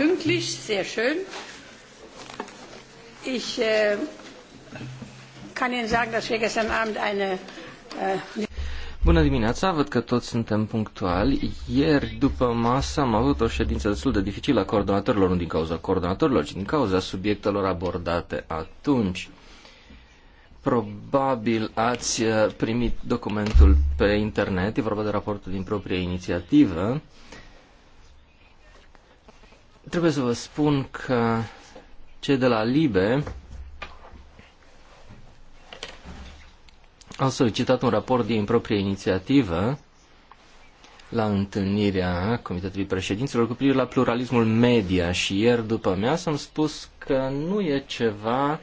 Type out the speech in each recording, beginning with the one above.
pünktlich, sehr schön. Ich äh, kann Ihnen sagen, dass wir gestern Abend eine äh, Bună dimineața, văd că toți suntem punctuali. Ieri, după masă, am avut o ședință destul de dificilă a coordonatorilor, nu din cauza coordonatorilor, ci din cauza subiectelor abordate atunci. Probabil ați uh, primit documentul pe internet, e vorba de raportul din proprie inițiativă. Trebuie să vă spun că cei de la LIBE au solicitat un raport din proprie inițiativă la întâlnirea Comitetului Președinților cu privire la pluralismul media și ieri după mea am spus că nu e ceva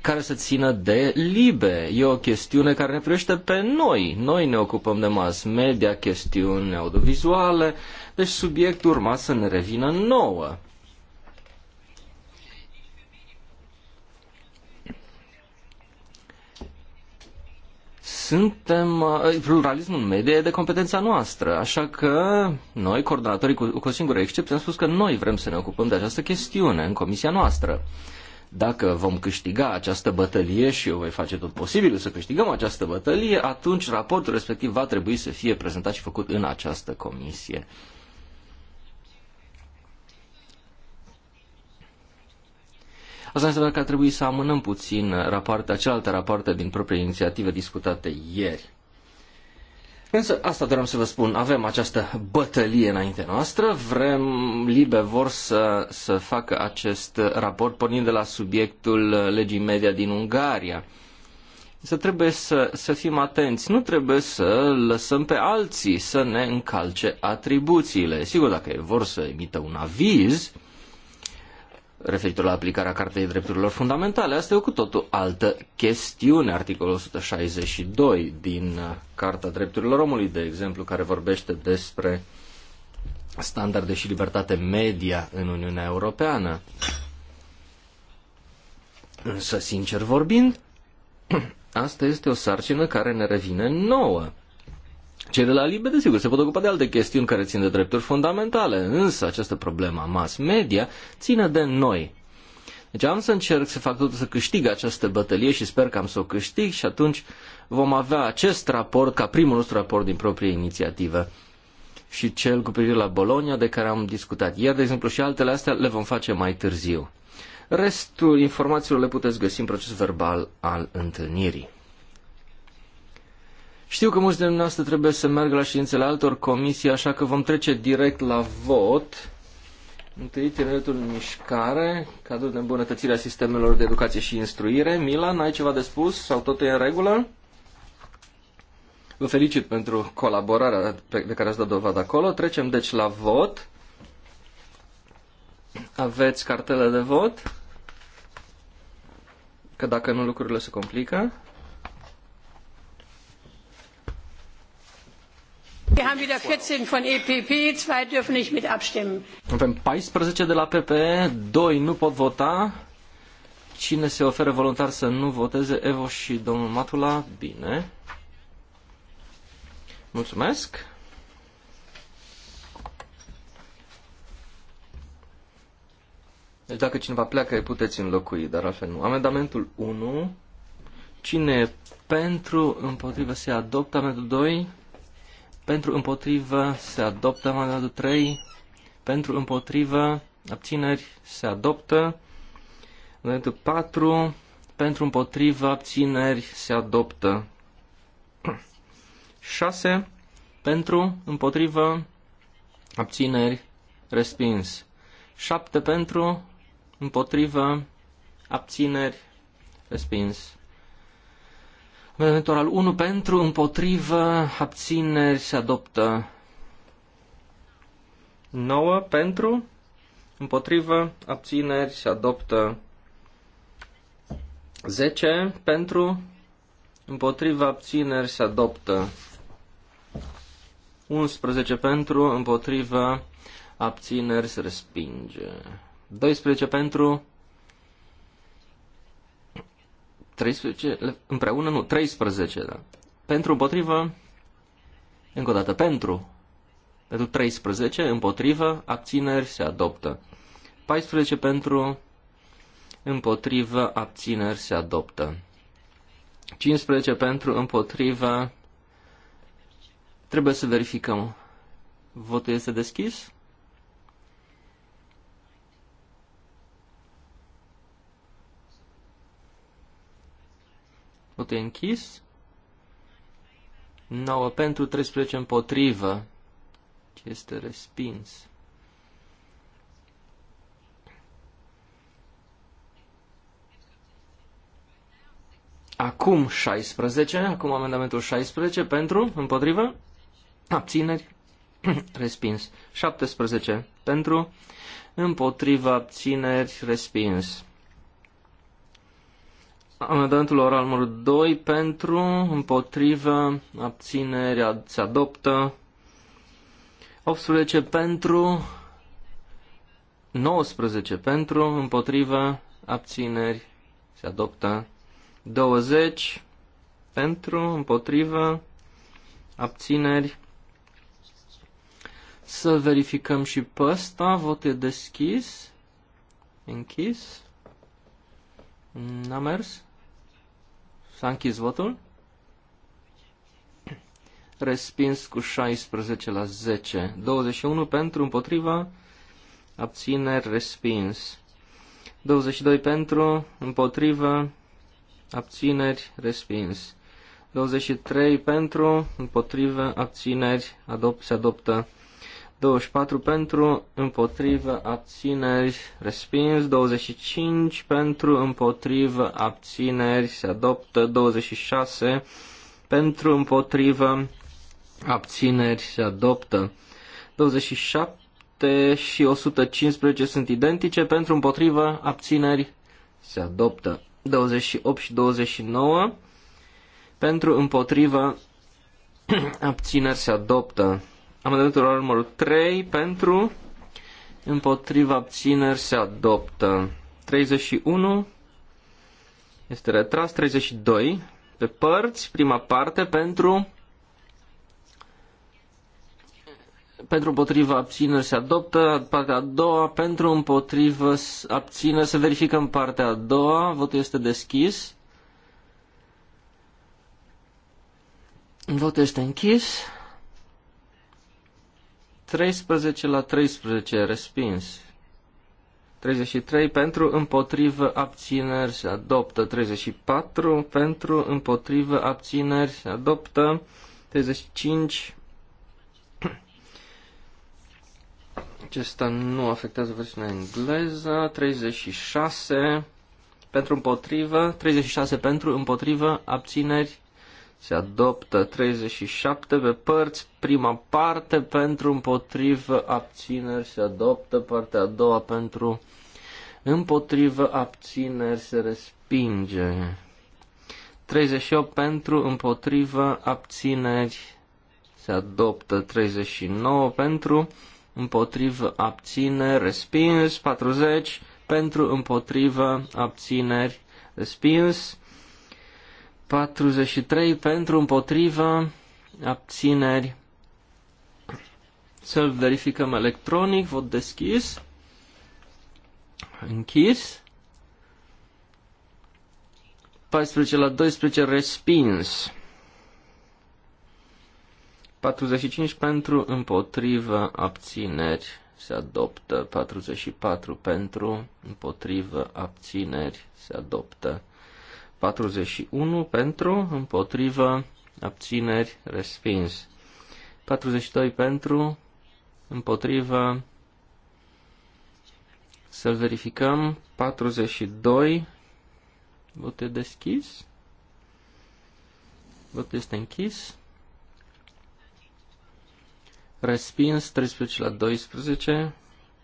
care să țină de libe. E o chestiune care ne privește pe noi. Noi ne ocupăm de mass media, chestiuni audiovizuale, uh, deci subiectul urma să ne revină nouă. suntem, uh, pluralismul media e de competența noastră, așa că noi, coordonatorii cu, cu o singură excepție, am spus că noi vrem să ne ocupăm de această chestiune în comisia noastră. Dacă vom câștiga această bătălie și eu voi face tot posibilul să câștigăm această bătălie, atunci raportul respectiv va trebui să fie prezentat și făcut în această comisie. Asta înseamnă că ar trebui să amânăm puțin rapoarte, cealaltă rapoarte din proprie inițiative discutate ieri. Însă asta doream să vă spun, avem această bătălie înainte noastră, vrem, libe vor să, să facă acest raport pornind de la subiectul legii media din Ungaria. Să trebuie să, să fim atenți, nu trebuie să lăsăm pe alții să ne încalce atribuțiile. Sigur, dacă ei vor să emită un aviz, referitor la aplicarea Cartei Drepturilor Fundamentale. Asta e o cu totul altă chestiune, articolul 162 din uh, Carta Drepturilor Omului, de exemplu, care vorbește despre standarde și libertate media în Uniunea Europeană. Însă, sincer vorbind, asta este o sarcină care ne revine nouă. Cei de la Libe, desigur, se pot ocupa de alte chestiuni care țin de drepturi fundamentale, însă această problemă a mass media ține de noi. Deci am să încerc să fac totul să câștig această bătălie și sper că am să o câștig și atunci vom avea acest raport ca primul nostru raport din proprie inițiativă și cel cu privire la Bologna de care am discutat ieri, de exemplu, și altele astea le vom face mai târziu. Restul informațiilor le puteți găsi în procesul verbal al întâlnirii. Știu că mulți dintre noastre trebuie să meargă la ședințele altor comisii, așa că vom trece direct la vot. Întâi tineretul în mișcare, cadrul de îmbunătățire a sistemelor de educație și instruire. Milan, ai ceva de spus sau totul e în regulă? Vă felicit pentru colaborarea de care ați dat dovadă acolo. Trecem deci la vot. Aveți cartele de vot? Că dacă nu, lucrurile se complică. Wir haben wieder 14 von EPP, zwei dürfen nicht mit abstimmen. Avem 14 de la PPE, 2 nu pot vota. Cine se oferă voluntar să nu voteze, Evo și domnul Matula, bine. Mulțumesc. Deci dacă cineva pleacă, îi puteți înlocui, dar altfel nu. Amendamentul 1. Cine pentru, împotrivă, se adoptă. Amendamentul 2 pentru împotrivă se adoptă mandatul 3, pentru împotrivă abțineri se adoptă, mandatul 4, pentru împotrivă abțineri se adoptă, 6, pentru împotrivă abțineri respins, 7 pentru împotrivă abțineri respins. Amendamentul al 1 pentru, împotrivă, abțineri, se adoptă. 9 pentru, împotrivă, abțineri, se adoptă. 10 pentru, împotrivă, abțineri, se adoptă. 11 pentru, împotrivă, abțineri, se respinge. 12 pentru, 13 împreună, nu, 13, da. Pentru împotrivă, încă o dată, pentru. Pentru 13, împotrivă, abțineri se adoptă. 14 pentru, împotrivă, abțineri se adoptă. 15 pentru, împotrivă, trebuie să verificăm. Votul este deschis? Votul e închis. 9 pentru, 13 împotrivă. Este respins. Acum 16, acum amendamentul 16 pentru, împotrivă, abțineri, respins. 17 pentru, împotrivă, abțineri, respins. Amendamentul oral numărul 2 pentru, împotrivă, abținere, se adoptă. 18 pentru, 19 pentru, împotrivă, abțineri, se adoptă. 20 pentru, împotrivă, abțineri. Să verificăm și pe ăsta, vot e deschis, închis. N-a mers? S-a închis votul. Respins cu 16 la 10. 21 pentru, împotriva, abțineri, respins. 22 pentru, împotrivă, abțineri, respins. 23 pentru, împotrivă, abțineri, adop, se adoptă. 24 pentru, împotrivă, abțineri, respins. 25 pentru, împotrivă, abțineri, se adoptă. 26 pentru, împotrivă, abțineri, se adoptă. 27 și 115 sunt identice, pentru, împotrivă, abțineri, se adoptă. 28 și 29 pentru, împotrivă, abțineri, se adoptă. Amendamentul la numărul 3 pentru, împotriva abțineri se adoptă. 31 este retras, 32 pe părți, prima parte pentru, pentru împotriva abțineri se adoptă, partea a doua pentru împotriva abțineri se verifică în partea a doua, votul este deschis. Votul este închis. 13 la 13, respins. 33 pentru, împotrivă, abțineri, se adoptă. 34 pentru, împotrivă, abțineri, se adoptă. 35. Acesta nu afectează versiunea engleză. 36 pentru, împotrivă. 36 pentru, împotrivă, abțineri, se adoptă 37 pe părți, prima parte pentru împotrivă abțineri se adoptă, partea a doua pentru împotrivă abțineri se respinge. 38 pentru împotrivă abțineri se adoptă, 39 pentru împotrivă abțineri respins, 40 pentru împotrivă abțineri respins. 43 pentru împotriva abțineri. Să-l verificăm electronic, vot deschis, închis, 14 la 12 respins, 45 pentru împotriva abțineri, se adoptă, 44 pentru împotriva abțineri, se adoptă. 41 pentru, împotrivă, abțineri, respins. 42 pentru, împotrivă, să verificăm, 42, vot e deschis, vot este închis, respins 13 la 12,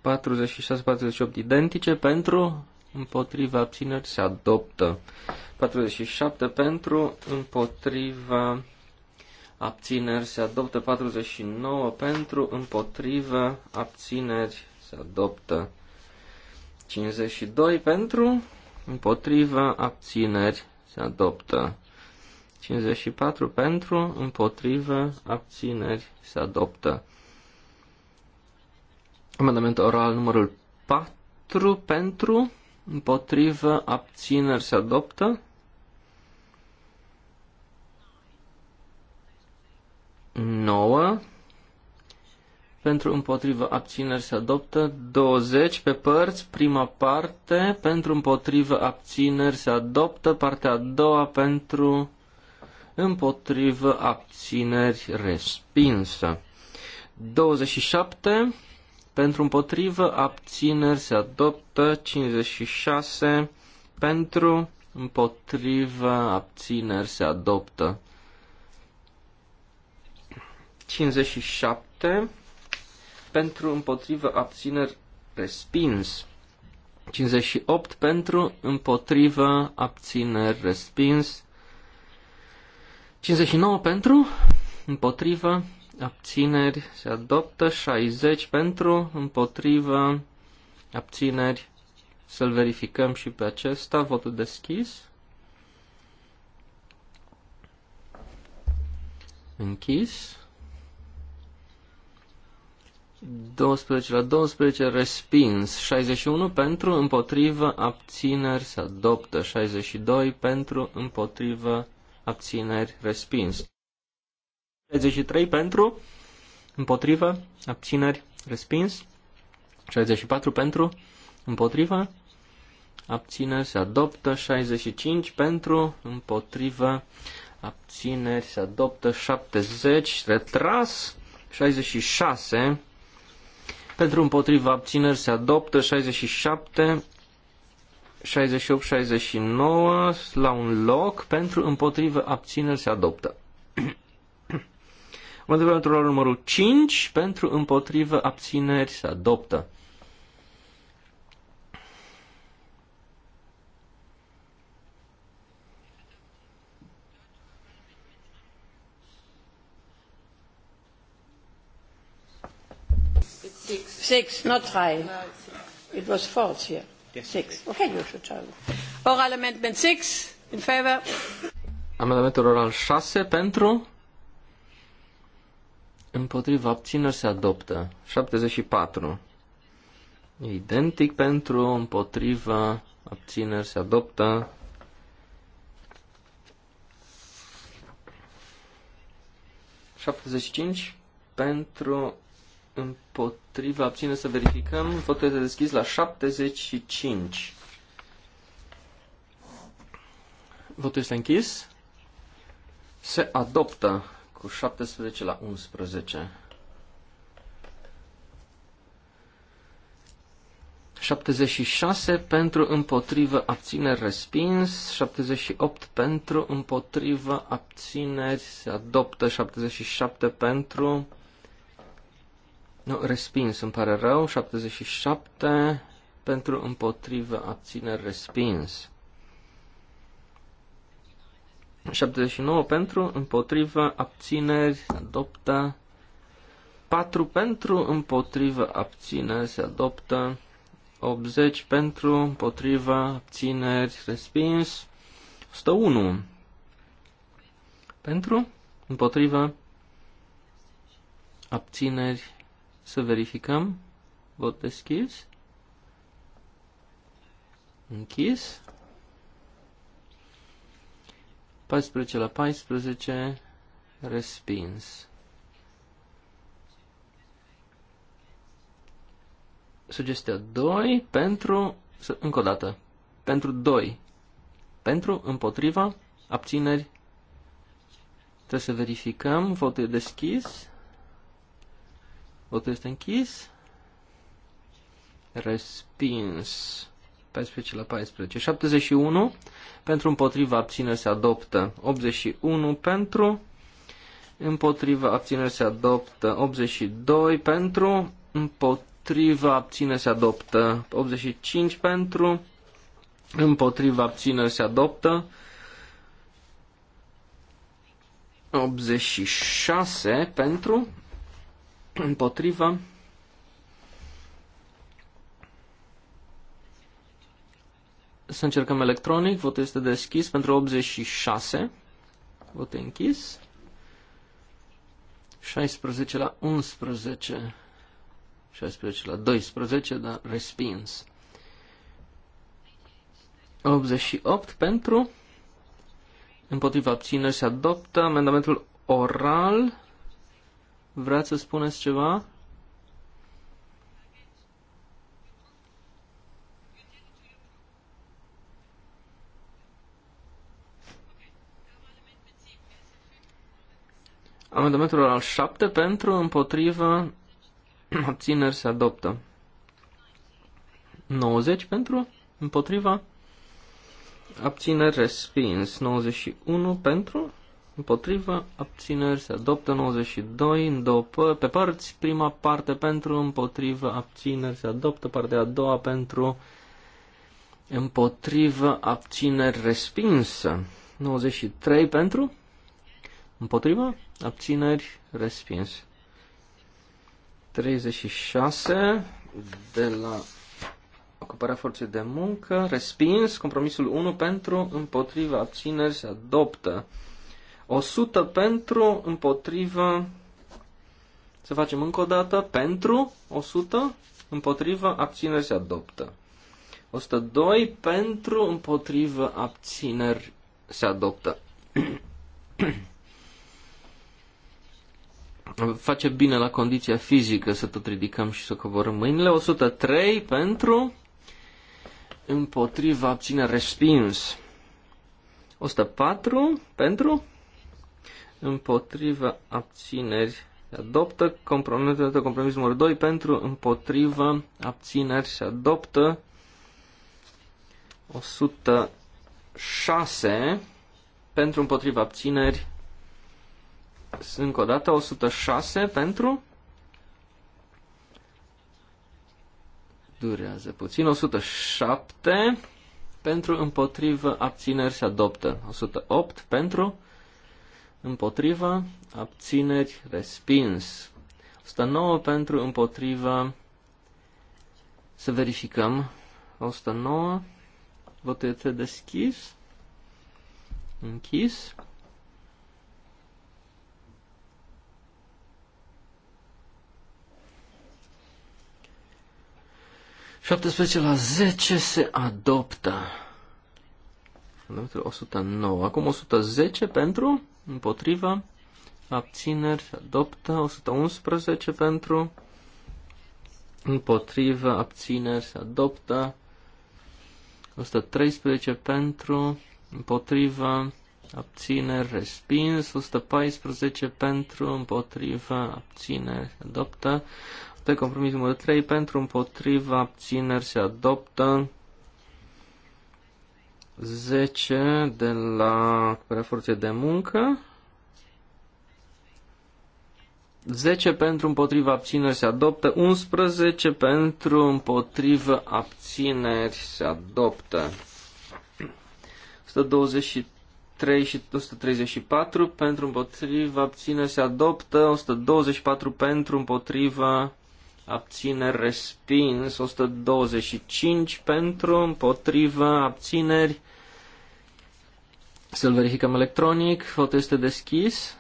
46-48 identice pentru, împotriva abțineri se adoptă. 47 pentru, împotriva abțineri se adoptă. 49 pentru, împotriva abțineri se adoptă. 52 pentru, împotriva abțineri se adoptă. 54 pentru, împotriva abțineri, se adoptă. Amendament oral numărul 4 pentru, împotrivă, abțineri se adoptă. nouă. Pentru împotrivă abțineri se adoptă 20 pe părți, prima parte, pentru împotrivă abțineri se adoptă, partea a doua pentru împotrivă abțineri respinsă. 27 pentru împotrivă, abțineri se adoptă, 56 pentru împotrivă, abțineri se adoptă. 57 pentru împotrivă, abțineri respins. 58 pentru împotrivă, abțineri respins. 59 pentru împotrivă, abțineri, se adoptă 60 pentru, împotrivă, abțineri, să-l verificăm și pe acesta, votul deschis. Închis. 12 la 12, respins. 61 pentru, împotrivă, abțineri, se adoptă. 62 pentru, împotrivă, abțineri, respins. 63 pentru, împotrivă, abțineri, respins. 64 pentru, împotrivă, abțineri, se adoptă. 65 pentru, împotrivă, abțineri, se adoptă. 70, retras. 66 pentru, împotrivă, abțineri, se adoptă. 67 68-69 la un loc pentru împotrivă abțineri se adoptă. Amendamentul numărul 5 pentru împotrivă abțineri se adoptă. Six, not three. It was false here. Yes. Six. Okay, you should tell. Oral amendment six in favor. Amendamentul oral 6 pentru Împotriva abțineri se adoptă. 74. Identic pentru, împotriva, abțineri se adoptă. ...75 pentru împotriva abține să verificăm. Votul este deschis la 75. Votul este închis. Se adoptă cu 17 la 11. 76 pentru împotrivă abțineri respins, 78 pentru împotrivă abțineri se adoptă, 77 pentru nu, respins, îmi pare rău, 77 pentru împotrivă abțineri respins. 79 pentru, împotrivă, abțineri, se adoptă. 4 pentru, împotrivă, abțineri, se adoptă. 80 pentru, împotrivă, abțineri, respins. 101 pentru, împotrivă, abțineri, să verificăm. Vot deschis. Închis. 14 la 14, respins. Sugestia 2 pentru, încă o dată, pentru 2. Pentru, împotriva, abțineri. Trebuie să verificăm, votul e deschis. Votul este închis. Respins. 14 la 14. 71 pentru împotriva abțineri se adoptă. 81 pentru împotriva abțineri se adoptă. 82 pentru împotriva abțineri se adoptă. 85 pentru împotriva abțineri se adoptă. 86 pentru împotriva Să încercăm electronic. Votul este deschis pentru 86. Vot închis. 16 la 11. 16 la 12, dar respins. 88 pentru. Împotriva abțineri se adoptă amendamentul oral. Vreați să spuneți ceva? Amendamentul al 7 pentru, împotrivă, abțineri se adoptă. 90 pentru, împotriva, abțineri respins. 91 pentru, împotriva, abțineri se adoptă. 92 în două pe părți, prima parte pentru, împotriva, abțineri se adoptă. Partea a doua pentru, împotriva, abțineri respinsă. 93 pentru, Împotrivă? Abțineri? Respins. 36 de la ocuparea forței de muncă, respins, compromisul 1 pentru, împotrivă. abțineri, se adoptă. 100 pentru, împotrivă. să facem încă o dată, pentru, 100, împotrivă. abțineri, se adoptă. 102 pentru, împotrivă. abțineri, se adoptă. face bine la condiția fizică să tot ridicăm și să coborăm mâinile. 103 pentru, împotriva, abține, respins. 104 pentru, împotriva, abțineri, se adoptă. Compromisul, compromis numărul 2 pentru, împotriva, abțineri, se adoptă. 106 pentru, împotriva, abțineri, încă o dată 106 pentru. Durează puțin. 107 pentru împotrivă abțineri se adoptă. 108 pentru împotrivă abțineri respins. 109 pentru împotrivă. Să verificăm. 109. Votul este deschis. Închis. 17 la 10 se adoptă. Fundamentul 109. Acum 110 pentru, împotriva, abțineri se adoptă. 111 pentru, împotriva, abțineri se adoptă. 113 pentru, împotriva, abțineri, respins, 114 pentru, împotriva, abțineri, adoptă, de compromis numărul 3, pentru împotriva abțineri se adoptă. 10 de la forțe de muncă. 10 pentru împotriva abțineri se adoptă, 11 pentru împotriva abțineri se adoptă. 123 și 134 pentru împotriva abțineri se adoptă, 124 pentru împotriva abțineri respins, 125 pentru, împotrivă, abțineri. Să-l verificăm electronic, votul este deschis,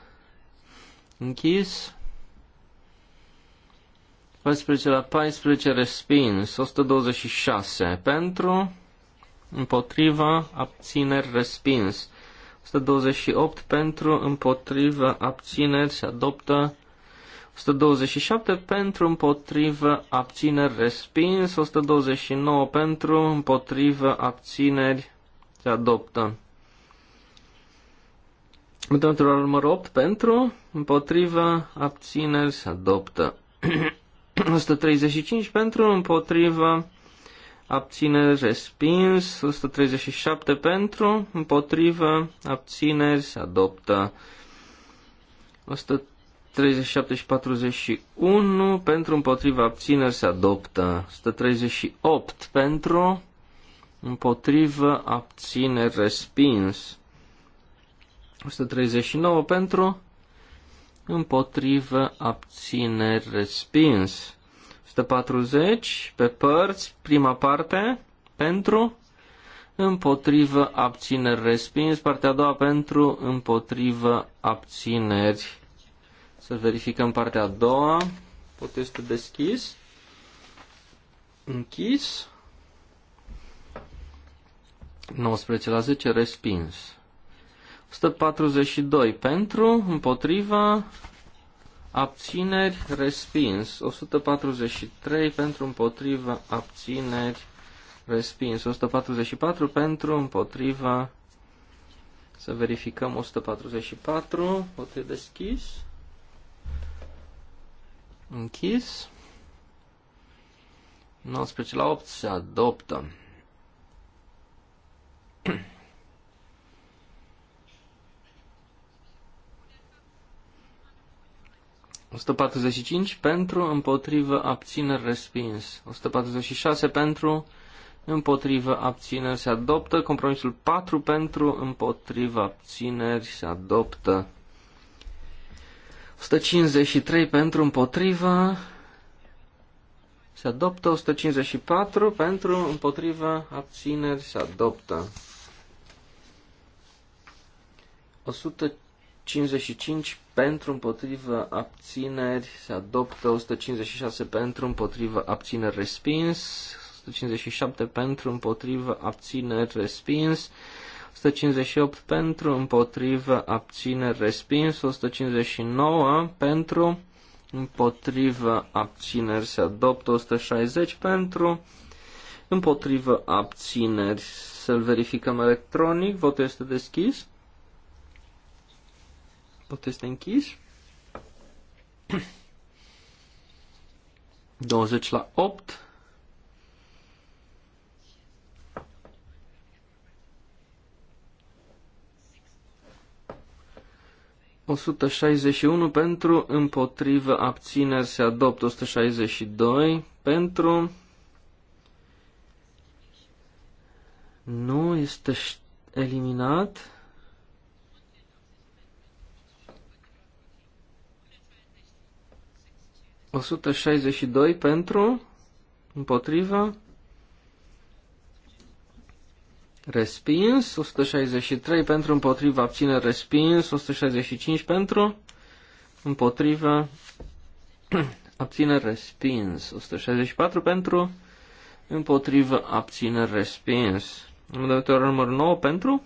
închis. 14 la 14 respins, 126 pentru, împotriva, abțineri respins. 128 pentru, împotriva, abțineri se adoptă. 127 pentru, împotrivă, abțineri, respins. 129 pentru, împotrivă, abțineri, se adoptă. Amendamentul numărul 8 pentru, împotrivă, abțineri, se adoptă. 135 pentru, împotrivă, abțineri, respins. 137 pentru, împotrivă, abțineri, se adoptă. 100 37 și 41 pentru împotriva abțineri se adoptă. 138 pentru împotriva abțineri respins. 139 pentru împotriva abțineri respins. 140 pe părți, prima parte pentru împotrivă abțineri respins, partea a doua pentru împotrivă abțineri să verificăm partea a doua. Pot este deschis. Închis. 19 la 10, respins. 142 pentru, împotriva, abțineri, respins. 143 pentru, împotriva, abțineri, respins. 144 pentru, împotriva, să verificăm 144, pot e deschis. Închis. 19 la 8 se adoptă. ...145 pentru, împotrivă, abțineri, respins. 146 pentru, împotrivă, abțineri, se adoptă. Compromisul 4 pentru, împotrivă, abțineri, se adoptă. 153 pentru împotrivă. Se adoptă 154 pentru împotrivă. abțineri. Se adoptă. 155 pentru împotrivă abțineri. Se adoptă 156 pentru împotrivă abțineri respins. 157 pentru împotrivă abțineri respins. 158 pentru, împotrivă, abține, respins. 159 pentru, împotrivă, abțineri, se adoptă. 160 pentru, împotrivă, abțineri. Să-l verificăm electronic. Votul este deschis. Votul este închis. 20 la 8 161 pentru, împotrivă, abțineri, se adoptă 162 pentru. Nu, este eliminat. O 162 pentru, împotriva, respins, 163 pentru, împotriva, abține respins, 165 pentru, împotriva, abține respins, 164 pentru, împotriva, abține respins. Amendamentul numărul 9 pentru,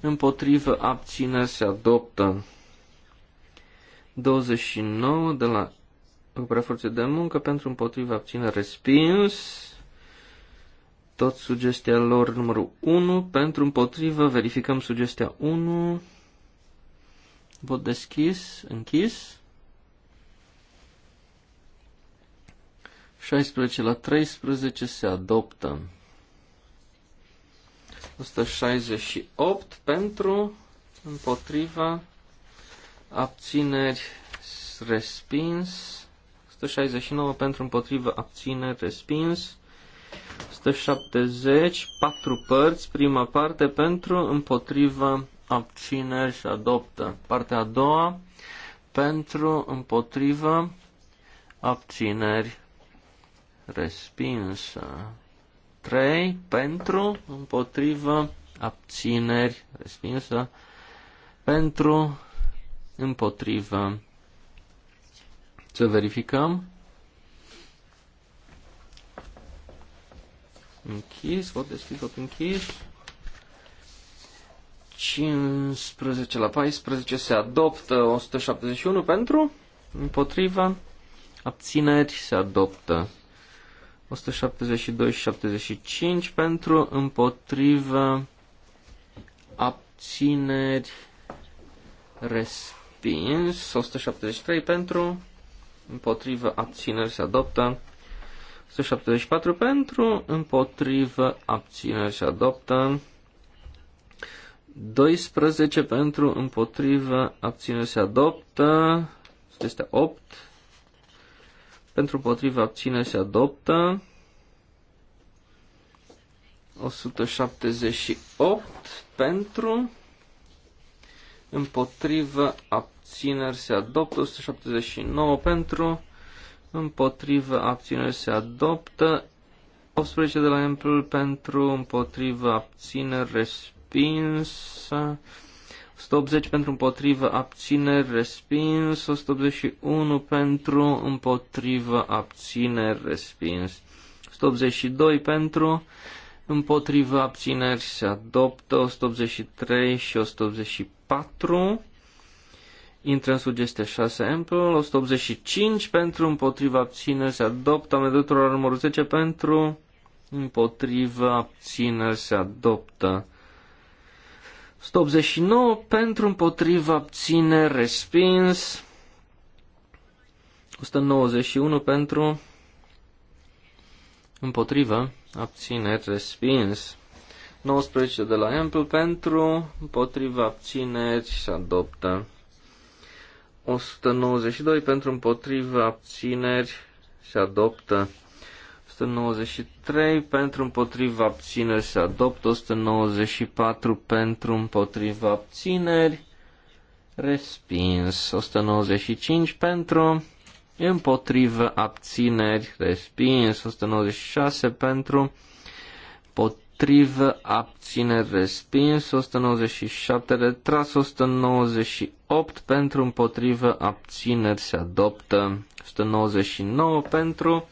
împotriva, abține, se adoptă. 29 de la Ocuparea forței de muncă pentru împotriva abține respins tot sugestia lor numărul 1. Pentru împotrivă verificăm sugestia 1. Vot deschis, închis. 16 la 13 se adoptă. 168 pentru, împotriva, abțineri, respins. 169 pentru, împotriva, abțineri, respins. 170, patru părți, prima parte pentru, împotrivă, abțineri și adoptă. Partea a doua, pentru, împotrivă, abțineri, respinsă. 3, pentru, împotrivă, abțineri, respinsă. Pentru, împotrivă. Să verificăm. închis, vot deschis, vot închis. 15 la 14 se adoptă 171 pentru, împotriva, abțineri se adoptă 172 și 75 pentru, împotriva, abțineri, respins 173 pentru, împotriva, abțineri se adoptă 174 pentru, împotrivă, abține și adoptă. 12 pentru, împotrivă, abține și adoptă. Este 8. Pentru, împotrivă, abține și adoptă. 178 pentru, împotrivă, abțineri se adoptă, 179 pentru, împotrivă, abținere se adoptă. 18 de la Emplul pentru, împotrivă, abțineri, respins. 180 pentru împotrivă, abțineri, respins. 181 pentru împotrivă, abțineri, respins. 182 pentru împotrivă, abțineri se adoptă. 183 și 184 Intră în sugestia 6 Ample, 185 pentru, împotriva abțineri se adoptă, amendătura numărul 10 pentru, împotriva abțineri se adoptă. 189 pentru, împotriva abțineri respins. 191 pentru, împotriva abțineri respins. 19 de la Ample pentru, împotriva abțineri se adoptă. 192 pentru împotriva abțineri se adoptă. 193 pentru împotriva abțineri se adoptă. 194 pentru împotriva abțineri respins. 195 pentru împotriva abțineri respins. 196 pentru împotrivă, abține, respins, 197, retras, 198, pentru, împotrivă, abțineri, se adoptă, 199, pentru,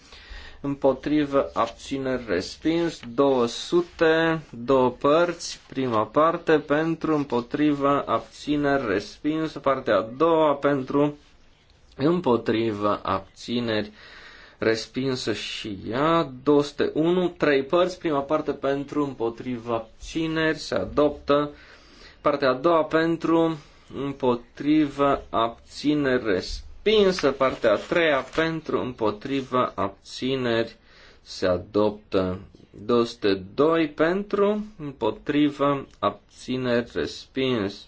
împotrivă, abțineri, respins, 200, două părți, prima parte, pentru, împotrivă, abțineri, respins, partea a doua, pentru, împotrivă, abțineri, respins respinsă și ea. 201, trei părți, prima parte pentru, împotriva, abțineri, se adoptă. Partea a doua pentru, împotriva, abțineri, respinsă. Partea a treia pentru, împotriva, abțineri, se adoptă. 202 pentru, împotriva, abțineri, respins.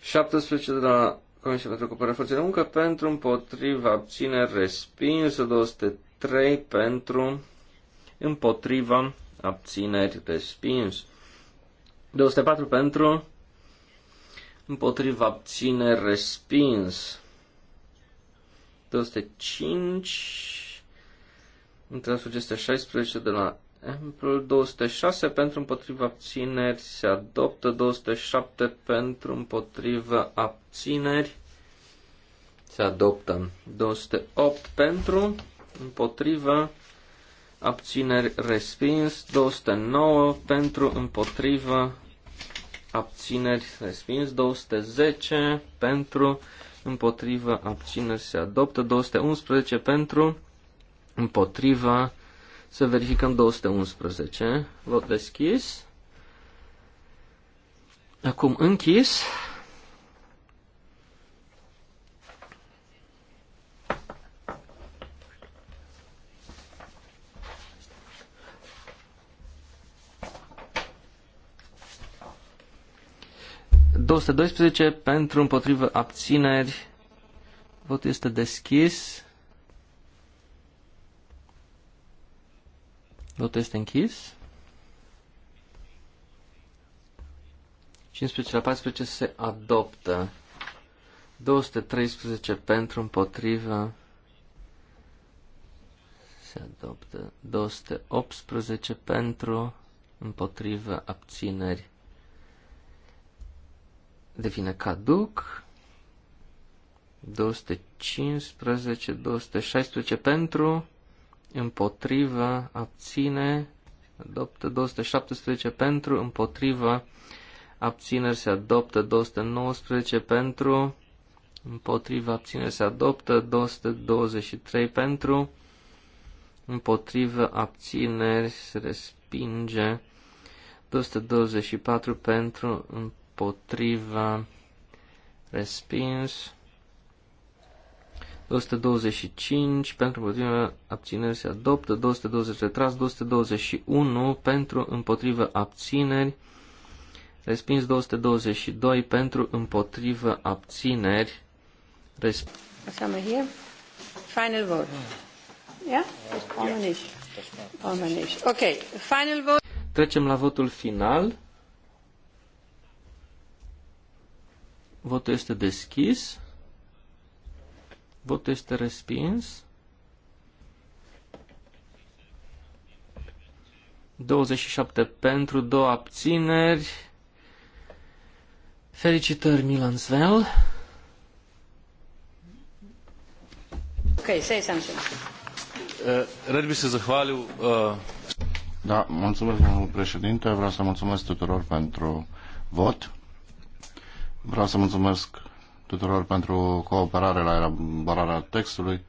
17 de la Comisia pentru Ocupare Forței de Muncă pentru împotriva abțineri respinsă, 203 pentru împotriva abțineri respins, 204 pentru împotriva abțineri respins, 205 între sugestia 16 de la Amplul 206 pentru împotriva abțineri se adoptă, 207 pentru împotriva abțineri se adoptă, 208 pentru împotriva abțineri respins, 209 pentru împotriva abțineri respins, 210 pentru împotriva abțineri se adoptă, 211 pentru împotriva abțineri să verificăm 211. Vot deschis. Acum închis. doisprezece pentru împotrivă abțineri. Votul este deschis. Votul este închis. 15 la 14 se adoptă. 213 pentru, împotrivă. Se adoptă. 218 pentru, împotrivă, abțineri. Devine caduc. 215, 216 pentru, împotrivă, abține, adoptă 217 pentru, împotrivă, abțineri se adoptă 219 pentru, împotrivă, abțineri se adoptă 223 pentru, împotrivă, abțineri se respinge 224 pentru, împotrivă, respins 225 pentru împotriva abțineri se adoptă, 220 retras, 221 pentru împotriva abțineri, respins 222 pentru împotriva abțineri, respins. Final vote. Yeah? Yeah. Yeah. Okay. Final vote. Trecem la votul final. Votul este deschis. Votul este respins. 27 pentru, 2 abțineri. Felicitări, Milan Svel. Ok, să something. Rad bi se zahvaliu. Eh, da, mulțumesc, domnul președinte. Vreau să mulțumesc tuturor pentru vot. Vreau să mulțumesc tuturor pentru cooperare la elaborarea textului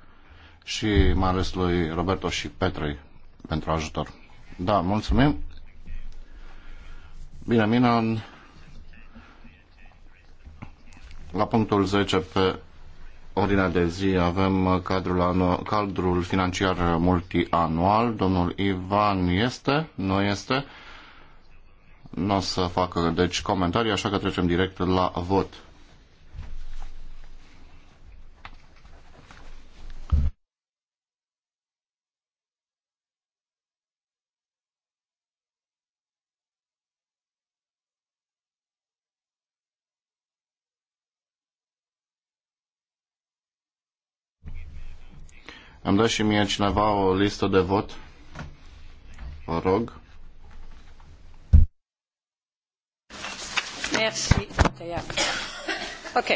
și mai ales lui Roberto și Petrei pentru ajutor. Da, mulțumim. Bine, mine la punctul 10 pe ordinea de zi avem cadrul, anu- cadrul financiar multianual. Domnul Ivan este? Nu este? Nu o să facă, deci, comentarii, așa că trecem direct la vot. Am dat și mie cineva o listă de vot. Vă rog. Merci. Ok.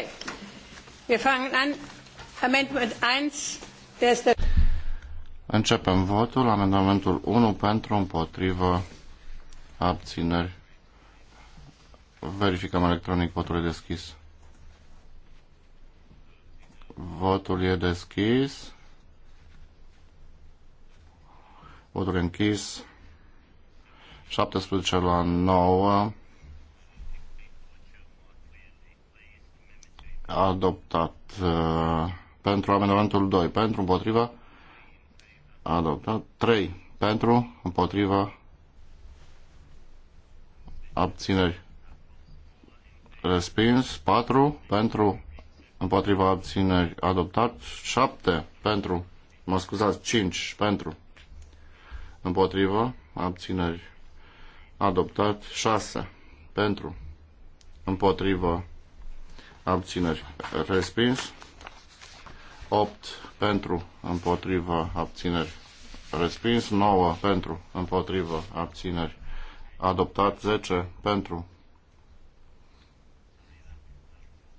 Wir fangen an. Amendment 1. Der ist der Începem votul. Amendamentul 1 pentru, împotrivă, abțineri. Verificăm electronic votul e deschis. Votul e deschis. Votul închis. 17 la 9. Adoptat. Uh, pentru amendamentul 2. Pentru împotriva. Adoptat. 3. Pentru împotriva. Abțineri. Respins. 4. Pentru împotriva abțineri. Adoptat. 7. Pentru. Mă scuzați. 5. Pentru împotrivă, abțineri adoptat, 6 pentru, împotrivă, abțineri respins, 8 pentru, împotrivă, abțineri respins, 9 pentru, împotrivă, abțineri adoptat, 10 pentru,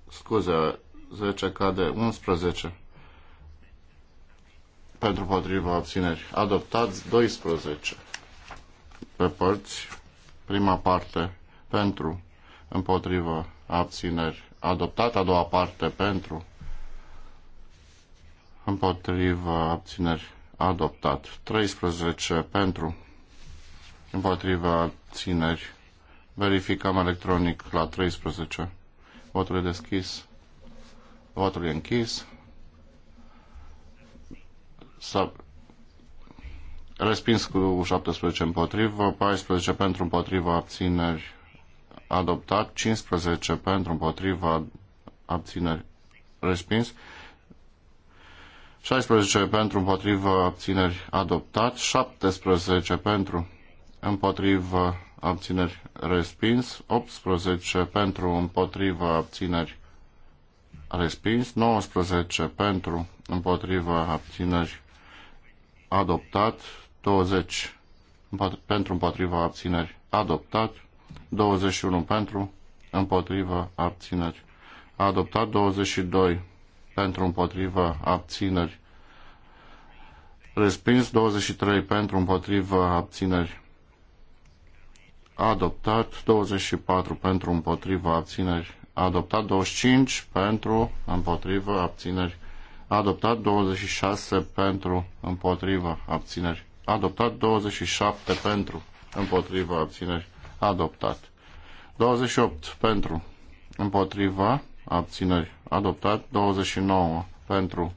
scuze, 10 cade, 11 pentru potriva abțineri. Adoptați 12 pe părți. Prima parte pentru împotriva abțineri. Adoptat a doua parte pentru împotriva abțineri. Adoptat 13 pentru împotriva abțineri. Verificăm electronic la 13. Votul e deschis. Votul e închis. S-a respins cu 17 împotrivă, 14 pentru împotriva abțineri adoptat, 15 pentru împotriva abțineri respins, 16 pentru împotriva abțineri adoptat, 17 pentru împotriva abțineri respins, 18 pentru împotriva abțineri respins, 19 pentru împotriva abțineri adoptat, 20 pentru împotriva abțineri adoptat, 21 pentru împotriva abțineri adoptat, 22 pentru împotriva abțineri respins, 23 pentru împotriva abțineri adoptat, 24 pentru împotriva abțineri adoptat, 25 pentru împotriva abțineri adoptat 26 pentru, împotriva, abțineri, adoptat 27 pentru, împotriva, abțineri, adoptat 28 pentru, împotriva, abțineri, adoptat 29 pentru,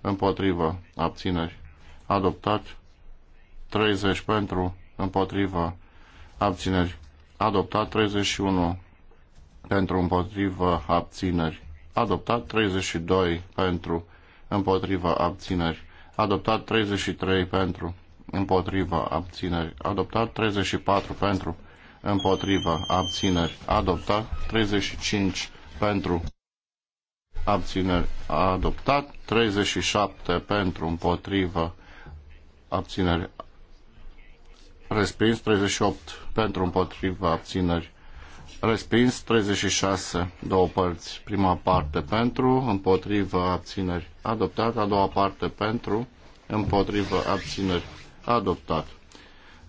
împotriva, abțineri, adoptat 30 pentru, împotriva, abțineri, adoptat 31 pentru, împotriva, abțineri, adoptat 32 pentru, împotriva abțineri adoptat 33 pentru împotriva abțineri adoptat 34 pentru împotriva abțineri adoptat 35 pentru abțineri adoptat 37 pentru împotriva abțineri respins 38 pentru împotriva abțineri Respins 36, două părți. Prima parte pentru, împotrivă, abțineri. Adoptat. A doua parte pentru, împotrivă, abțineri. Adoptat.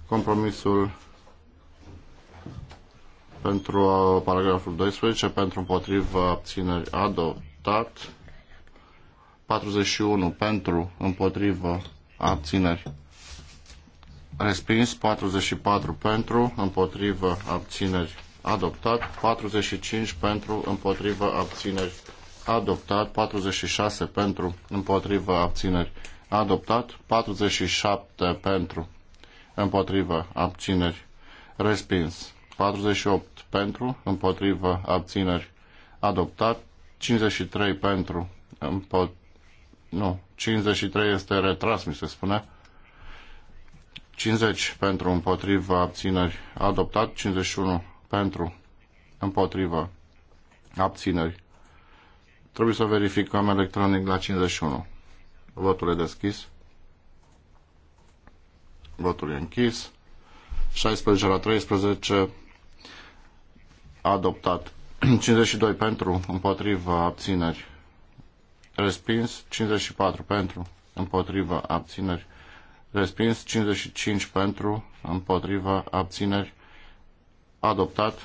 Compromisul pentru uh, paragraful 12, pentru împotrivă, abțineri. Adoptat. 41 pentru, împotrivă, abțineri. Respins 44 pentru, împotrivă, abțineri adoptat, 45 pentru, împotrivă, abțineri, adoptat, 46 pentru, împotrivă, abțineri, adoptat, 47 pentru, împotrivă, abțineri, respins, 48 pentru, împotrivă, abțineri, adoptat, 53 pentru, împo, nu, 53 este retras, mi se spune, 50 pentru împotriva abțineri adoptat, 51 pentru, împotrivă, abțineri. Trebuie să verificăm electronic la 51. Votul e deschis. Votul e închis. 16 la 13 adoptat. 52 pentru, împotrivă, abțineri. Respins. 54 pentru, împotrivă, abțineri. Respins. 55 pentru, împotrivă, abțineri adoptat.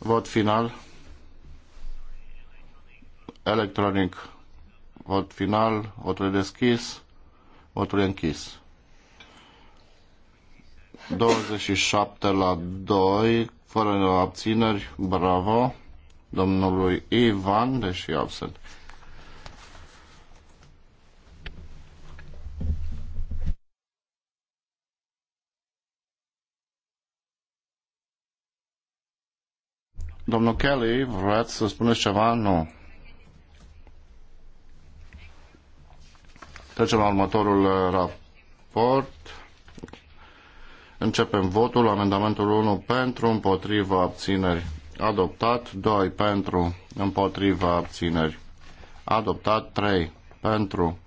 Vot final. Electronic. Vot final. Votul deschis. Votul închis. 27 la 2, fără abțineri, bravo, domnului Ivan, deși absent. Domnul Kelly, vreți să spuneți ceva? Nu. Trecem la următorul uh, raport. Începem votul. Amendamentul 1 pentru, împotriva, abțineri. Adoptat. 2 pentru, împotriva, abțineri. Adoptat. 3 pentru,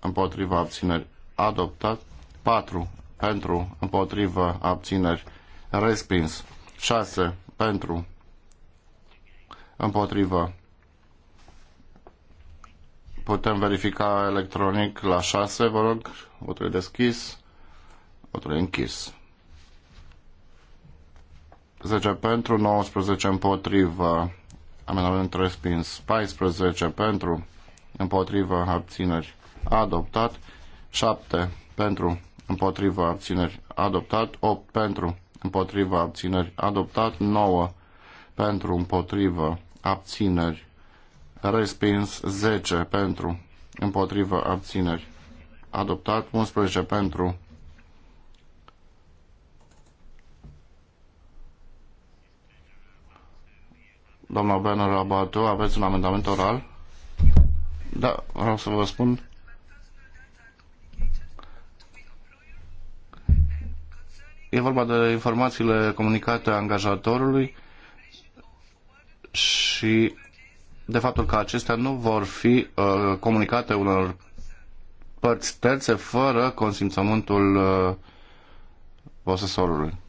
împotriva, abțineri. Adoptat. 4 pentru, împotriva, abțineri. Respins. 6 pentru, împotrivă. Putem verifica electronic la 6, vă rog, votul e deschis, votul e închis. 10 pentru, 19 împotrivă, amendament respins, 14 pentru, împotrivă, abțineri, adoptat, 7 pentru, împotrivă, abțineri, adoptat, 8 pentru, împotrivă, abțineri, adoptat, 9 pentru, împotrivă, abțineri, respins 10 pentru, împotrivă abțineri, adoptat 11 pentru, Doamna Benner Abatu, aveți un amendament oral? Da, vreau să vă spun. E vorba de informațiile comunicate angajatorului și de faptul că acestea nu vor fi uh, comunicate unor părți terțe fără consimțământul uh, posesorului.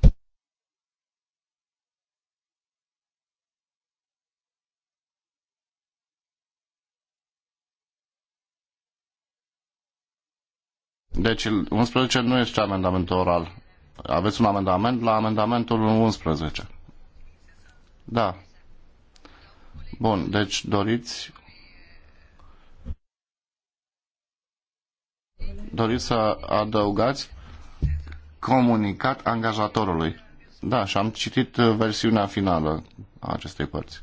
Deci 11 nu este amendament oral. Aveți un amendament la amendamentul 11. Da. Bun, deci doriți doriți să adăugați comunicat angajatorului. Da, și am citit versiunea finală a acestei părți.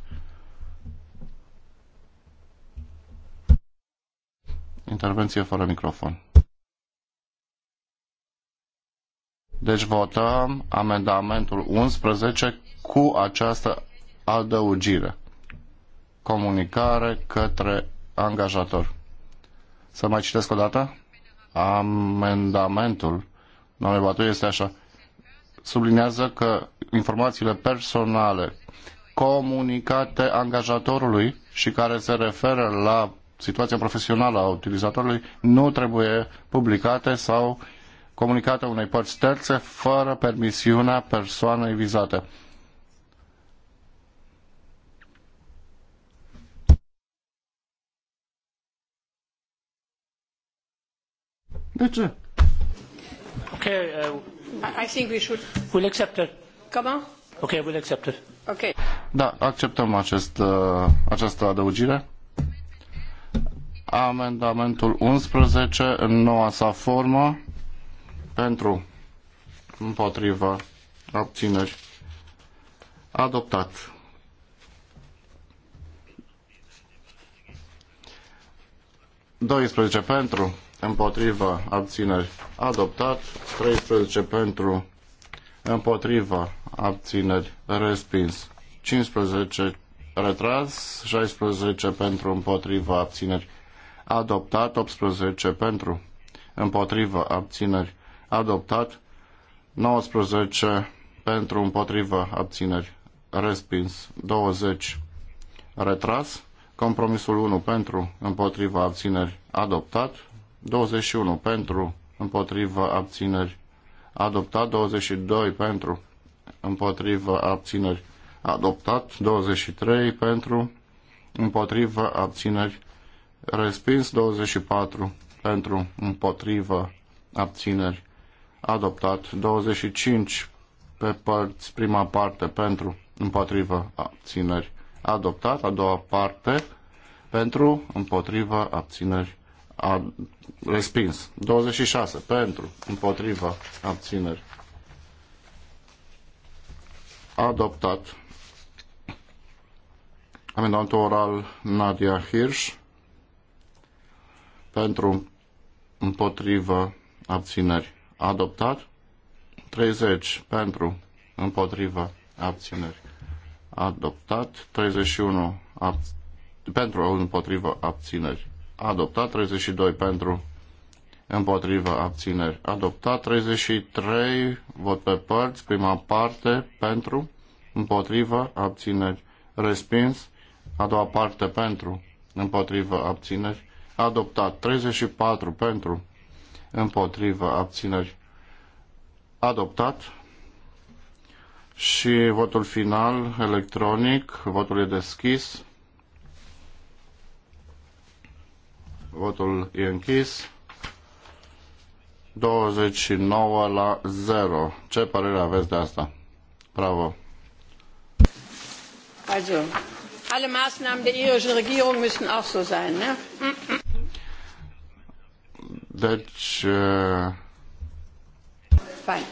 Intervenție fără microfon. Deci votăm amendamentul 11 cu această adăugire comunicare către angajator. Să mai citesc o dată? Amendamentul, doamne Batu, este așa. Sublinează că informațiile personale comunicate angajatorului și care se referă la situația profesională a utilizatorului nu trebuie publicate sau comunicate unei părți terțe fără permisiunea persoanei vizate. De ce? Okay, uh, I think we should... We'll accept it. Come on. Okay, we'll accept it. Okay. Da, acceptăm acest, uh, această adăugire. Amendamentul 11 în noua sa formă pentru împotriva abțineri adoptat. Doisprezece pentru împotriva abțineri adoptat, 13 pentru împotriva abțineri respins, 15 retras, 16 pentru împotriva abțineri adoptat, 18 pentru împotriva abțineri adoptat, 19 pentru împotriva abțineri respins, 20 retras, compromisul 1 pentru împotriva abțineri adoptat, 21 pentru, împotrivă, abțineri, adoptat. 22 pentru, împotrivă, abțineri, adoptat. 23 pentru, împotrivă, abțineri, respins. 24 pentru, împotrivă, abțineri, adoptat. 25 pe părți, prima parte pentru, împotrivă, abțineri, adoptat. A doua parte pentru, împotrivă, abțineri, a, respins. 26 pentru, împotriva, abțineri. Adoptat. Amendamentul oral Nadia Hirsch pentru împotrivă abțineri adoptat 30 pentru împotrivă abțineri adoptat 31 ab- pentru împotrivă abțineri adoptat, 32 pentru, împotrivă, abțineri, adoptat, 33, vot pe părți, prima parte, pentru, împotrivă, abțineri, respins, a doua parte, pentru, împotrivă, abțineri, adoptat, 34 pentru, împotrivă, abțineri, adoptat, și votul final electronic, votul e deschis. Votul e închis. 29 la 0. Ce părere aveți de asta? Bravo. Also, alle Maßnahmen der irischen Regierung müssen auch so sein, ne? Deci... Uh... Fine.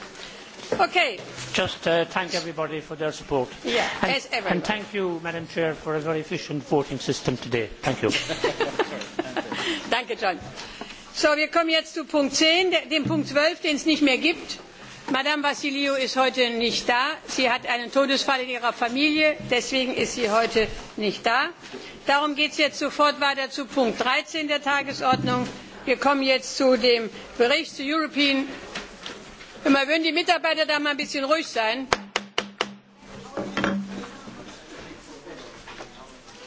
Okay. Just uh, thank everybody for their support. Yeah, and, as ever. and thank you, Madam Chair, for a very efficient voting system today. Thank you. Danke, John. So, wir kommen jetzt zu Punkt 10, dem Punkt 12, den es nicht mehr gibt. Madame Vassiliou ist heute nicht da. Sie hat einen Todesfall in ihrer Familie, deswegen ist sie heute nicht da. Darum geht es jetzt sofort weiter zu Punkt 13 der Tagesordnung. Wir kommen jetzt zu dem Bericht zu European. Immer würden die Mitarbeiter da mal ein bisschen ruhig sein.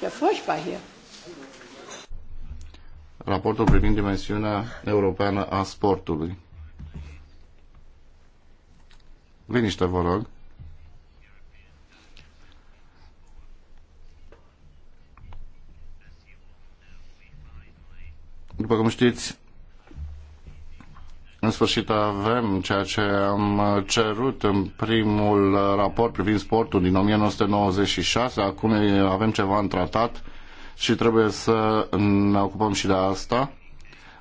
Ja, furchtbar hier raportul privind dimensiunea europeană a sportului. Liniște, vă rog. După cum știți, în sfârșit avem ceea ce am cerut în primul raport privind sportul din 1996. Acum avem ceva în tratat și trebuie să ne ocupăm și de asta.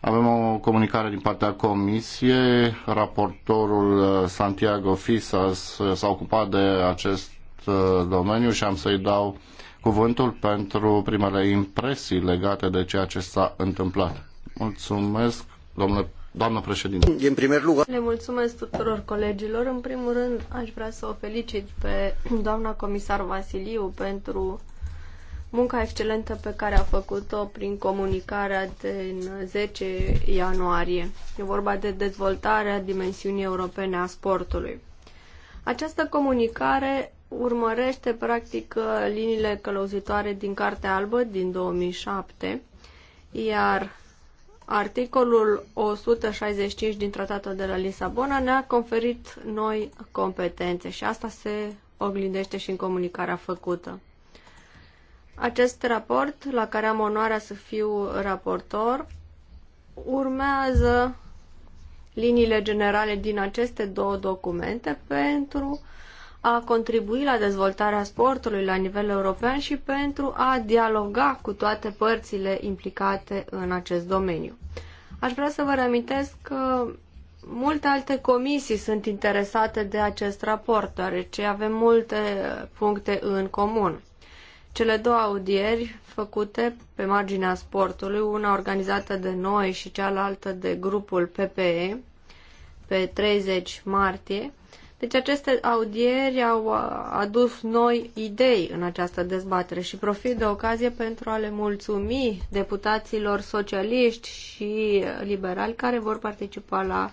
Avem o comunicare din partea Comisiei. Raportorul uh, Santiago Fisas s-a ocupat de acest uh, domeniu și am să-i dau cuvântul pentru primele impresii legate de ceea ce s-a întâmplat. Mulțumesc, domnule Doamna președinte. În primer lugar... Le mulțumesc tuturor colegilor. În primul rând, aș vrea să o felicit pe doamna comisar Vasiliu pentru munca excelentă pe care a făcut-o prin comunicarea din 10 ianuarie. E vorba de dezvoltarea dimensiunii europene a sportului. Această comunicare urmărește practic liniile călăuzitoare din Cartea Albă din 2007, iar articolul 165 din Tratatul de la Lisabona ne-a conferit noi competențe și asta se oglindește și în comunicarea făcută. Acest raport, la care am onoarea să fiu raportor, urmează liniile generale din aceste două documente pentru a contribui la dezvoltarea sportului la nivel european și pentru a dialoga cu toate părțile implicate în acest domeniu. Aș vrea să vă reamintesc că multe alte comisii sunt interesate de acest raport, deoarece avem multe puncte în comun. Cele două audieri făcute pe marginea sportului, una organizată de noi și cealaltă de grupul PPE, pe 30 martie. Deci aceste audieri au uh, adus noi idei în această dezbatere și profit de ocazie pentru a le mulțumi deputaților socialiști și liberali care vor participa la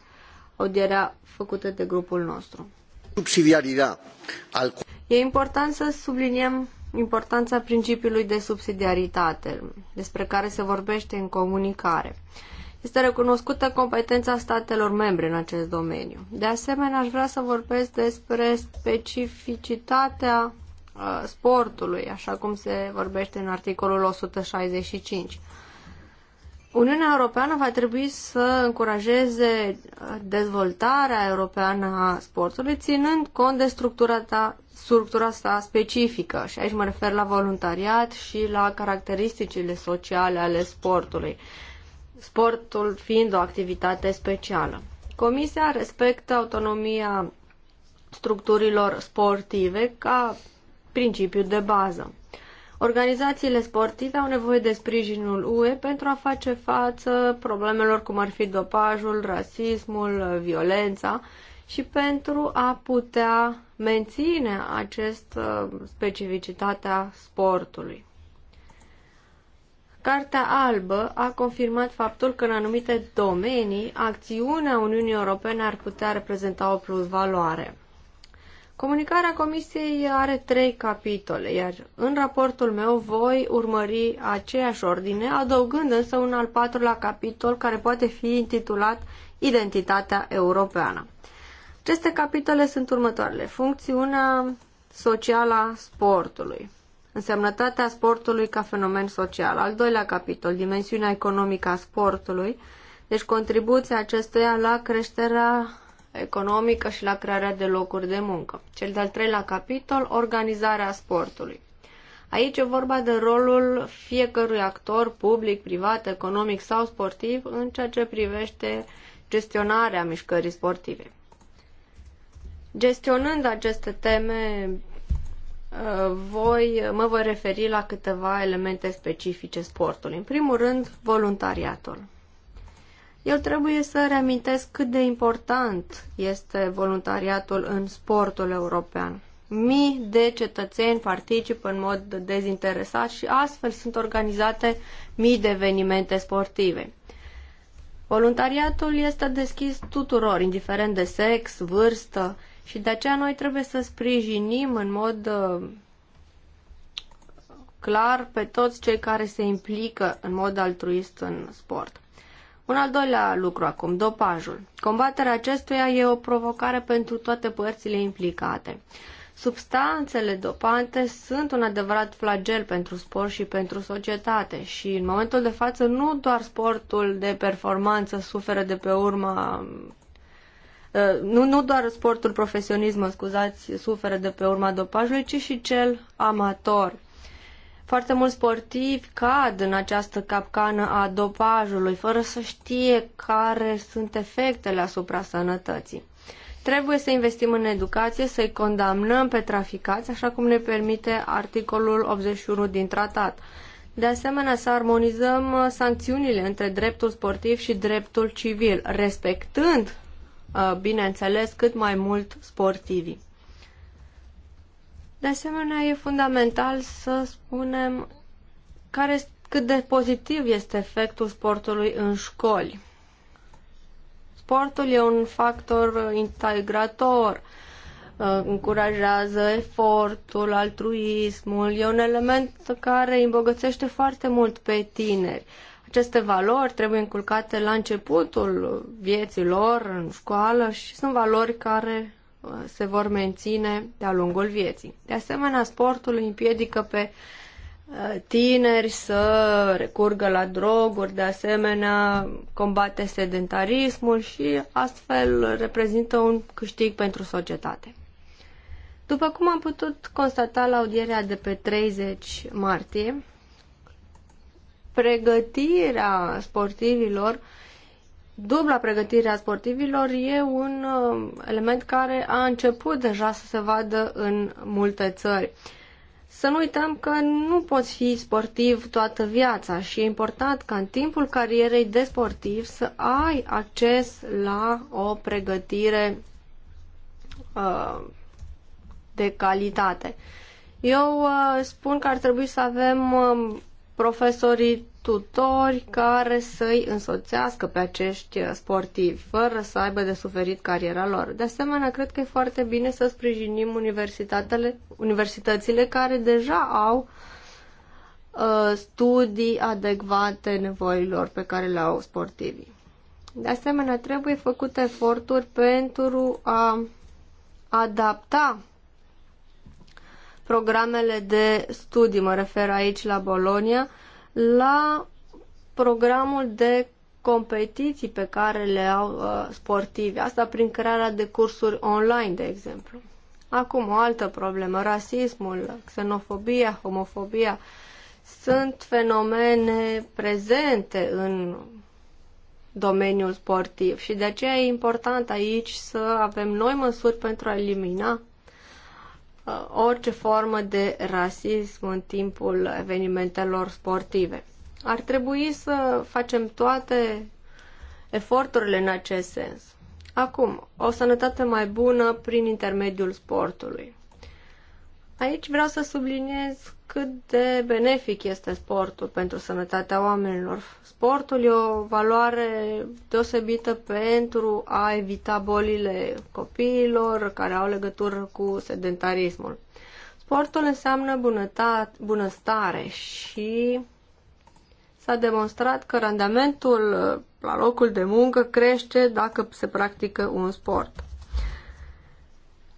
audierea făcută de grupul nostru. E important să subliniem importanța principiului de subsidiaritate, despre care se vorbește în comunicare. Este recunoscută competența statelor membre în acest domeniu. De asemenea, aș vrea să vorbesc despre specificitatea uh, sportului, așa cum se vorbește în articolul 165. Uniunea Europeană va trebui să încurajeze dezvoltarea europeană a sportului, ținând cont de structura, ta, structura sa specifică. Și aici mă refer la voluntariat și la caracteristicile sociale ale sportului, sportul fiind o activitate specială. Comisia respectă autonomia structurilor sportive ca principiu de bază. Organizațiile sportive au nevoie de sprijinul UE pentru a face față problemelor cum ar fi dopajul, rasismul, violența și pentru a putea menține acest uh, specificitatea sportului. Cartea albă a confirmat faptul că în anumite domenii acțiunea Uniunii Europene ar putea reprezenta o plusvaloare. Comunicarea Comisiei are trei capitole, iar în raportul meu voi urmări aceeași ordine, adăugând însă un al patrulea capitol care poate fi intitulat Identitatea Europeană. Aceste capitole sunt următoarele. Funcțiunea socială a sportului. Însemnătatea sportului ca fenomen social. Al doilea capitol, dimensiunea economică a sportului, deci contribuția acestuia la creșterea economică și la crearea de locuri de muncă. Cel de-al treilea capitol, organizarea sportului. Aici e vorba de rolul fiecărui actor, public, privat, economic sau sportiv, în ceea ce privește gestionarea mișcării sportive. Gestionând aceste teme, uh, voi, mă voi referi la câteva elemente specifice sportului. În primul rând, voluntariatul. Eu trebuie să reamintesc cât de important este voluntariatul în sportul european. Mii de cetățeni participă în mod dezinteresat și astfel sunt organizate mii de evenimente sportive. Voluntariatul este deschis tuturor, indiferent de sex, vârstă și de aceea noi trebuie să sprijinim în mod uh, clar pe toți cei care se implică în mod altruist în sport. Un al doilea lucru acum, dopajul. Combaterea acestuia e o provocare pentru toate părțile implicate. Substanțele dopante sunt un adevărat flagel pentru sport și pentru societate și în momentul de față nu doar sportul de performanță suferă de pe urma ă, nu, nu doar sportul profesionism, scuzați, suferă de pe urma dopajului, ci și cel amator. Foarte mulți sportivi cad în această capcană a dopajului, fără să știe care sunt efectele asupra sănătății. Trebuie să investim în educație, să-i condamnăm pe traficați, așa cum ne permite articolul 81 din tratat. De asemenea, să armonizăm uh, sancțiunile între dreptul sportiv și dreptul civil, respectând, uh, bineînțeles, cât mai mult sportivii. De asemenea, e fundamental să spunem care, cât de pozitiv este efectul sportului în școli. Sportul e un factor integrator, uh, încurajează efortul, altruismul, e un element care îmbogățește foarte mult pe tineri. Aceste valori trebuie inculcate la începutul vieții lor, în școală și sunt valori care se vor menține de-a lungul vieții. De asemenea, sportul îi împiedică pe uh, tineri să recurgă la droguri, de asemenea combate sedentarismul și astfel reprezintă un câștig pentru societate. După cum am putut constata la audierea de pe 30 martie, pregătirea sportivilor uh, dubla pregătire a sportivilor e un uh, element care a început deja să se vadă în multe țări. Să nu uităm că nu poți fi sportiv toată viața și e important ca în timpul carierei de sportiv să ai acces la o pregătire uh, de calitate. Eu uh, spun că ar trebui să avem uh, profesorii tutori care să-i însoțească pe acești sportivi, fără să aibă de suferit cariera lor. De asemenea, cred că e foarte bine să sprijinim universitatele, universitățile care deja au uh, studii adecvate nevoilor pe care le au sportivii. De asemenea, trebuie făcute eforturi pentru a adapta programele de studii, mă refer aici la Bolonia, uh, la programul de competiții pe care le au uh, sportivi. Asta prin crearea de cursuri online, de exemplu. Acum, o altă problemă, rasismul, xenofobia, homofobia, sunt fenomene prezente în domeniul sportiv și de aceea e important aici să avem noi măsuri pentru a elimina Uh, orice formă de rasism în timpul evenimentelor sportive. Ar trebui să facem toate eforturile în acest sens. Acum, o sănătate mai bună prin intermediul sportului. Aici vreau să subliniez cât de benefic este sportul pentru sănătatea oamenilor. Sportul e o valoare deosebită pentru a evita bolile copiilor care au legătură cu sedentarismul. Sportul înseamnă bunăstare și s-a demonstrat că randamentul la locul de muncă crește dacă se practică un sport.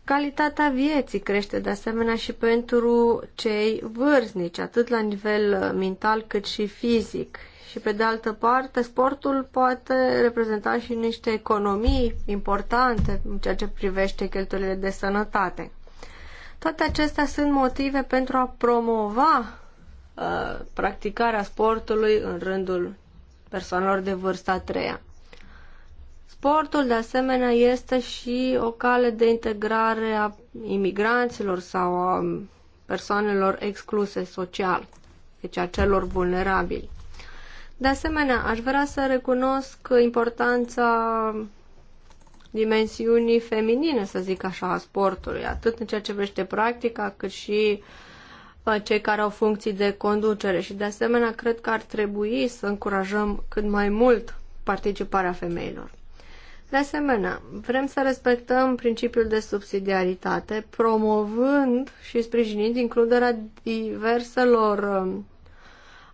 Calitatea vieții crește de asemenea și pentru cei vârstnici, atât la nivel uh, mental cât și fizic. Și pe de altă parte, sportul poate reprezenta și niște economii importante în ceea ce privește cheltuielile de sănătate. Toate acestea sunt motive pentru a promova uh, practicarea sportului în rândul persoanelor de vârsta a treia. Sportul, de asemenea, este și o cale de integrare a imigranților sau a persoanelor excluse social, deci a celor vulnerabili. De asemenea, aș vrea să recunosc importanța dimensiunii feminine, să zic așa, a sportului, atât în ceea ce vrește practica, cât și uh, cei care au funcții de conducere și de asemenea cred că ar trebui să încurajăm cât mai mult participarea femeilor. De asemenea, vrem să respectăm principiul de subsidiaritate, promovând și sprijinind includerea diverselor um,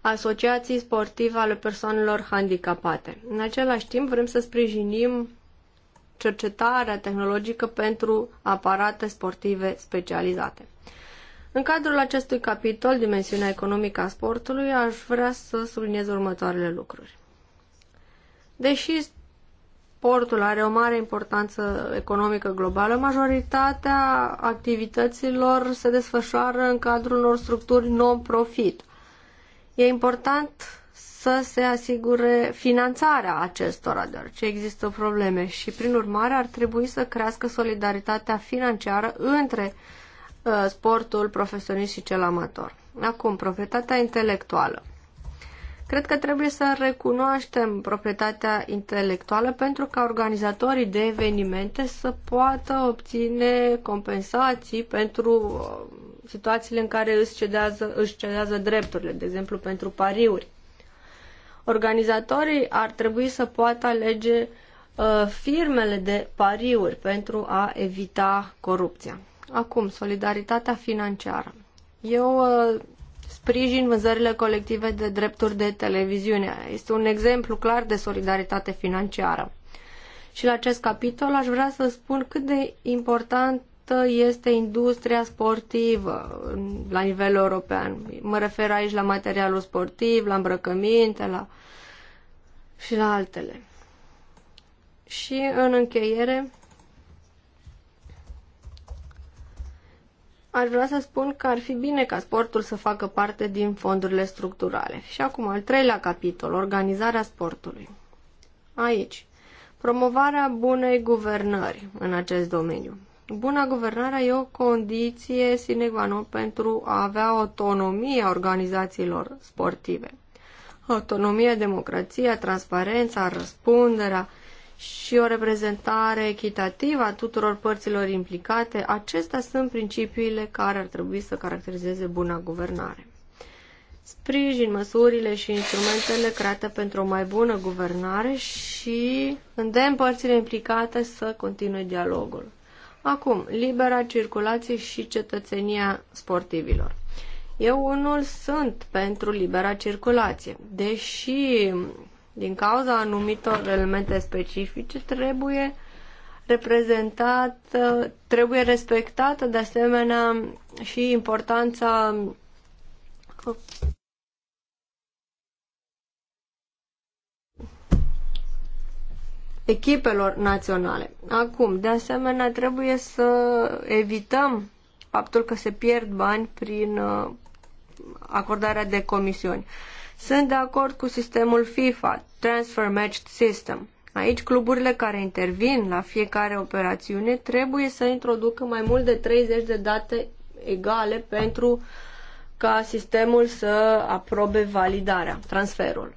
asociații sportive ale persoanelor handicapate. În același timp, vrem să sprijinim cercetarea tehnologică pentru aparate sportive specializate. În cadrul acestui capitol, dimensiunea economică a sportului, aș vrea să subliniez următoarele lucruri. Deși Portul are o mare importanță economică globală. Majoritatea activităților se desfășoară în cadrul unor structuri non-profit. E important să se asigure finanțarea acestora, deoarece există probleme și, prin urmare, ar trebui să crească solidaritatea financiară între uh, sportul profesionist și cel amator. Acum, proprietatea intelectuală. Cred că trebuie să recunoaștem proprietatea intelectuală pentru ca organizatorii de evenimente să poată obține compensații pentru uh, situațiile în care își cedează, își cedează drepturile, de exemplu pentru pariuri. Organizatorii ar trebui să poată alege uh, firmele de pariuri pentru a evita corupția. Acum, solidaritatea financiară. Eu uh, sprijin vânzările colective de drepturi de televiziune. Este un exemplu clar de solidaritate financiară. Și la acest capitol aș vrea să spun cât de importantă este industria sportivă la nivel european. Mă refer aici la materialul sportiv, la îmbrăcăminte, la... și la altele. Și în încheiere, Ar vrea să spun că ar fi bine ca sportul să facă parte din fondurile structurale. Și acum, al treilea capitol, organizarea sportului. Aici, promovarea bunei guvernări în acest domeniu. Buna guvernare e o condiție sine qua non pentru a avea autonomia organizațiilor sportive. Autonomia, democrația, transparența, răspunderea, și o reprezentare echitativă a tuturor părților implicate, acestea sunt principiile care ar trebui să caracterizeze buna guvernare. Sprijin măsurile și instrumentele create pentru o mai bună guvernare și îndemn părțile implicate să continue dialogul. Acum, libera circulație și cetățenia sportivilor. Eu unul sunt pentru libera circulație, deși din cauza anumitor elemente specifice, trebuie reprezentat, trebuie respectată de asemenea și importanța echipelor naționale. Acum, de asemenea, trebuie să evităm faptul că se pierd bani prin uh, acordarea de comisiuni. Sunt de acord cu sistemul FIFA, Transfer Matched System. Aici cluburile care intervin la fiecare operațiune trebuie să introducă mai mult de 30 de date egale pentru ca sistemul să aprobe validarea, transferul.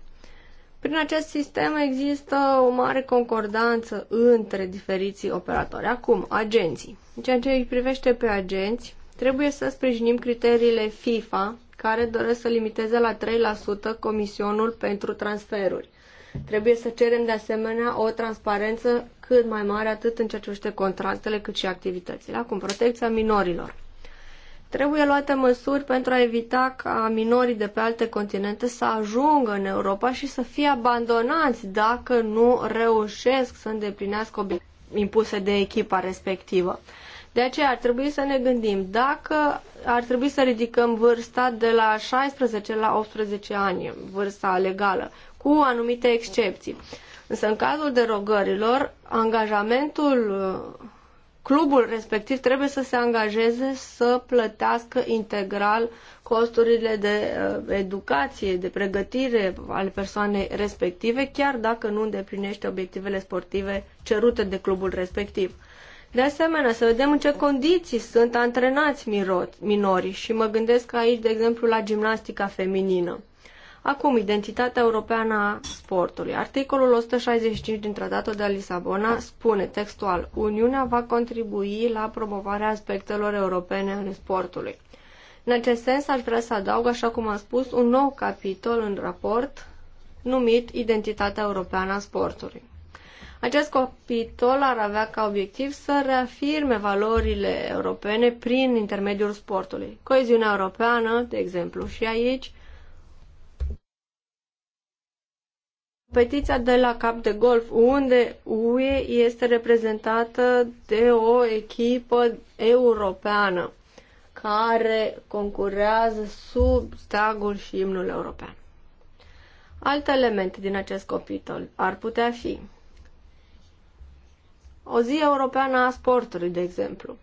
Prin acest sistem există o mare concordanță între diferiții operatori. Acum, agenții. În ceea ce îi privește pe agenți, trebuie să sprijinim criteriile FIFA care doresc să limiteze la 3% comisionul pentru transferuri. Trebuie să cerem de asemenea o transparență cât mai mare atât în ceea ce privește contractele cât și activitățile. Acum, protecția minorilor. Trebuie luate măsuri pentru a evita ca minorii de pe alte continente să ajungă în Europa și să fie abandonați dacă nu reușesc să îndeplinească obiectivele impuse de echipa respectivă. De aceea ar trebui să ne gândim dacă ar trebui să ridicăm vârsta de la 16 la 18 ani, vârsta legală, cu anumite excepții. Însă în cazul derogărilor, angajamentul, uh, clubul respectiv trebuie să se angajeze să plătească integral costurile de uh, educație, de pregătire ale persoanei respective, chiar dacă nu îndeplinește obiectivele sportive cerute de clubul respectiv. De asemenea, să vedem în ce condiții sunt antrenați minorii și mă gândesc aici, de exemplu, la gimnastica feminină. Acum, identitatea europeană a sportului. Articolul 165 din Tratatul de Lisabona spune textual Uniunea va contribui la promovarea aspectelor europene ale sportului. În acest sens, aș vrea să adaug, așa cum am spus, un nou capitol în raport numit Identitatea Europeană a Sportului. Acest capitol ar avea ca obiectiv să reafirme valorile europene prin intermediul sportului. Coeziunea europeană, de exemplu, și aici competiția de la cap de golf, unde UE este reprezentată de o echipă europeană care concurează sub stagul și imnul european. Alte elemente din acest capitol ar putea fi o zi europeană a sportului, de exemplu,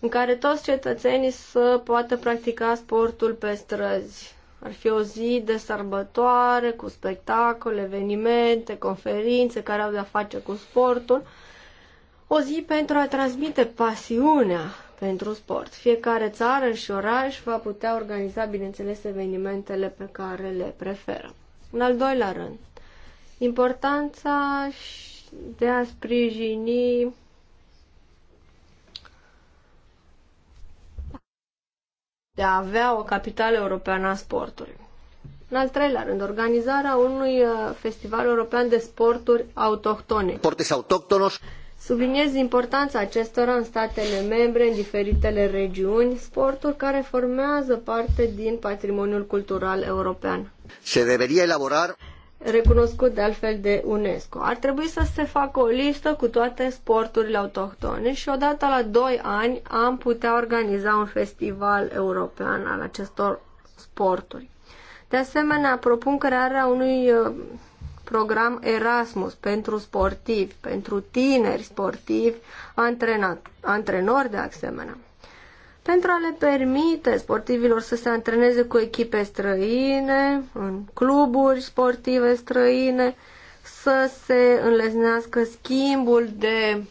în care toți cetățenii să poată practica sportul pe străzi. Ar fi o zi de sărbătoare, cu spectacole, evenimente, conferințe care au de-a face cu sportul. O zi pentru a transmite pasiunea pentru sport. Fiecare țară și oraș va putea organiza, bineînțeles, evenimentele pe care le preferă. În al doilea rând, importanța și de a sprijini de a avea o capitală europeană a sportului. În al treilea rând, organizarea unui uh, festival european de sporturi autohtone. Sportes autohtonos. Subliniez importanța acestora în statele membre, în diferitele regiuni, sporturi care formează parte din patrimoniul cultural european. Se deveria elaborar recunoscut de altfel de UNESCO. Ar trebui să se facă o listă cu toate sporturile autohtone și odată la 2 ani am putea organiza un festival european al acestor sporturi. De asemenea, propun crearea unui uh, program Erasmus pentru sportivi, pentru tineri sportivi, antrenori de asemenea pentru a le permite sportivilor să se antreneze cu echipe străine, în cluburi sportive străine, să se înlesnească schimbul de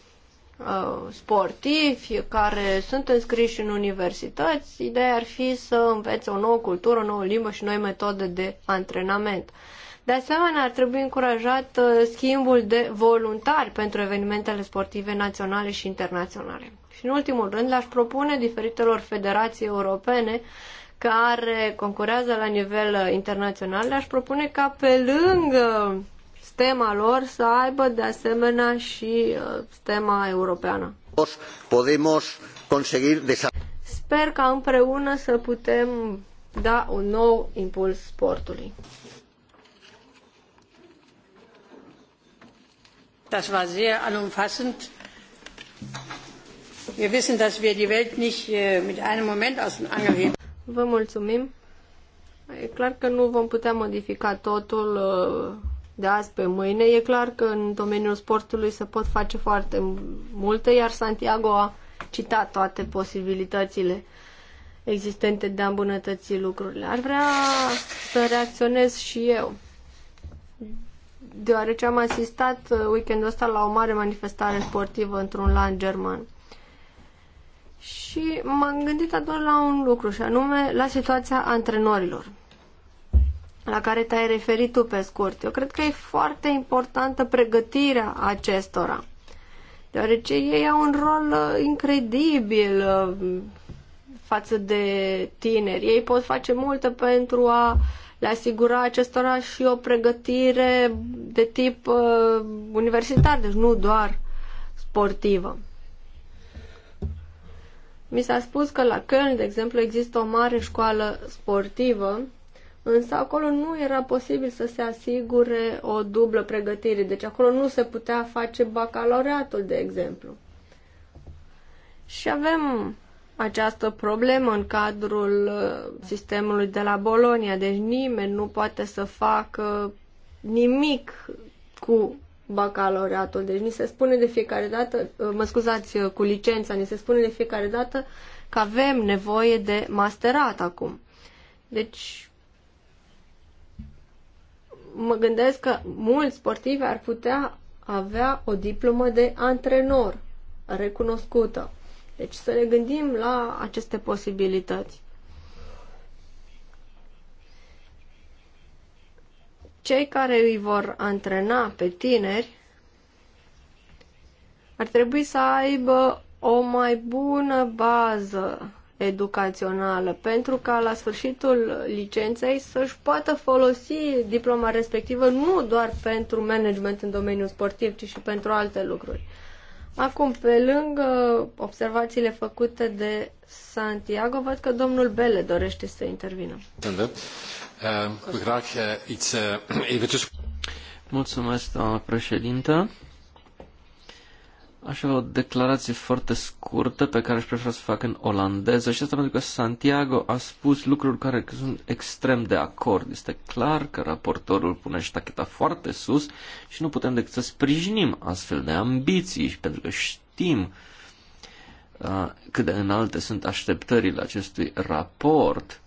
uh, sportivi care sunt înscriși în universități. Ideea ar fi să învețe o nouă cultură, o nouă limbă și noi metode de antrenament. De asemenea, ar trebui încurajat uh, schimbul de voluntari pentru evenimentele sportive naționale și internaționale. Și în ultimul rând, le-aș propune diferitelor federații europene care concurează la nivel uh, internațional, le-aș propune ca pe lângă stema lor să aibă de asemenea și uh, stema europeană. Sper ca împreună să putem da un nou impuls sportului. Das war sehr allumfassend. Äh, Vă mulțumim. E clar că nu vom putea modifica totul uh, de azi pe mâine. E clar că în domeniul sportului se pot face foarte multe, iar Santiago a citat toate posibilitățile existente de a îmbunătăți lucrurile. Ar vrea să reacționez și eu, deoarece am asistat uh, weekendul ăsta la o mare manifestare sportivă într-un land german. Și m-am gândit doar la un lucru, și anume la situația antrenorilor, la care te-ai referit tu pe scurt. Eu cred că e foarte importantă pregătirea acestora, deoarece ei au un rol uh, incredibil uh, față de tineri. Ei pot face multe pentru a le asigura acestora și o pregătire de tip uh, universitar, deci nu doar sportivă. Mi s-a spus că la Köln, de exemplu, există o mare școală sportivă, însă acolo nu era posibil să se asigure o dublă pregătire. Deci acolo nu se putea face bacalaureatul, de exemplu. Și avem această problemă în cadrul uh, sistemului de la Bolonia. Deci nimeni nu poate să facă nimic cu bacalaureatul. Deci ni se spune de fiecare dată, uh, mă scuzați, uh, cu licența, ni se spune de fiecare dată că avem nevoie de masterat acum. Deci mă gândesc că mulți sportivi ar putea avea o diplomă de antrenor recunoscută. Deci să ne gândim la aceste posibilități. cei care îi vor antrena pe tineri ar trebui să aibă o mai bună bază educațională pentru ca la sfârșitul licenței să-și poată folosi diploma respectivă nu doar pentru management în domeniul sportiv, ci și pentru alte lucruri. Acum, pe lângă observațiile făcute de Santiago, văd că domnul Bele dorește să intervină. Înțeleg. Da. Ehm, eh, eh, Mulțumesc, președintă. Aș avea o declarație foarte scurtă pe care aș prefera să o fac în olandeză și asta pentru că Santiago a spus lucruri care sunt extrem de acord. Este clar că raportorul pune ștacheta foarte sus și nu putem decât să sprijinim astfel de ambiții și pentru că știm uh, cât de înalte sunt așteptările acestui raport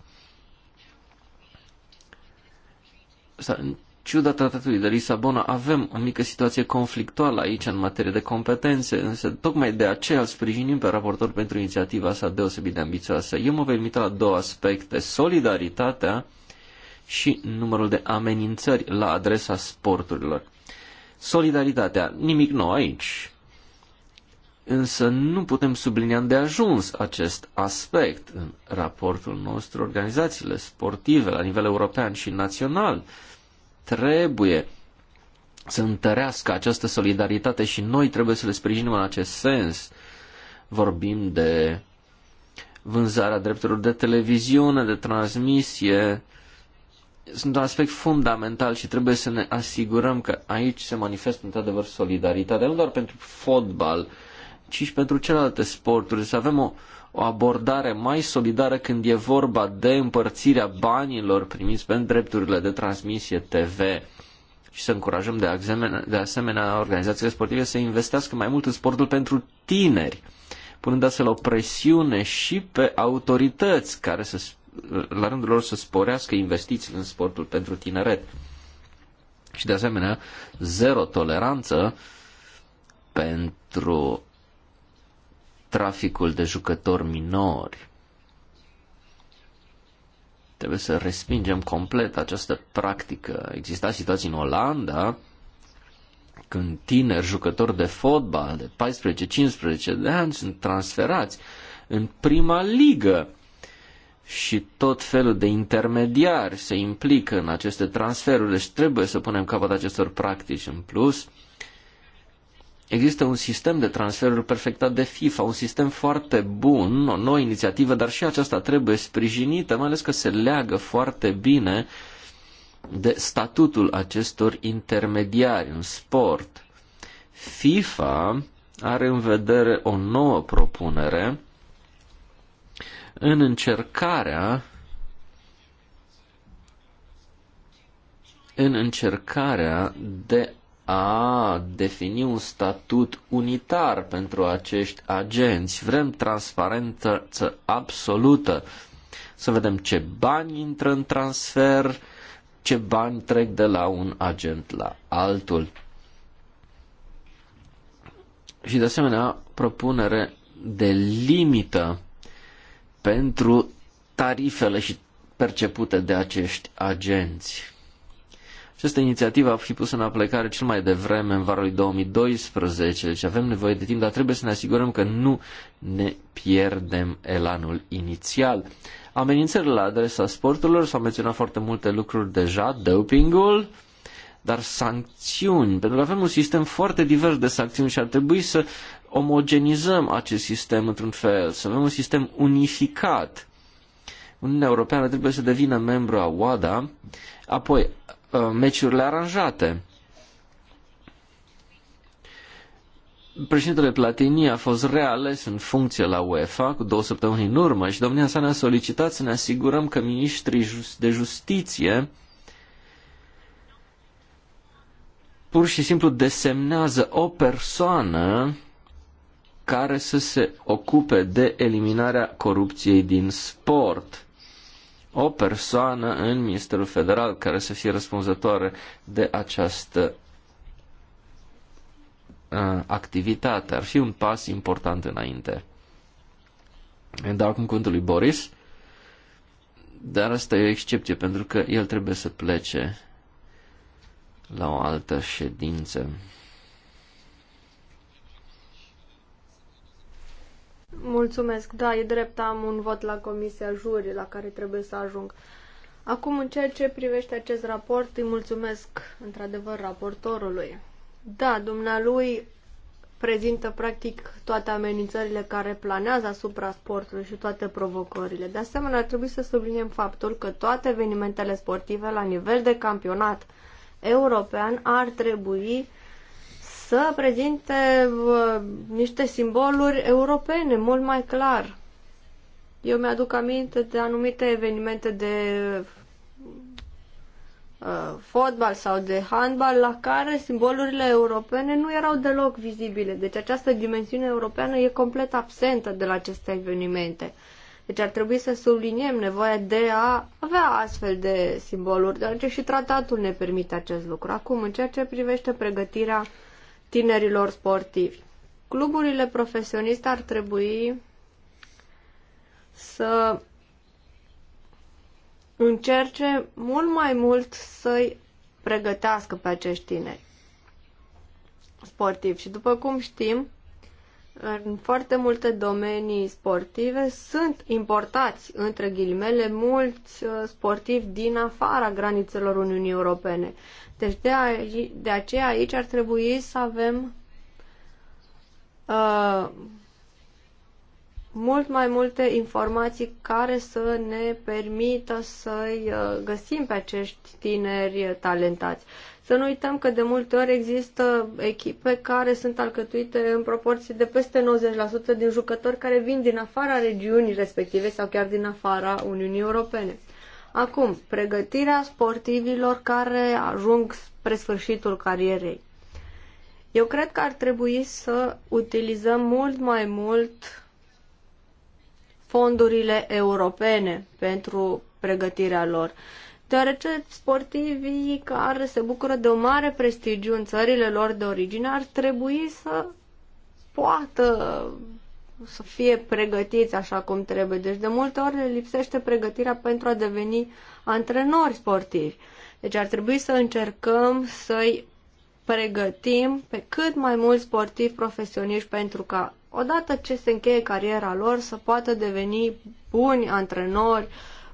în ciuda tratatului de Lisabona, avem o mică situație conflictuală aici în materie de competențe, însă tocmai de aceea îl sprijinim pe raportor pentru inițiativa sa deosebit de ambițioasă. Eu mă voi limita la două aspecte, solidaritatea și numărul de amenințări la adresa sporturilor. Solidaritatea, nimic nou aici, însă nu putem sublinia de ajuns acest aspect în raportul nostru. Organizațiile sportive la nivel european și național trebuie să întărească această solidaritate și noi trebuie să le sprijinim în acest sens. Vorbim de vânzarea drepturilor de televiziune, de transmisie. Sunt un aspect fundamental și trebuie să ne asigurăm că aici se manifestă într-adevăr solidaritate, nu doar pentru fotbal, ci și pentru celelalte sporturi. Deci să avem o, o abordare mai solidară când e vorba de împărțirea banilor primiți pentru drepturile de transmisie TV și să încurajăm de asemenea, de asemenea organizațiile sportive să investească mai mult în sportul pentru tineri, punând astfel o presiune și pe autorități care să, la rândul lor să sporească investițiile în sportul pentru tineret. Și de asemenea, zero toleranță pentru traficul de jucători minori. Trebuie să respingem complet această practică. Exista situații în Olanda când tineri jucători de fotbal de 14-15 de ani sunt transferați în prima ligă și tot felul de intermediari se implică în aceste transferuri, deci trebuie să punem capăt acestor practici. În plus, Există un sistem de transferuri perfectat de FIFA, un sistem foarte bun, o nouă inițiativă, dar și aceasta trebuie sprijinită, mai ales că se leagă foarte bine de statutul acestor intermediari în sport. FIFA are în vedere o nouă propunere în încercarea în încercarea de a defini un statut unitar pentru acești agenți. Vrem transparență absolută. Să vedem ce bani intră în transfer, ce bani trec de la un agent la altul. Și de asemenea, propunere de limită pentru tarifele și percepute de acești agenți. Această inițiativă a fi pusă în aplicare cel mai devreme în varul 2012, deci avem nevoie de timp, dar trebuie să ne asigurăm că nu ne pierdem elanul inițial. Amenințările la adresa sporturilor, s-au menționat foarte multe lucruri deja, dopingul, dar sancțiuni, pentru că avem un sistem foarte divers de sancțiuni și ar trebui să omogenizăm acest sistem într-un fel, să avem un sistem unificat. Uniunea Europeană trebuie să devină membru a WADA, apoi Uh, meciurile aranjate. Președintele Platini a fost reales în funcție la UEFA cu două săptămâni în urmă și domnia sa ne-a solicitat să ne asigurăm că ministrii de justiție pur și simplu desemnează o persoană care să se ocupe de eliminarea corupției din sport o persoană în Ministerul Federal care să fie răspunzătoare de această uh, activitate. Ar fi un pas important înainte. Dau acum cuvântul lui Boris, dar asta e o excepție pentru că el trebuie să plece la o altă ședință. Mulțumesc. Da, e drept, am un vot la Comisia Juri la care trebuie să ajung. Acum, în ceea ce privește acest raport, îi mulțumesc, într-adevăr, raportorului. Da, dumnealui prezintă, practic, toate amenințările care planează asupra sportului și toate provocările. De asemenea, ar trebui să subliniem faptul că toate evenimentele sportive la nivel de campionat european ar trebui să prezinte niște simboluri europene mult mai clar. Eu mi-aduc aminte de anumite evenimente de uh, fotbal sau de handbal la care simbolurile europene nu erau deloc vizibile. Deci această dimensiune europeană e complet absentă de la aceste evenimente. Deci ar trebui să subliniem nevoia de a avea astfel de simboluri, deoarece și tratatul ne permite acest lucru. Acum, în ceea ce privește pregătirea uh, tinerilor sportivi. Cluburile profesioniste ar trebui să încerce mult mai mult să-i pregătească pe acești tineri sportivi. Și după cum știm, în foarte multe domenii sportive sunt importați, între ghilimele, mulți uh, sportivi din afara granițelor Uniunii Europene. Deci de, a, de aceea aici ar trebui să avem uh, mult mai multe informații care să ne permită să-i uh, găsim pe acești tineri talentați. Uh, să nu uităm că de multe ori există echipe care sunt alcătuite în proporție de peste 90% din jucători care vin din afara regiunii respective sau chiar din afara Uniunii Europene. Acum, pregătirea sportivilor care ajung spre sfârșitul carierei. Eu cred că ar trebui să utilizăm mult mai mult fondurile europene pentru pregătirea lor deoarece sportivii care se bucură de o mare prestigiu în țările lor de origine ar trebui să poată să fie pregătiți așa cum trebuie. Deci de multe ori le lipsește pregătirea pentru a deveni antrenori sportivi. Deci ar trebui să încercăm să-i pregătim pe cât mai mulți sportivi profesioniști pentru ca odată ce se încheie cariera lor să poată deveni buni antrenori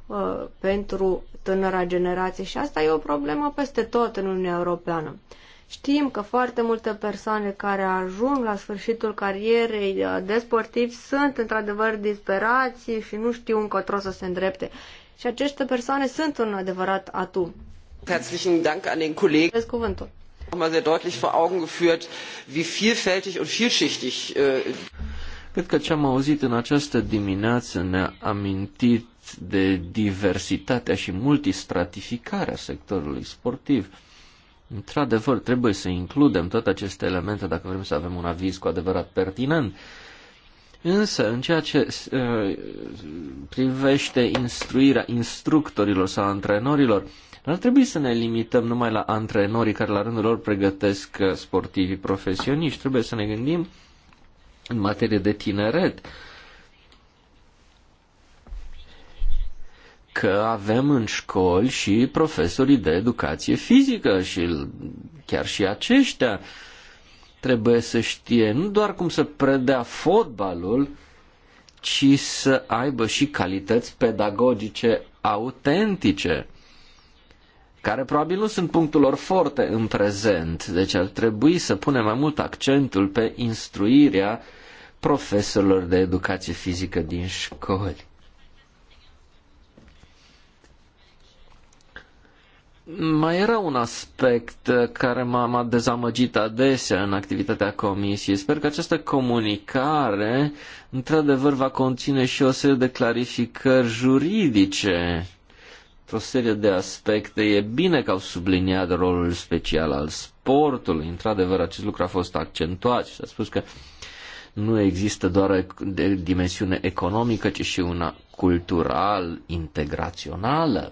uh, pentru tânăra generație și asta e o problemă peste tot în Uniunea Europeană. Știm că foarte multe persoane care ajung la sfârșitul carierei de sportivi sunt într-adevăr disperați și nu știu încotro să se îndrepte. Și aceste persoane sunt un adevărat atu. Herzlichen Dank an den Kollegen. Cuvântul. Nochmal sehr deutlich vor Augen geführt, wie vielfältig und vielschichtig. Äh, Cred că ce am auzit în această dimineață ne-a amintit de diversitatea și multistratificarea sectorului sportiv. Într-adevăr, trebuie să includem toate aceste elemente dacă vrem să avem un aviz cu adevărat pertinent. Însă, în ceea ce uh, privește instruirea instructorilor sau antrenorilor, nu ar trebui să ne limităm numai la antrenorii care la rândul lor pregătesc uh, sportivii profesioniști. Trebuie să ne gândim în materie de tineret. Uh, că avem în școli și profesorii de educație fizică și chiar și aceștia trebuie să știe nu doar cum să predea fotbalul, ci să aibă și calități pedagogice autentice, care probabil nu sunt punctul lor forte în prezent, deci ar trebui să punem mai mult accentul pe instruirea profesorilor de educație fizică din școli. Mai era un aspect uh, care m-a, dezamăgit adesea în activitatea comisiei. Sper că această comunicare, într-adevăr, va conține și o serie de clarificări juridice o serie de aspecte. E bine că au subliniat rolul special al sportului. Într-adevăr, acest lucru a fost accentuat și s-a spus că nu există doar de dimensiune economică, ci și una cultural, integrațională.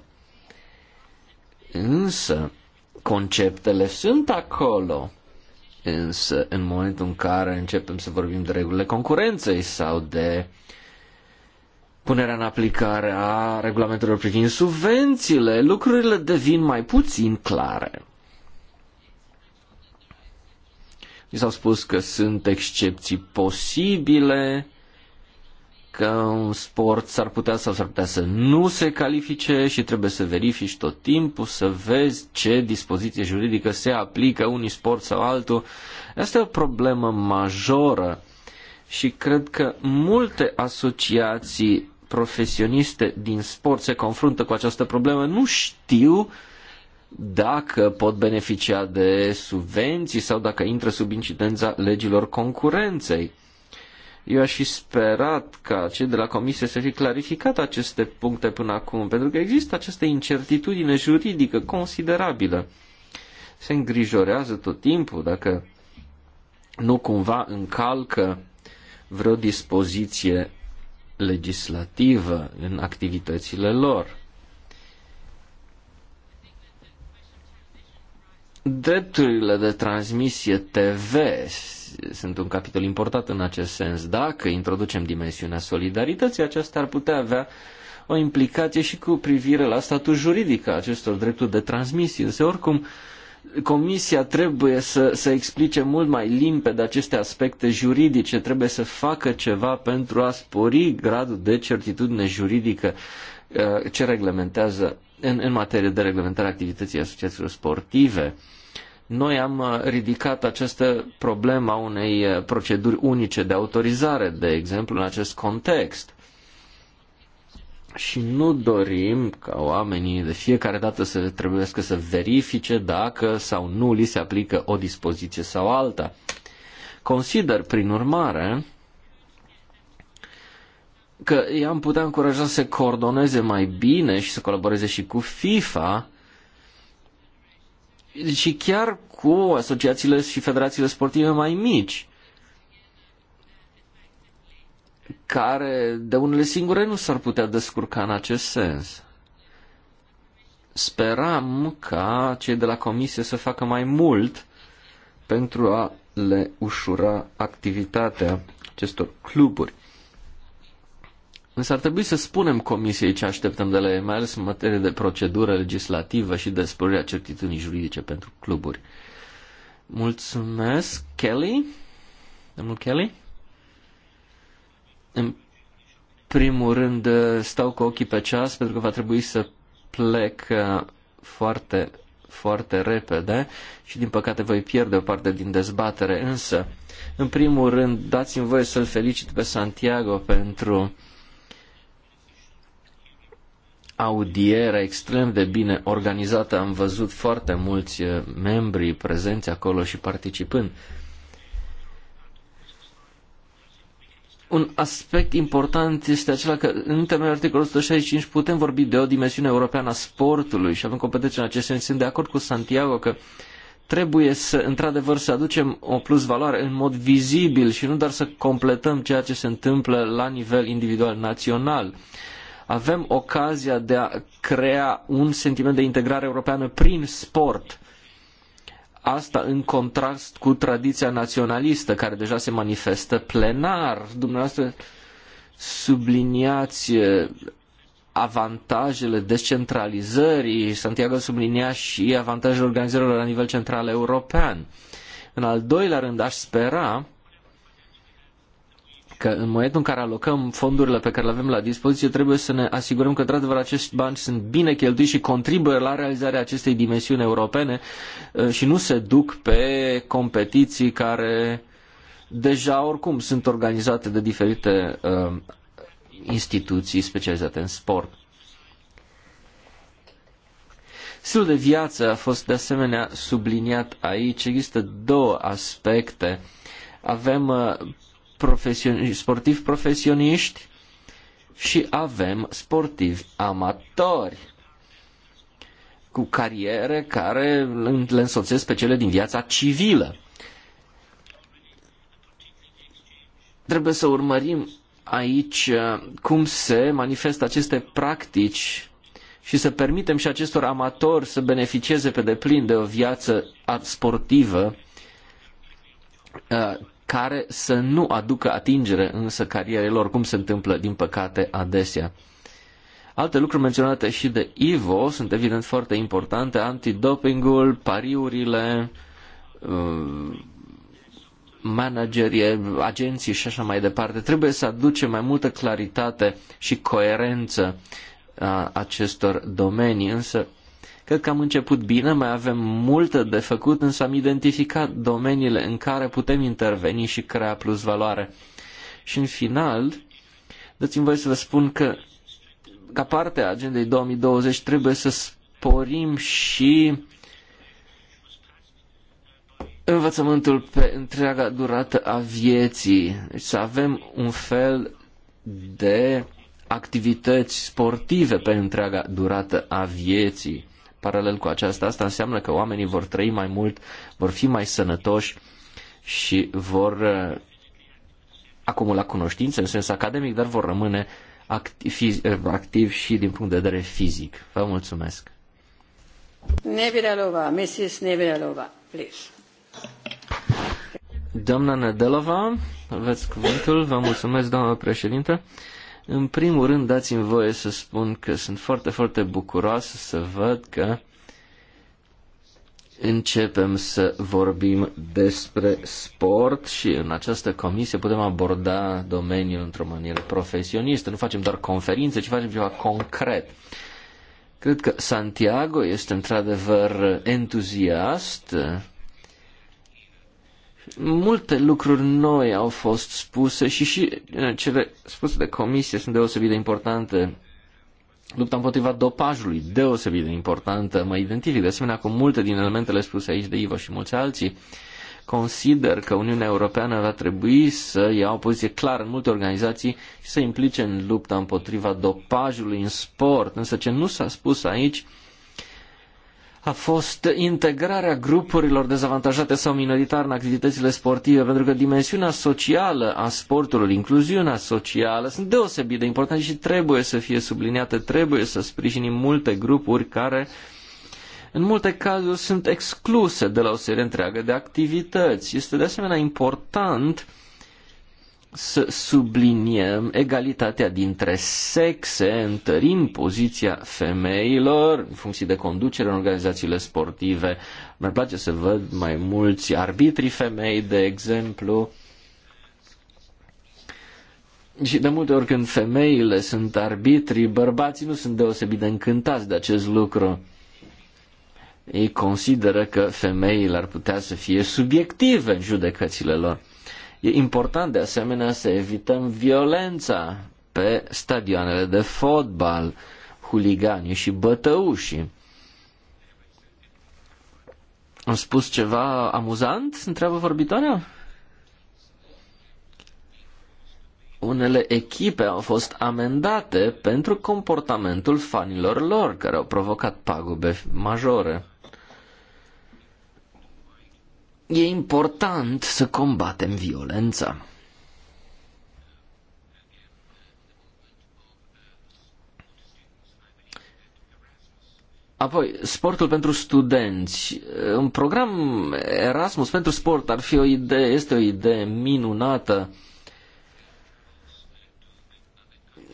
Însă, conceptele sunt acolo. Însă, în momentul în care începem să vorbim de regulile concurenței sau de punerea în aplicare a regulamentelor privind subvențiile, lucrurile devin mai puțin clare. Mi s-au spus că sunt excepții posibile, că un sport s-ar putea sau s-ar putea să nu se califice și trebuie să verifici tot timpul, să vezi ce dispoziție juridică se aplică unui sport sau altul. Asta e o problemă majoră și cred că multe asociații profesioniste din sport se confruntă cu această problemă. Nu știu dacă pot beneficia de subvenții sau dacă intră sub incidența legilor concurenței. Eu aș fi sperat ca cei de la comisie să fi clarificat aceste puncte până acum, pentru că există această incertitudine juridică considerabilă. Se îngrijorează tot timpul dacă nu cumva încalcă vreo dispoziție legislativă în activitățile lor. Drepturile de transmisie TV sunt un capitol important în acest sens. Dacă introducem dimensiunea solidarității, aceasta ar putea avea o implicație și cu privire la statul juridic al acestor drepturi de transmisie. Însă, oricum, Comisia trebuie să, să explice mult mai limpede aceste aspecte juridice, trebuie să facă ceva pentru a spori gradul de certitudine juridică uh, ce reglementează în, în materie de reglementare a activității asociațiilor sportive. Uh, noi am uh, ridicat această problemă a unei uh, proceduri unice de autorizare, de exemplu, în acest context. Și nu dorim ca oamenii de fiecare dată să trebuie să verifice dacă sau nu li se aplică o dispoziție sau alta. Consider, prin urmare, că i-am putea încuraja să se coordoneze mai bine și să colaboreze și cu FIFA și chiar cu asociațiile și federațiile sportive mai mici, care de unele singure nu s-ar putea descurca în acest sens. Speram ca cei de la comisie să facă mai mult pentru a le ușura activitatea acestor cluburi. Însă ar trebui să spunem Comisiei ce așteptăm de la ei, mai ales în materie de procedură legislativă și de sporirea certitudinii juridice pentru cluburi. Mulțumesc, Kelly. Domnul Kelly? În primul rând, stau cu ochii pe ceas pentru că va trebui să plec uh, foarte, foarte repede și din păcate voi pierde o parte din dezbatere, însă, în primul rând, dați-mi voie să-l felicit pe Santiago pentru audiere extrem de bine organizată. Am văzut foarte mulți eh, membri prezenți acolo și participând. Un aspect important este acela că în termenul articolului 165 putem vorbi de o dimensiune europeană a sportului și avem competențe în acest sens. Sunt de acord cu Santiago că trebuie să, într-adevăr, să aducem o plus valoare în mod vizibil și nu doar să completăm ceea ce se întâmplă la nivel individual național avem ocazia de a crea un sentiment de integrare europeană prin sport. Asta în contrast cu tradiția naționalistă care deja se manifestă plenar. Dumneavoastră subliniați eh, avantajele descentralizării, Santiago sublinia și avantajele organizărilor la nivel central european. În al doilea rând, aș spera că în momentul în care alocăm fondurile pe care le avem la dispoziție, trebuie să ne asigurăm că, într-adevăr, acești bani sunt bine cheltuiți și contribuie la realizarea acestei dimensiuni europene ă, și nu se duc pe competiții care deja oricum sunt organizate de diferite uh, instituții specializate în sport. Stilul de viață a fost de asemenea subliniat aici. Există două aspecte. Avem uh, profesioni- sportivi profesioniști și avem sportivi amatori cu cariere care le însoțesc pe cele din viața civilă. Trebuie să urmărim aici uh, cum se manifestă aceste practici și să permitem și acestor amatori să beneficieze pe deplin de o viață sportivă uh, care să nu aducă atingere însă carierelor, cum se întâmplă, din păcate, adesea. Alte lucruri menționate și de Ivo sunt evident foarte importante, antidopingul, pariurile, uh, managerii, agenții și așa mai departe. Trebuie să aducem mai multă claritate și coerență a uh, acestor domenii, însă Cred că am început bine, mai avem multe de făcut, însă am identificat domeniile în care putem interveni și crea plus valoare. Și în final, dați-mi voie să vă spun că ca parte a agendei 2020 trebuie să sporim și învățământul pe întreaga durată a vieții. Deci să avem un fel de activități sportive pe întreaga durată a vieții paralel cu aceasta, asta înseamnă că oamenii vor trăi mai mult, vor fi mai sănătoși și vor uh, acumula cunoștințe în sens academic, dar vor rămâne activ, uh, activ și din punct de vedere fizic. Vă mulțumesc. Nevidalova, Mrs. Nevidalova, please. Doamna Nedelova, aveți cuvântul. Vă mulțumesc, doamnă președinte. În primul rând, dați-mi voie să spun că sunt foarte, foarte bucuroasă să văd că începem să vorbim despre sport și în această comisie putem aborda domeniul într-o manieră profesionistă. Nu facem doar conferințe, ci facem ceva concret. Cred că Santiago este într-adevăr entuziast Multe lucruri noi au fost spuse și și uh, cele spuse de comisie sunt deosebit de importante. Lupta împotriva dopajului, deosebit de importantă. Mă identific de asemenea cu multe din elementele spuse aici de Ivo și mulți alții. Consider că Uniunea Europeană va trebui să ia o poziție clară în multe organizații și să implice în lupta împotriva dopajului în sport. Însă ce nu s-a spus aici a fost integrarea grupurilor dezavantajate sau minoritare în activitățile sportive, pentru că dimensiunea socială a sportului, incluziunea socială, sunt deosebit de importante și trebuie să fie subliniate, trebuie să sprijinim multe grupuri care în multe cazuri sunt excluse de la o serie întreagă de activități. Este de asemenea important uh, să subliniem egalitatea dintre sexe, întărim poziția femeilor în funcție de conducere în organizațiile sportive. Mi-ar place să văd mai mulți arbitri femei, de exemplu. Și de multe ori când femeile sunt arbitri, bărbații nu sunt deosebit de încântați de acest lucru. Ei consideră că femeile ar putea să fie subiective în judecățile lor. E important de asemenea să evităm violența pe stadioanele de fotbal, huliganii și bătăușii. Am spus ceva amuzant? Întreabă vorbitoarea. Unele echipe au fost amendate pentru comportamentul fanilor lor, care au provocat pagube majore. E important să combatem violența. Apoi, sportul pentru studenți. Un program Erasmus pentru sport ar fi o idee, este o idee minunată.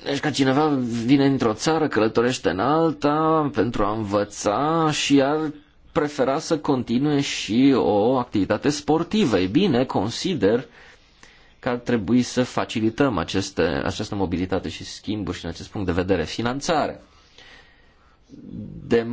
Deci ca cineva vine într o țară, călătorește în alta pentru a învăța și ar prefera să continue și o activitate sportivă. Ei bine, consider că ar trebui să facilităm aceste, această mobilitate și schimburi și în acest punct de vedere finanțare. De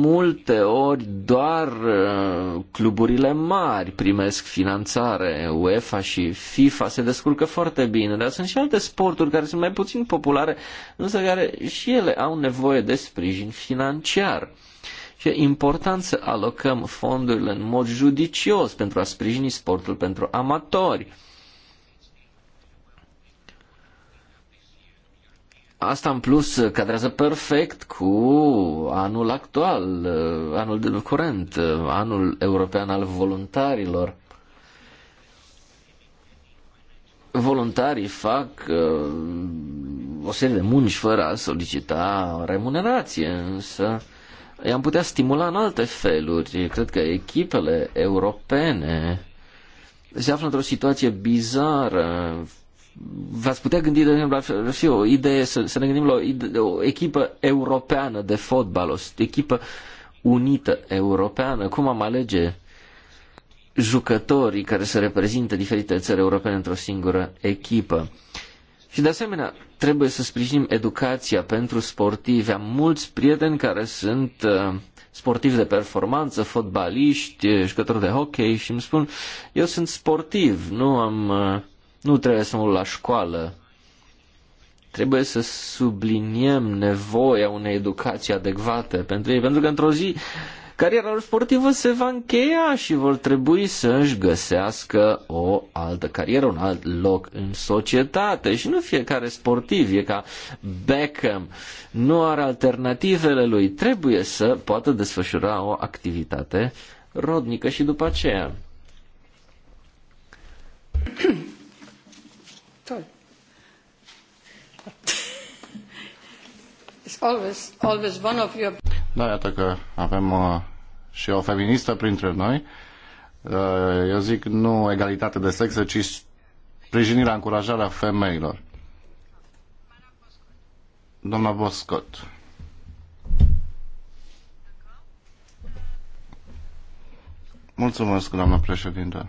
multe ori doar uh, cluburile mari primesc finanțare, UEFA și FIFA se descurcă foarte bine, dar sunt și alte sporturi care sunt mai puțin populare, însă care și ele au nevoie de sprijin financiar. Și e important să alocăm fondurile în mod judicios pentru a sprijini sportul pentru amatori. Asta în plus cadrează perfect cu anul actual, anul de curent, anul european al voluntarilor. Voluntarii fac uh, o serie de munci fără a solicita remunerație, însă i-am putea stimula în alte feluri. Cred că echipele europene se află într-o situație bizară. V-ați putea gândi, de exemplu, ar fi o idee să, să ne gândim la o, idee, o echipă europeană de fotbal, o echipă unită europeană. Cum am alege jucătorii care să reprezinte diferite țări europene într-o singură echipă? Și de asemenea, trebuie să sprijinim educația pentru sportivi. Am mulți prieteni care sunt uh, sportivi de performanță, fotbaliști, uh, jucători de hockey și îmi spun, eu sunt sportiv, nu am, uh, nu trebuie să mă la școală. Trebuie să subliniem nevoia unei educații adecvate pentru ei, pentru că într-o zi cariera lor sportivă se va încheia și vor trebui să își găsească o altă carieră, un alt loc în societate. Și nu fiecare sportiv e ca Beckham, nu are alternativele lui, trebuie să poată desfășura o activitate rodnică și după aceea. It's always, always one of your... Da, iată că avem uh, și o feministă printre noi. Uh, eu zic nu egalitate de sexe, ci sprijinirea, încurajarea femeilor. Doamna Boscot. Mulțumesc, doamna președinte.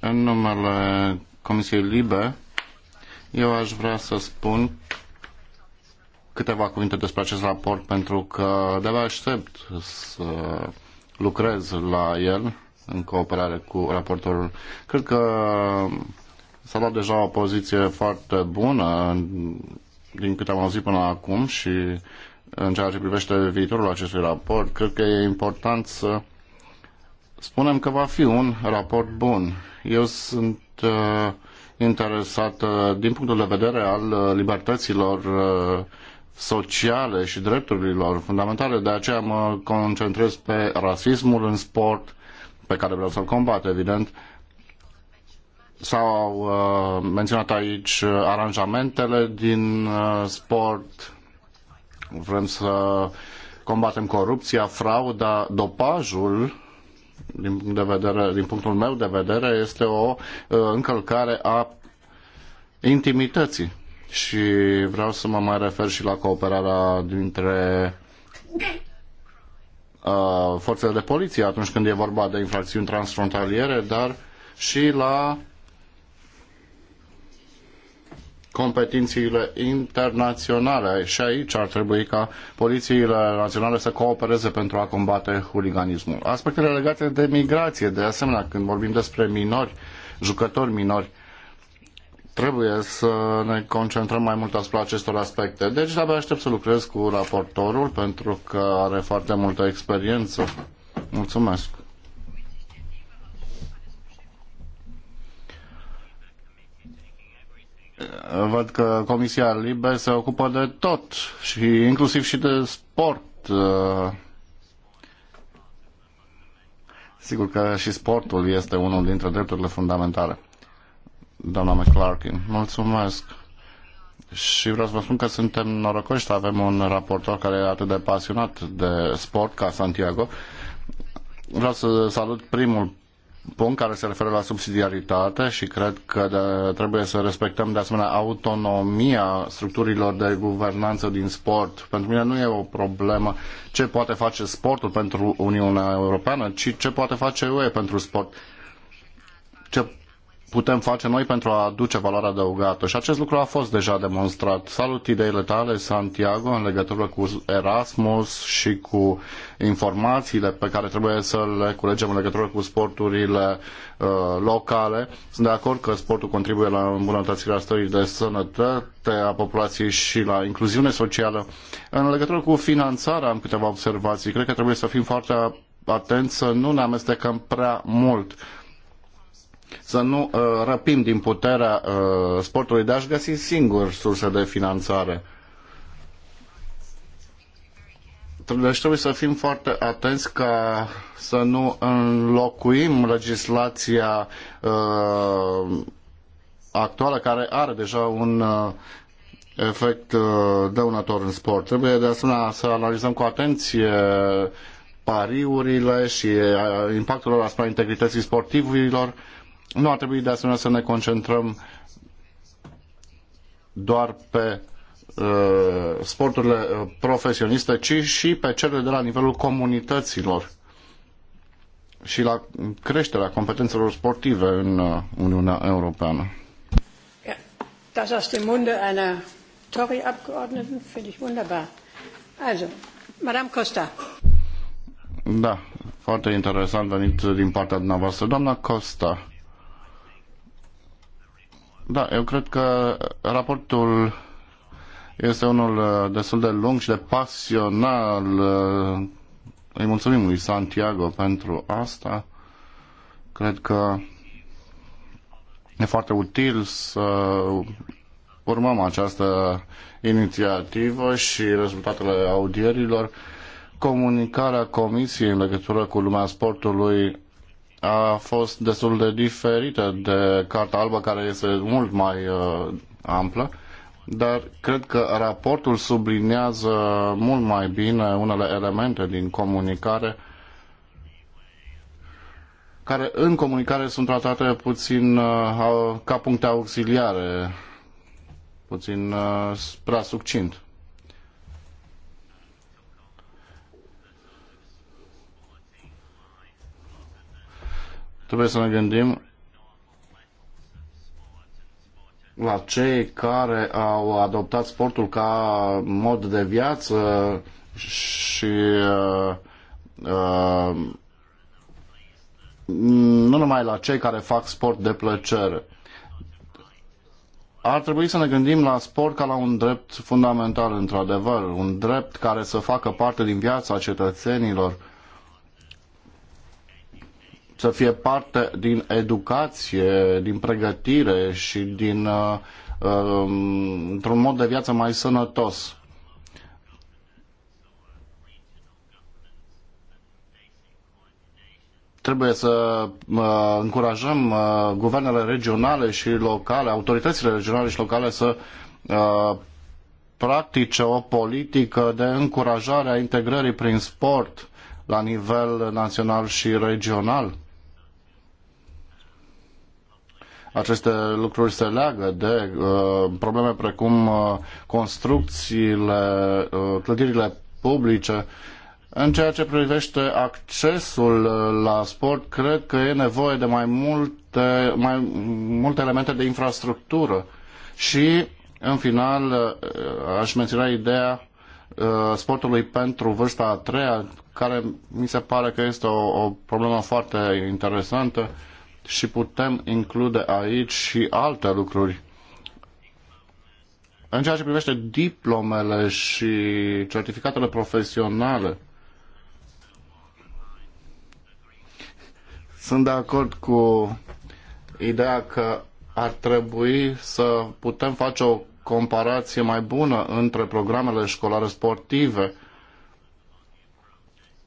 În numele Comisiei Libe, eu aș vrea să spun câteva cuvinte despre acest raport pentru că de-abia aștept să lucrez la el în cooperare cu raportorul. Cred că s-a dat deja o poziție foarte bună din câte am auzit până acum și în ceea ce privește viitorul acestui raport. Cred că e important să spunem că va fi un raport bun. Eu sunt uh, interesat uh, din punctul de vedere al uh, libertăților uh, sociale și drepturilor fundamentale, de aceea mă concentrez pe rasismul în sport, pe care vreau să-l combat, evident. S-au uh, menționat aici aranjamentele din uh, sport, vrem să combatem corupția, frauda, dopajul, din, punct de vedere, din punctul meu de vedere, este o uh, încălcare a intimității și vreau să mă mai refer și la cooperarea dintre uh, forțele de poliție atunci când e vorba de infracțiuni transfrontaliere, dar și la competițiile internaționale și aici ar trebui ca polițiile naționale să coopereze pentru a combate huliganismul. Aspectele legate de migrație, de asemenea, când vorbim despre minori, jucători minori, trebuie să ne concentrăm mai mult asupra acestor aspecte. Deci abia aștept să lucrez cu raportorul pentru că are foarte multă experiență. Mulțumesc! Văd că Comisia Libe se ocupă de tot și inclusiv și de sport. Sigur că și sportul este unul dintre drepturile fundamentale doamna McClarkin. Mulțumesc. Și vreau să vă spun că suntem norocoși să avem un raportor care e atât de pasionat de sport ca Santiago. Vreau să salut primul punct care se referă la subsidiaritate și cred că de, trebuie să respectăm de asemenea autonomia structurilor de guvernanță din sport. Pentru mine nu e o problemă ce poate face sportul pentru Uniunea Europeană, ci ce poate face UE pentru sport. Ce putem face noi pentru a aduce valoare adăugată. Și acest lucru a fost deja demonstrat. Salut ideile tale, Santiago, în legătură cu Erasmus și cu informațiile pe care trebuie să le culegem în legătură cu sporturile uh, locale. Sunt de acord că sportul contribuie la îmbunătățirea stării de sănătate a populației și la incluziune socială. În legătură cu finanțarea am câteva observații. Cred că trebuie să fim foarte atenți să nu ne amestecăm prea mult să nu uh, răpim din puterea uh, sportului de a-și găsi singur surse de finanțare. Deci trebuie să fim foarte atenți ca să nu înlocuim legislația uh, actuală care are deja un uh, efect uh, dăunător în sport. Trebuie de asemenea să analizăm cu atenție pariurile și uh, impactul lor asupra integrității sportivilor nu ar trebui de asemenea să ne concentrăm doar pe uh, sporturile uh, profesioniste, ci și pe cele de la nivelul comunităților și la creșterea competențelor sportive în uh, Uniunea Europeană. Das aus dem Munde einer Tory-Abgeordneten finde ich wunderbar. Also, Madame Costa. Da, foarte interesant venit din partea dumneavoastră. Doamna Costa. Da, eu cred că raportul este unul uh, destul de lung și de pasional. Uh, îi mulțumim lui Santiago pentru asta. Cred că e foarte util să urmăm această inițiativă și rezultatele audierilor. Comunicarea Comisiei în legătură cu lumea sportului a fost destul de diferită de Carta Albă, care este mult mai uh, amplă, dar cred că raportul sublinează mult mai bine unele elemente din comunicare care în comunicare sunt tratate puțin uh, ca puncte auxiliare, puțin uh, prea succint. Trebuie să ne gândim la cei care au adoptat sportul ca mod de viață și uh, uh, nu numai la cei care fac sport de plăcere. Ar trebui să ne gândim la sport ca la un drept fundamental, într-adevăr, un drept care să facă parte din viața cetățenilor să fie parte din educație, din pregătire și din uh, um, într-un mod de viață mai sănătos. Trebuie să uh, încurajăm uh, guvernele regionale și locale, autoritățile regionale și locale să uh, practice o politică de încurajare a integrării prin sport la nivel național și regional aceste lucruri se leagă de uh, probleme precum uh, construcțiile, uh, clădirile publice. În ceea ce privește accesul uh, la sport, cred că e nevoie de mai multe, mai multe elemente de infrastructură. Și, în final, uh, aș menționa ideea uh, sportului pentru vârsta a treia, care mi se pare că este o, o problemă foarte interesantă și putem include aici și alte lucruri. În ceea ce privește diplomele și certificatele profesionale, sunt de acord cu ideea că ar trebui să putem face o comparație mai bună între programele școlare sportive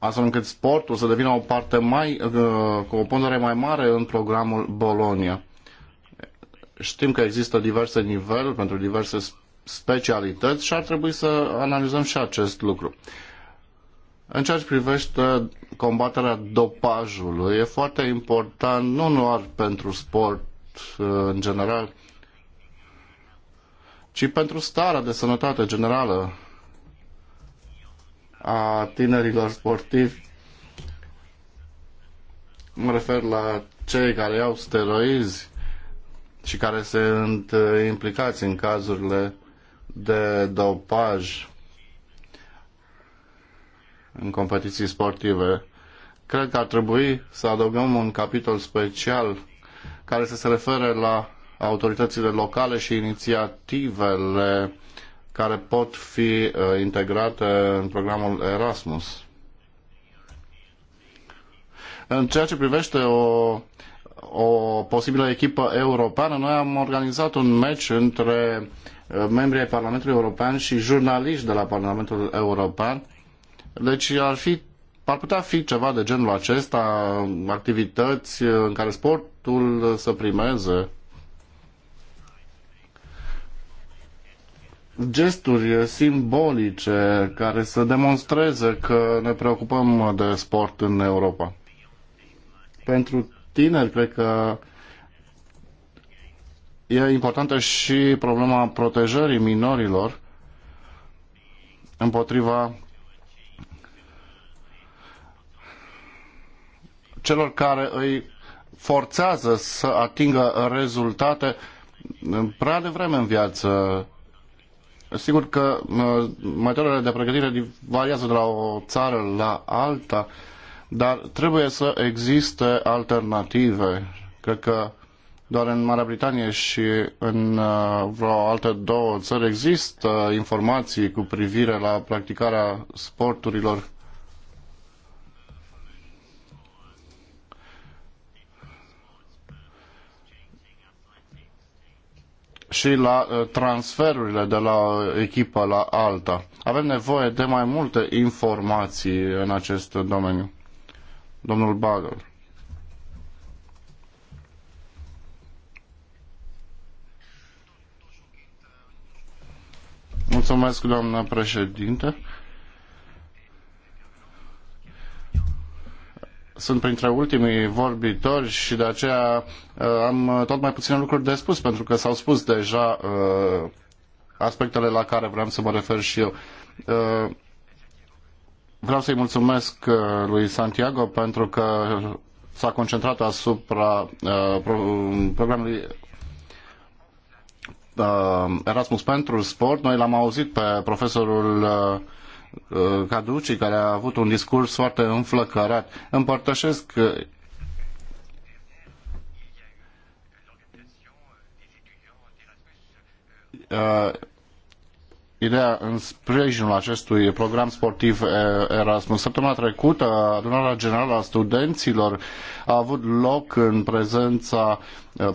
astfel încât sportul să devină o parte mai, uh, cu o pondere mai mare în programul Bologna. Știm că există diverse niveluri pentru diverse specialități și ar trebui să analizăm și acest lucru. În ceea ce privește combaterea dopajului, e foarte important, nu doar pentru sport uh, în general, ci pentru starea de sănătate generală a tinerilor sportivi. Mă refer la cei care iau steroizi și care sunt uh, implicați în cazurile de dopaj în competiții sportive. Cred că ar trebui să adăugăm un capitol special care să se refere la autoritățile locale și inițiativele care pot fi uh, integrate în programul Erasmus. În ceea ce privește o, o posibilă echipă europeană, noi am organizat un meci între uh, membrii ai Parlamentului European și jurnaliști de la Parlamentul European. Deci ar fi ar putea fi ceva de genul acesta, activități în care sportul să primeze gesturi simbolice care să demonstreze că ne preocupăm de sport în Europa. Pentru tineri, cred că e importantă și problema protejării minorilor împotriva celor care îi forțează să atingă rezultate prea devreme în viață Sigur că materialele de pregătire variază de la o țară la alta, dar trebuie să existe alternative. Cred că doar în Marea Britanie și în uh, vreo alte două țări există informații cu privire la practicarea sporturilor și la uh, transferurile de la echipă la alta. Avem nevoie de mai multe informații în acest domeniu. Domnul Bagel. Mulțumesc, doamnă președinte. sunt printre ultimii vorbitori și de aceea uh, am uh, tot mai puține lucruri de spus, pentru că s-au spus deja uh, aspectele la care vreau să mă refer și eu. Vreau să-i mulțumesc lui Santiago pentru că s-a concentrat asupra programului Erasmus pentru sport. Noi l-am auzit pe profesorul uh, Uh, Caduci, care a avut un discurs foarte înflăcărat. Împărtășesc uh, ideea în sprijinul acestui program sportiv Erasmus. Săptămâna trecută, adunarea generală a studenților a avut loc în prezența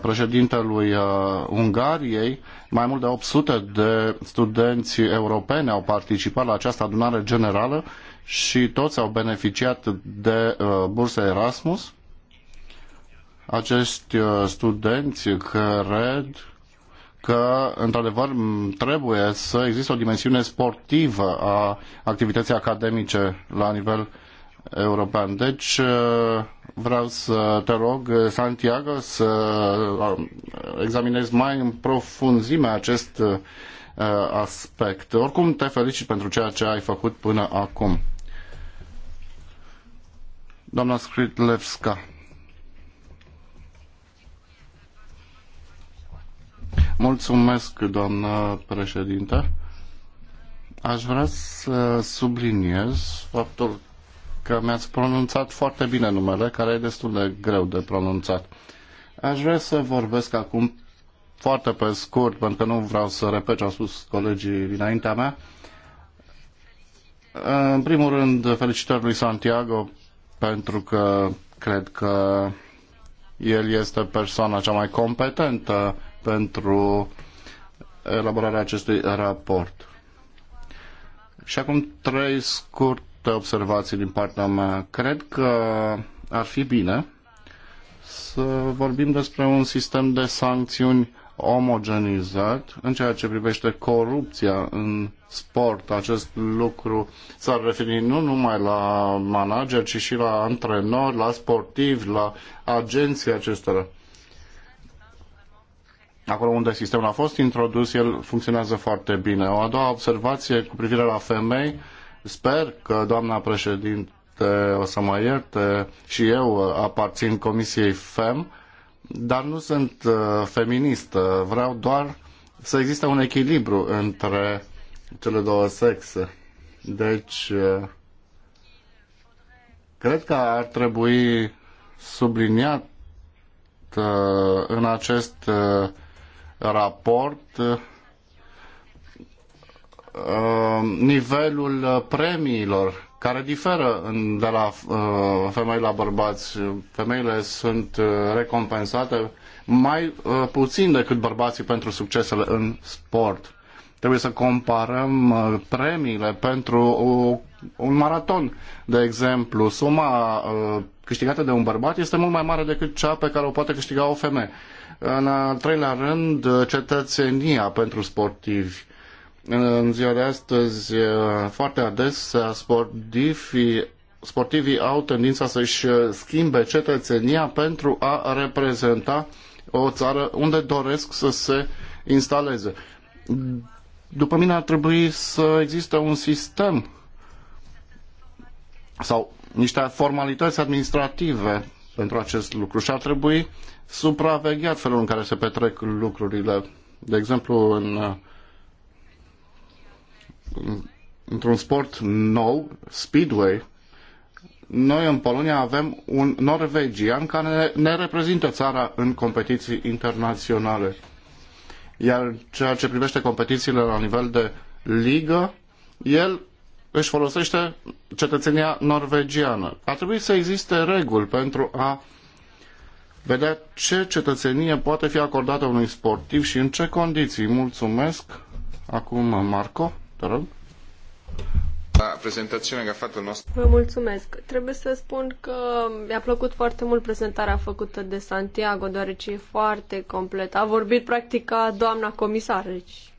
președintelui Ungariei. Mai mult de 800 de studenți europeni au participat la această adunare generală și toți au beneficiat de burse Erasmus. Acești studenți cred că, într-adevăr, trebuie să existe o dimensiune sportivă a activității academice la nivel european. Deci, uh, vreau să te rog, Santiago, să uh, examinezi mai în profunzime acest uh, aspect. Oricum, te felicit pentru ceea ce ai făcut până acum. Doamna Skritlevska. Mulțumesc, doamnă președinte. Aș vrea să subliniez faptul că mi-ați pronunțat foarte bine numele, care e destul de greu de pronunțat. Aș vrea să vorbesc acum foarte pe scurt, pentru că nu vreau să repet ce au spus colegii dinaintea mea. În primul rând, felicitări lui Santiago, pentru că cred că el este persoana cea mai competentă pentru elaborarea acestui raport. Și acum trei scurte observații din partea mea. Cred că ar fi bine să vorbim despre un sistem de sancțiuni omogenizat în ceea ce privește corupția în sport. Acest lucru s-ar referi nu numai la manager, ci și la antrenori, la sportivi, la agenții acestora. Acolo unde sistemul a fost introdus, el funcționează foarte bine. O a doua observație cu privire la femei, sper că doamna președinte o să mă ierte și eu aparțin Comisiei FEM, dar nu sunt uh, feminist. Vreau doar să existe un echilibru între cele două sexe. Deci, uh, cred că ar trebui subliniat uh, în acest raport uh, nivelul premiilor care diferă de la uh, femei la bărbați. Femeile sunt uh, recompensate mai puțin decât bărbații pentru succesele în sport. Trebuie să comparăm premiile pentru un maraton, de exemplu. Suma câștigată de un bărbat este mult mai mare decât cea pe care o poate câștiga o femeie. În al treilea rând, cetățenia pentru sportivi. În ziua de astăzi, foarte adesea, sportivii, sportivii au tendința să-și schimbe cetățenia pentru a reprezenta o țară unde doresc să se instaleze. După mine ar trebui să existe un sistem sau niște formalități administrative pentru acest lucru și ar trebui supravegheat felul în care se petrec lucrurile. De exemplu, în, într-un sport nou, speedway, noi în Polonia avem un norvegian care ne reprezintă țara în competiții internaționale. Iar ceea ce privește competițiile la nivel de ligă, el își folosește cetățenia norvegiană. Ar trebui să existe reguli pentru a vedea ce cetățenie poate fi acordată unui sportiv și în ce condiții. Mulțumesc. Acum, Marco, te rog. Prezentațiunea care a făcut nostru. Vă mulțumesc. Trebuie să spun că mi-a plăcut foarte mult prezentarea făcută de Santiago, deoarece e foarte complet. A vorbit practic ca doamna comisar, deci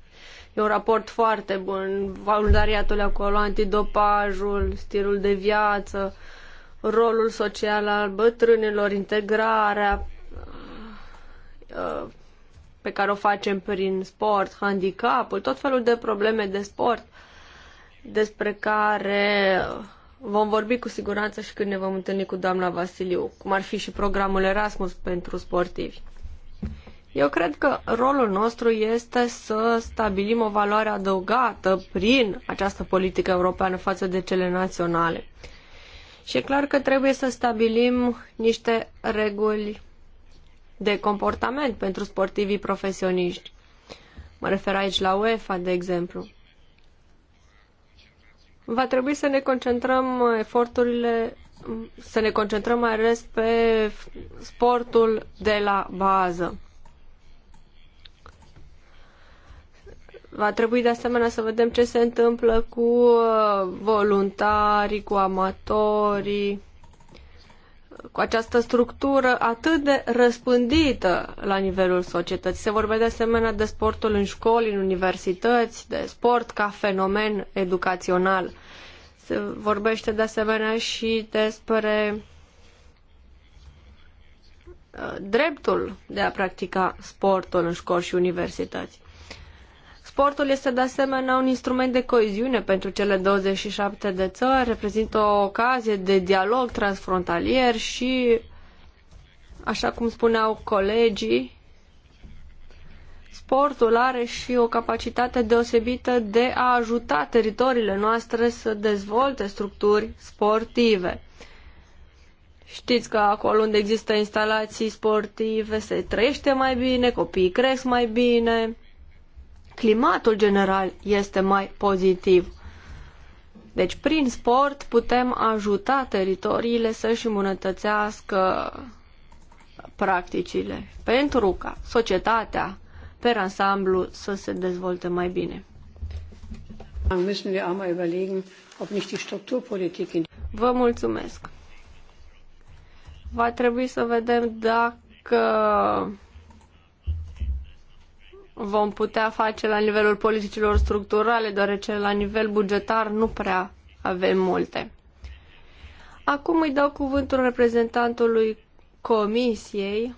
E un raport foarte bun. Voluntariatul acolo, antidopajul, stilul de viață, rolul social al bătrânilor, integrarea uh, pe care o facem prin sport, handicapul, tot felul de probleme de sport despre care vom vorbi cu siguranță și când ne vom întâlni cu doamna Vasiliu, cum ar fi și programul Erasmus pentru sportivi. Eu cred că rolul nostru este să stabilim o valoare adăugată prin această politică europeană față de cele naționale. Și e clar că trebuie să stabilim niște reguli de comportament pentru sportivii profesioniști. Mă refer aici la UEFA, de exemplu. Va trebui să ne concentrăm eforturile, să ne concentrăm mai ales pe sportul de la bază. Va trebui de asemenea să vedem ce se întâmplă cu uh, voluntarii, cu amatorii, cu această structură atât de răspândită la nivelul societății. Se vorbește de asemenea de sportul în școli, în universități, de sport ca fenomen educațional. Se vorbește de asemenea și despre uh, dreptul de a practica sportul în școli și universități. Sportul este de asemenea un instrument de coeziune pentru cele 27 de țări, reprezintă o ocazie de dialog transfrontalier și, așa cum spuneau colegii, sportul are și o capacitate deosebită de a ajuta teritoriile noastre să dezvolte structuri sportive. Știți că acolo unde există instalații sportive se trăiește mai bine, copiii cresc mai bine, climatul general este mai pozitiv. Deci, prin sport putem ajuta teritoriile să-și îmbunătățească practicile pentru ca societatea, per ansamblu, să se dezvolte mai bine. Vă mulțumesc. Va trebui să vedem dacă vom putea face la nivelul politicilor structurale, deoarece la nivel bugetar nu prea avem multe. Acum îi dau cuvântul reprezentantului Comisiei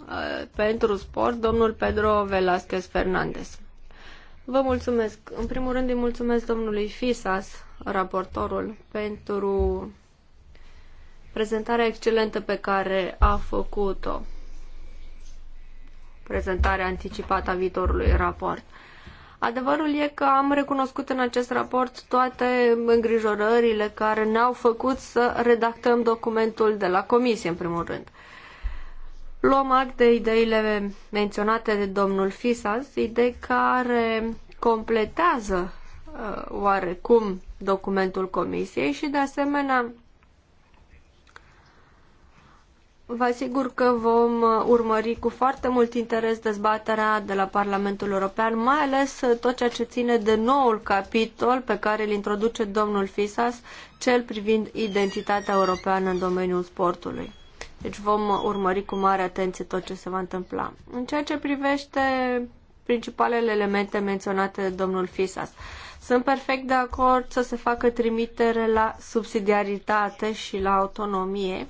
uh, pentru Sport, domnul Pedro Velasquez Fernandez. Vă mulțumesc. În primul rând îi mulțumesc domnului Fisas, raportorul, pentru prezentarea excelentă pe care a făcut-o prezentare anticipată a viitorului raport. Adevărul e că am recunoscut în acest raport toate îngrijorările care ne-au făcut să redactăm documentul de la comisie, în primul rând. Luăm act de ideile menționate de domnul Fisas, idei care completează uh, oarecum documentul comisiei și, de asemenea, Vă asigur că vom uh, urmări cu foarte mult interes dezbaterea de la Parlamentul European, mai ales uh, tot ceea ce ține de noul capitol pe care îl introduce domnul Fisas, cel privind identitatea europeană în domeniul sportului. Deci vom uh, urmări cu mare atenție tot ce se va întâmpla. În ceea ce privește principalele elemente menționate de domnul Fisas, sunt perfect de acord să se facă trimitere la subsidiaritate și la autonomie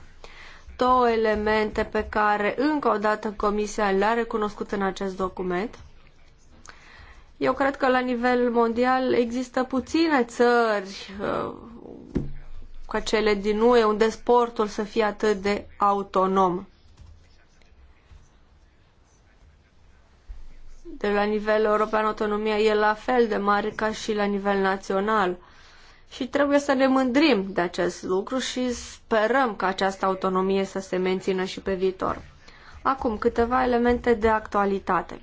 două elemente pe care încă o dată Comisia le-a recunoscut în acest document. Eu cred că la nivel mondial există puține țări uh, ca cele din UE unde sportul să fie atât de autonom. De la nivel european autonomia e la fel de mare ca și la nivel național și trebuie să ne mândrim de acest lucru și sperăm că această autonomie să se mențină și pe viitor. Acum, câteva elemente de actualitate.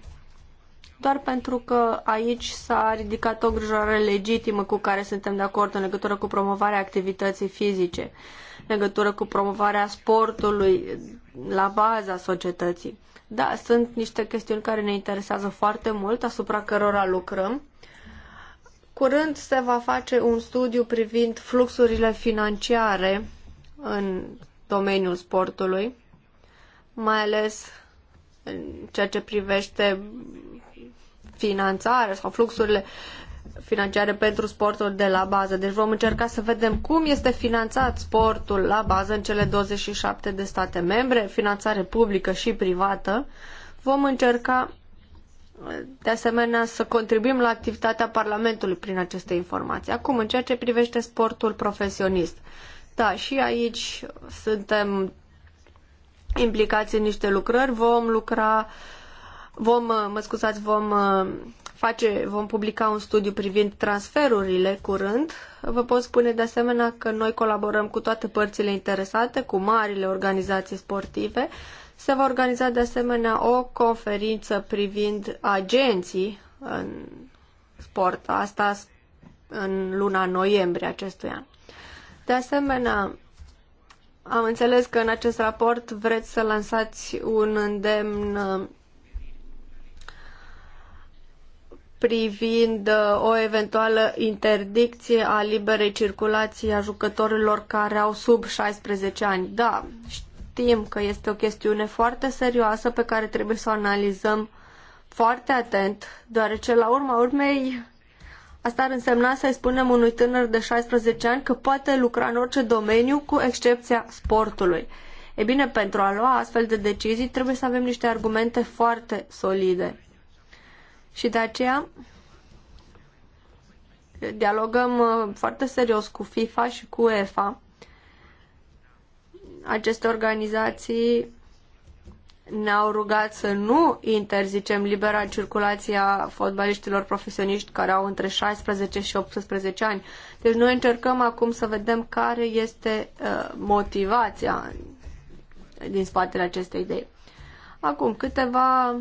Doar pentru că aici s-a ridicat o îngrijorare legitimă cu care suntem de acord în legătură cu promovarea activității fizice, în legătură cu promovarea sportului la baza societății. Da, sunt niște chestiuni care ne interesează foarte mult, asupra cărora lucrăm Curând se va face un studiu privind fluxurile financiare în domeniul sportului, mai ales în ceea ce privește finanțare sau fluxurile financiare pentru sportul de la bază. Deci vom încerca să vedem cum este finanțat sportul la bază în cele 27 de state membre, finanțare publică și privată. Vom încerca de asemenea să contribuim la activitatea Parlamentului prin aceste informații. Acum, în ceea ce privește sportul profesionist, da, și aici suntem implicați în niște lucrări, vom lucra, vom, mă scuzați, vom uh, face, vom publica un studiu privind transferurile curând. Vă pot spune de asemenea că noi colaborăm cu toate părțile interesate, cu marile organizații sportive, se va organiza de asemenea o conferință privind agenții în sport, asta în luna noiembrie acestui an. De asemenea, am înțeles că în acest raport vreți să lansați un îndemn uh, privind uh, o eventuală interdicție a liberei circulații a jucătorilor care au sub 16 ani. Da, știu știm că este o chestiune foarte serioasă pe care trebuie să o analizăm foarte atent, deoarece la urma urmei asta ar însemna să-i spunem unui tânăr de 16 ani că poate lucra în orice domeniu cu excepția sportului. E bine, pentru a lua astfel de decizii trebuie să avem niște argumente foarte solide. Și de aceea dialogăm uh, foarte serios cu FIFA și cu EFA aceste organizații ne-au rugat să nu interzicem libera circulația fotbaliștilor profesioniști care au între 16 și 18 ani. Deci noi încercăm acum să vedem care este uh, motivația din spatele acestei idei. Acum, câteva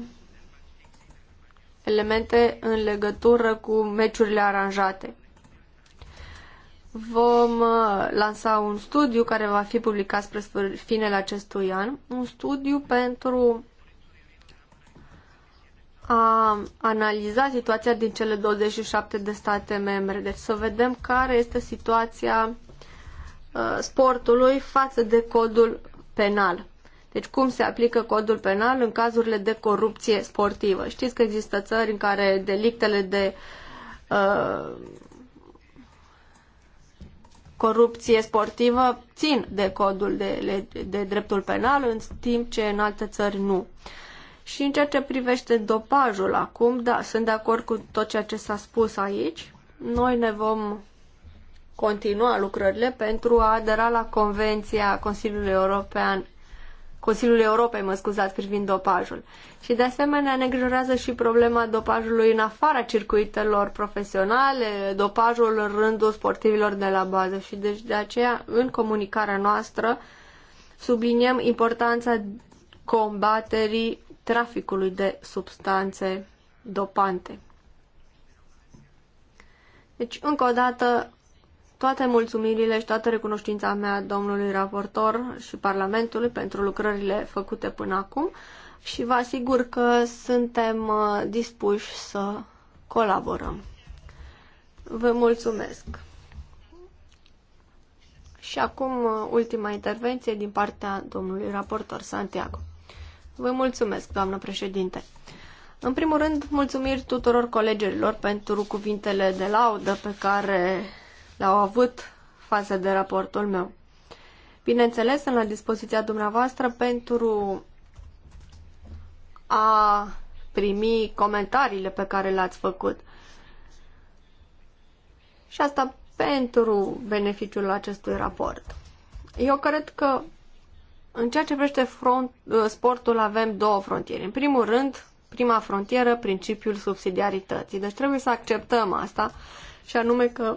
elemente în legătură cu meciurile aranjate. Vom uh, lansa un studiu care va fi publicat spre finele acestui an, un studiu pentru a analiza situația din cele 27 de state membre. Deci să vedem care este situația uh, sportului față de codul penal. Deci cum se aplică codul penal în cazurile de corupție sportivă. Știți că există țări în care delictele de uh, corupție sportivă țin de codul de, de dreptul penal, în timp ce în alte țări nu. Și în ceea ce privește dopajul acum, da, sunt de acord cu tot ceea ce s-a spus aici. Noi ne vom continua lucrările pentru a adera la Convenția Consiliului European Consiliul Europei, mă scuzați, privind dopajul. Și de asemenea ne îngrijorează și problema dopajului în afara circuitelor profesionale, dopajul în rândul sportivilor de la bază și deci de aceea în comunicarea noastră subliniem importanța combaterii traficului de substanțe dopante. Deci, încă o dată, toate mulțumirile și toată recunoștința mea domnului raportor și Parlamentului pentru lucrările făcute până acum și vă asigur că suntem uh, dispuși să colaborăm. Vă mulțumesc! Și acum uh, ultima intervenție din partea domnului raportor Santiago. Vă mulțumesc, doamnă președinte! În primul rând, mulțumiri tuturor colegerilor pentru cuvintele de laudă pe care l-au avut față de raportul meu. Bineînțeles, sunt la dispoziția dumneavoastră pentru a primi comentariile pe care le-ați făcut. Și asta pentru beneficiul acestui raport. Eu cred că în ceea ce privește front, uh, sportul avem două frontiere. În primul rând, prima frontieră, principiul subsidiarității. Deci trebuie să acceptăm asta și anume că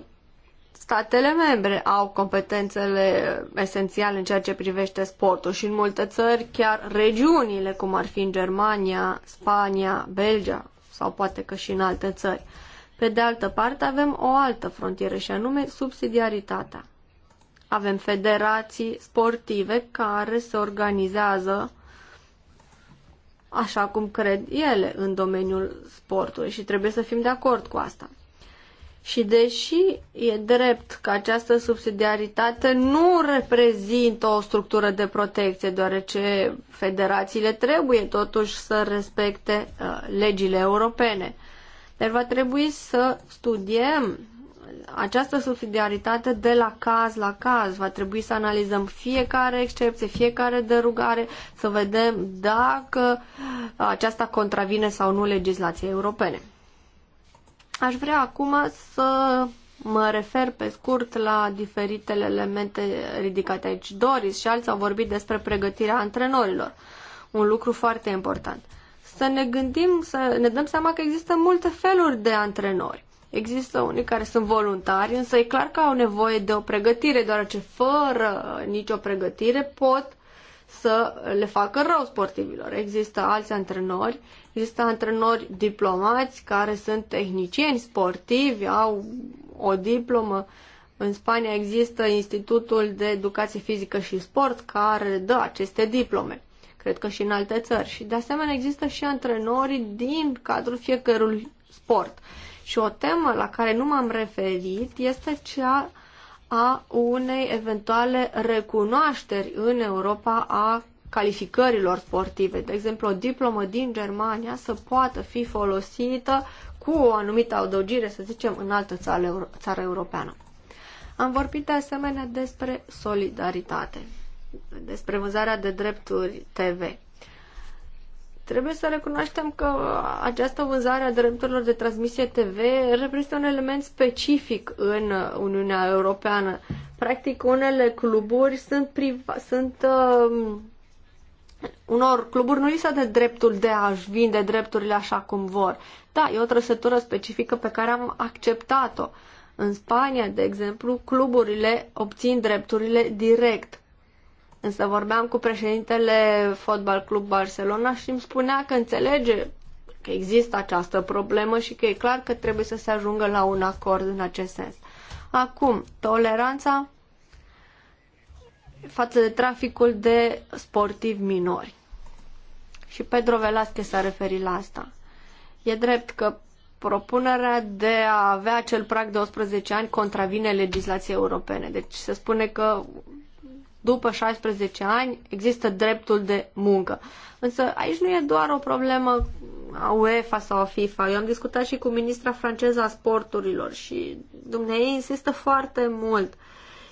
statele membre au competențele esențiale în ceea ce privește sportul și în multe țări chiar regiunile, cum ar fi în Germania, Spania, Belgia sau poate că și în alte țări. Pe de altă parte avem o altă frontieră și anume subsidiaritatea. Avem federații sportive care se organizează așa cum cred ele în domeniul sportului și trebuie să fim de acord cu asta. Și deși e drept că această subsidiaritate nu reprezintă o structură de protecție, deoarece federațiile trebuie totuși să respecte uh, legile europene. Dar va trebui să studiem această subsidiaritate de la caz la caz. Va trebui să analizăm fiecare excepție, fiecare derugare, să vedem dacă uh, aceasta contravine sau nu legislației europene. Aș vrea acum să mă refer pe scurt la diferitele elemente ridicate aici. Doris și alții au vorbit despre pregătirea antrenorilor. Un lucru foarte important. Să ne gândim, să ne dăm seama că există multe feluri de antrenori. Există unii care sunt voluntari, însă e clar că au nevoie de o pregătire, deoarece fără nicio pregătire pot să le facă rău sportivilor. Există alți antrenori, există antrenori diplomați care sunt tehnicieni sportivi, au o diplomă. În Spania există Institutul de Educație Fizică și Sport care dă aceste diplome. Cred că și în alte țări. Și de asemenea există și antrenori din cadrul fiecărui sport. Și o temă la care nu m-am referit este cea a unei eventuale recunoașteri în Europa a calificărilor sportive. De exemplu, o diplomă din Germania să poată fi folosită cu o anumită adăugire, să zicem, în altă țară, țară europeană. Am vorbit de asemenea despre solidaritate, despre vânzarea de drepturi TV. Trebuie să recunoaștem că această vânzare a drepturilor de transmisie TV reprezintă un element specific în Uniunea Europeană. Practic, unele cluburi sunt, priva- sunt uh, unor cluburi nu li se dă dreptul de a-și vinde drepturile așa cum vor. Da, e o trăsătură specifică pe care am acceptat-o. În Spania, de exemplu, cluburile obțin drepturile direct Însă vorbeam cu președintele Fotbal Club Barcelona și îmi spunea că înțelege că există această problemă și că e clar că trebuie să se ajungă la un acord în acest sens. Acum, toleranța față de traficul de sportivi minori. Și Pedro Velasquez s-a referit la asta. E drept că propunerea de a avea acel prag de 18 ani contravine legislației europene. Deci se spune că după 16 ani există dreptul de muncă. Însă aici nu e doar o problemă a UEFA sau a FIFA. Eu am discutat și cu ministra franceză a sporturilor și dumneavoastră insistă foarte mult.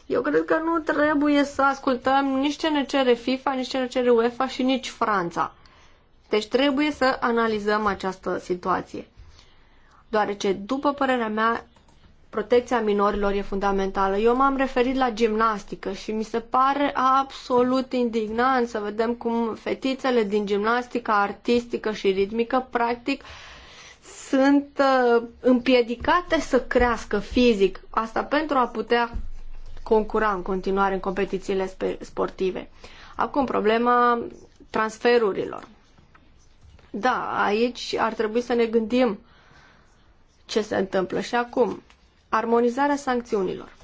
Eu cred că nu trebuie să ascultăm nici ce ne cere FIFA, nici ce ne cere UEFA și nici Franța. Deci trebuie să analizăm această situație. Deoarece, după părerea mea, protecția minorilor e fundamentală. Eu m-am referit la gimnastică și mi se pare absolut indignant să vedem cum fetițele din gimnastica artistică și ritmică, practic, sunt uh, împiedicate să crească fizic. Asta pentru a putea concura în continuare în competițiile sportive. Acum, problema transferurilor. Da, aici ar trebui să ne gândim ce se întâmplă și acum. Armonizarea sancțiunilor.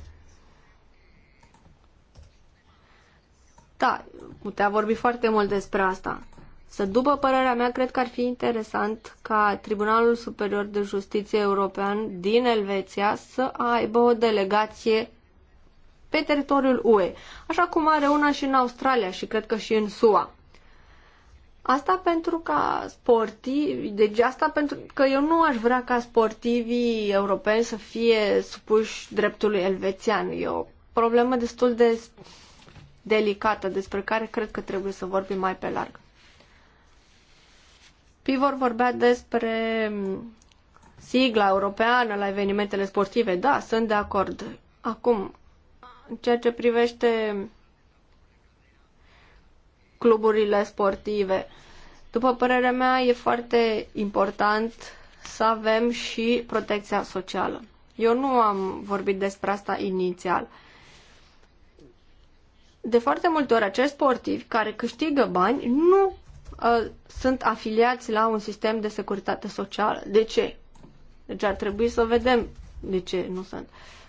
Da, putea vorbi foarte mult despre asta. Să după părerea mea, cred că ar fi interesant ca Tribunalul Superior de Justiție European din Elveția să aibă o delegație pe teritoriul UE, așa cum are una și în Australia și cred că și în SUA. Asta pentru ca sportivi, deci asta pentru că eu nu aș vrea ca sportivii europeni să fie supuși dreptului elvețian. E o problemă destul de delicată despre care cred că trebuie să vorbim mai pe larg. Pivor vorbea despre sigla europeană la evenimentele sportive. Da, sunt de acord. Acum, în ceea ce privește cluburile sportive. După părerea mea, e foarte important să avem și protecția socială. Eu nu am vorbit despre asta inițial. De foarte multe ori, acești sportivi care câștigă bani nu uh, sunt afiliați la un sistem de securitate socială. De ce? Deci ar trebui să vedem de ce nu sunt. Uh,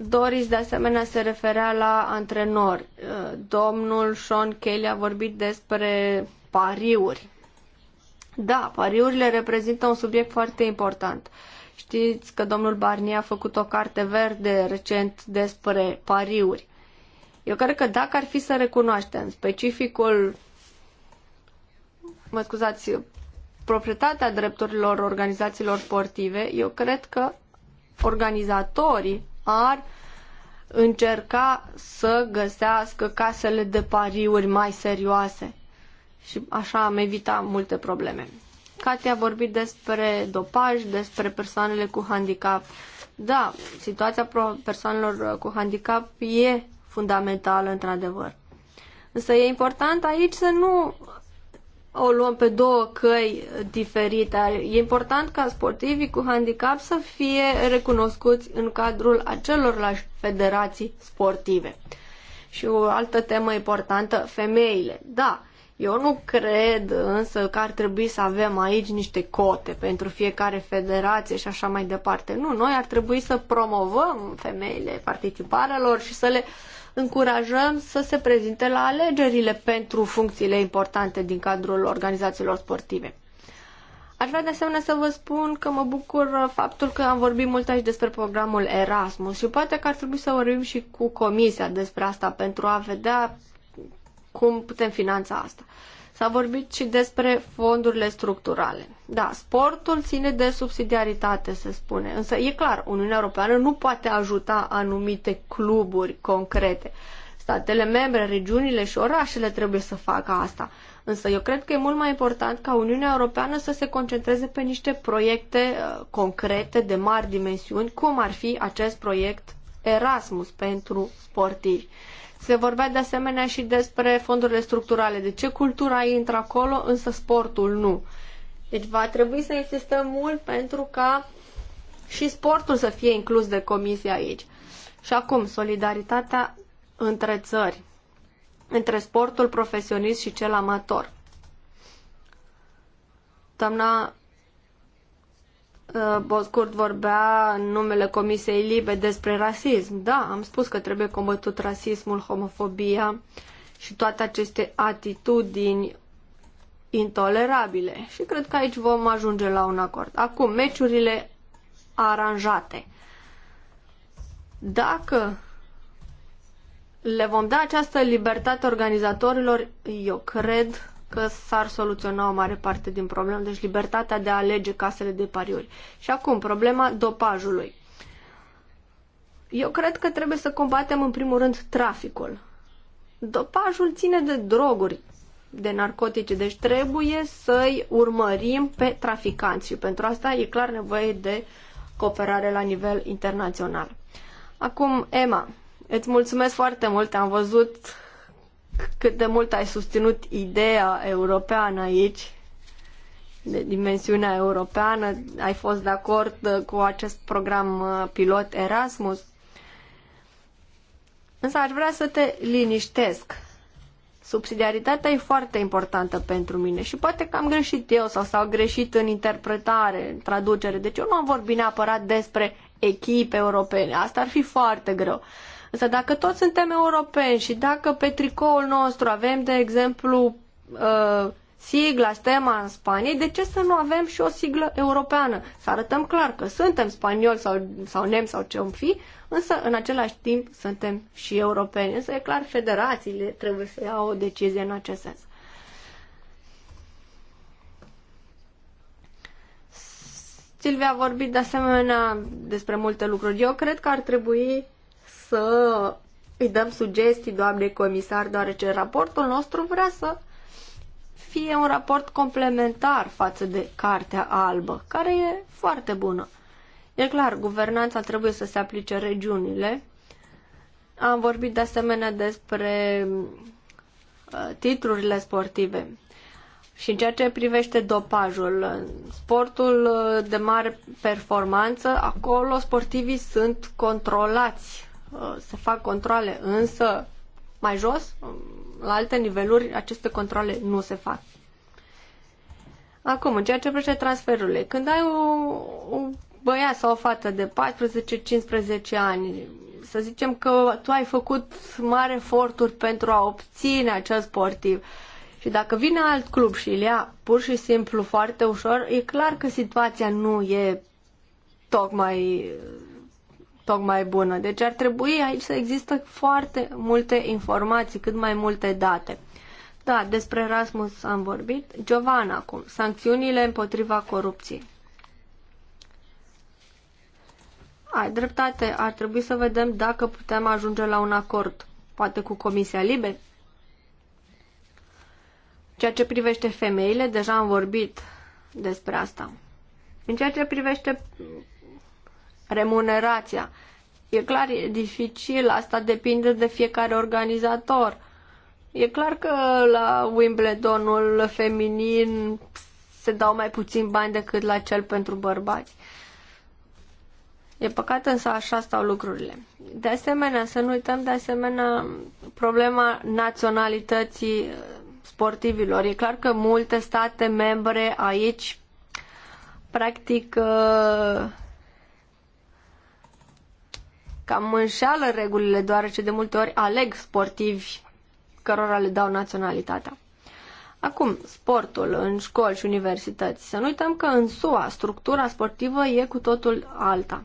Doris, de asemenea, se referea la antrenori. Domnul Sean Kelly a vorbit despre pariuri. Da, pariurile reprezintă un subiect foarte important. Știți că domnul Barnier a făcut o carte verde recent despre pariuri. Eu cred că dacă ar fi să recunoaștem specificul, mă scuzați, proprietatea drepturilor organizațiilor sportive, eu cred că organizatorii ar încerca să găsească casele de pariuri mai serioase. Și așa am evitat multe probleme. Cati a vorbit despre dopaj, despre persoanele cu handicap. Da, situația persoanelor cu handicap e fundamentală, într-adevăr. Însă e important aici să nu o luăm pe două căi diferite. E important ca sportivii cu handicap să fie recunoscuți în cadrul acelorlași federații sportive. Și o altă temă importantă, femeile. Da, eu nu cred însă că ar trebui să avem aici niște cote pentru fiecare federație și așa mai departe. Nu, noi ar trebui să promovăm femeile participarea lor și să le uh, încurajăm să se prezinte la alegerile pentru funcțiile importante din cadrul organizațiilor sportive. Aș vrea de asemenea să vă spun că mă bucur faptul că am vorbit mult aici despre programul Erasmus și poate că ar trebui să vorbim și cu comisia despre asta pentru a vedea cum putem finanța asta. Uh, S-a vorbit și despre fondurile structurale. Da, sportul ține de subsidiaritate, se spune. Însă, e clar, Uniunea Europeană nu poate ajuta anumite cluburi concrete. Statele membre, regiunile și orașele trebuie să facă asta. Însă eu cred că e mult mai important ca Uniunea Europeană să se concentreze pe niște proiecte uh, concrete de mari dimensiuni, cum ar fi acest proiect Erasmus pentru sportivi. Se vorbea de asemenea și despre fondurile structurale. De ce cultura intră acolo, însă sportul nu? Deci va trebui să insistăm mult pentru ca și sportul să fie inclus de comisie aici. Și acum, solidaritatea între țări, între sportul profesionist și cel amator. Doamna Uh, Boscurt vorbea în numele Comisiei Libe despre rasism. Da, am spus că trebuie combătut rasismul, homofobia și toate aceste atitudini intolerabile. Și cred că aici vom ajunge la un acord. Acum, meciurile aranjate. Dacă le vom da această libertate organizatorilor, eu cred că s-ar soluționa o mare parte din problemă, deci libertatea de a alege casele de pariuri. Și acum, problema dopajului. Eu cred că trebuie să combatem în primul rând traficul. Dopajul ține de droguri, de narcotice, deci trebuie să-i urmărim pe traficanți și pentru asta e clar nevoie de cooperare la nivel internațional. Acum, Emma, îți mulțumesc foarte mult, am văzut cât de mult ai susținut ideea europeană aici, de dimensiunea europeană, ai fost de acord uh, cu acest program uh, pilot Erasmus. Însă aș vrea să te liniștesc. Subsidiaritatea e foarte importantă pentru mine și poate că am greșit eu sau s-au greșit în interpretare, în traducere. Deci eu nu am vorbit neapărat despre echipe europene. Asta ar fi foarte greu. Însă dacă toți suntem europeni și dacă pe tricoul nostru avem, de exemplu, uh, sigla, stema în Spaniei, de ce să nu avem și o siglă europeană? Să arătăm clar că suntem spanioli sau, sau nemți sau ce-om fi, însă în același timp suntem și europeni. Însă e clar, federațiile trebuie să iau o decizie în acest sens. Silvia a vorbit de asemenea despre multe lucruri. Eu cred că ar trebui să îi dăm sugestii doamne comisar, deoarece raportul nostru vrea să fie un raport complementar față de Cartea Albă, care e foarte bună. E clar, guvernanța trebuie să se aplice regiunile. Am vorbit de asemenea despre uh, titlurile sportive. Și în ceea ce privește dopajul, sportul uh, de mare performanță, acolo sportivii sunt controlați Uh, se fac controle, însă mai jos, um, la alte niveluri, aceste controle nu se fac. Acum, în ceea ce privește transferurile, când ai o, o băiat sau o fată de 14-15 ani, să zicem că tu ai făcut mari eforturi pentru a obține acel sportiv și dacă vine alt club și îl ia pur și simplu foarte ușor, e clar că situația nu e tocmai tocmai bună. Deci ar trebui aici să există foarte multe informații, cât mai multe date. Da, despre Erasmus am vorbit. Giovanna acum, sancțiunile împotriva corupției. Ai dreptate, ar trebui să vedem dacă putem ajunge la un acord, poate cu Comisia Libe. Ceea ce privește femeile, deja am vorbit despre asta. În ceea ce privește remunerația. E clar, e dificil, asta depinde de fiecare organizator. E clar că la Wimbledonul feminin se dau mai puțin bani decât la cel pentru bărbați. E păcat însă așa stau lucrurile. De asemenea, să nu uităm de asemenea problema naționalității uh, sportivilor. E clar că multe state membre aici practic uh, cam înșeală regulile, deoarece de multe ori aleg sportivi cărora le dau naționalitatea. Acum, sportul în școli și universități. Să nu uităm că în SUA structura sportivă e cu totul alta.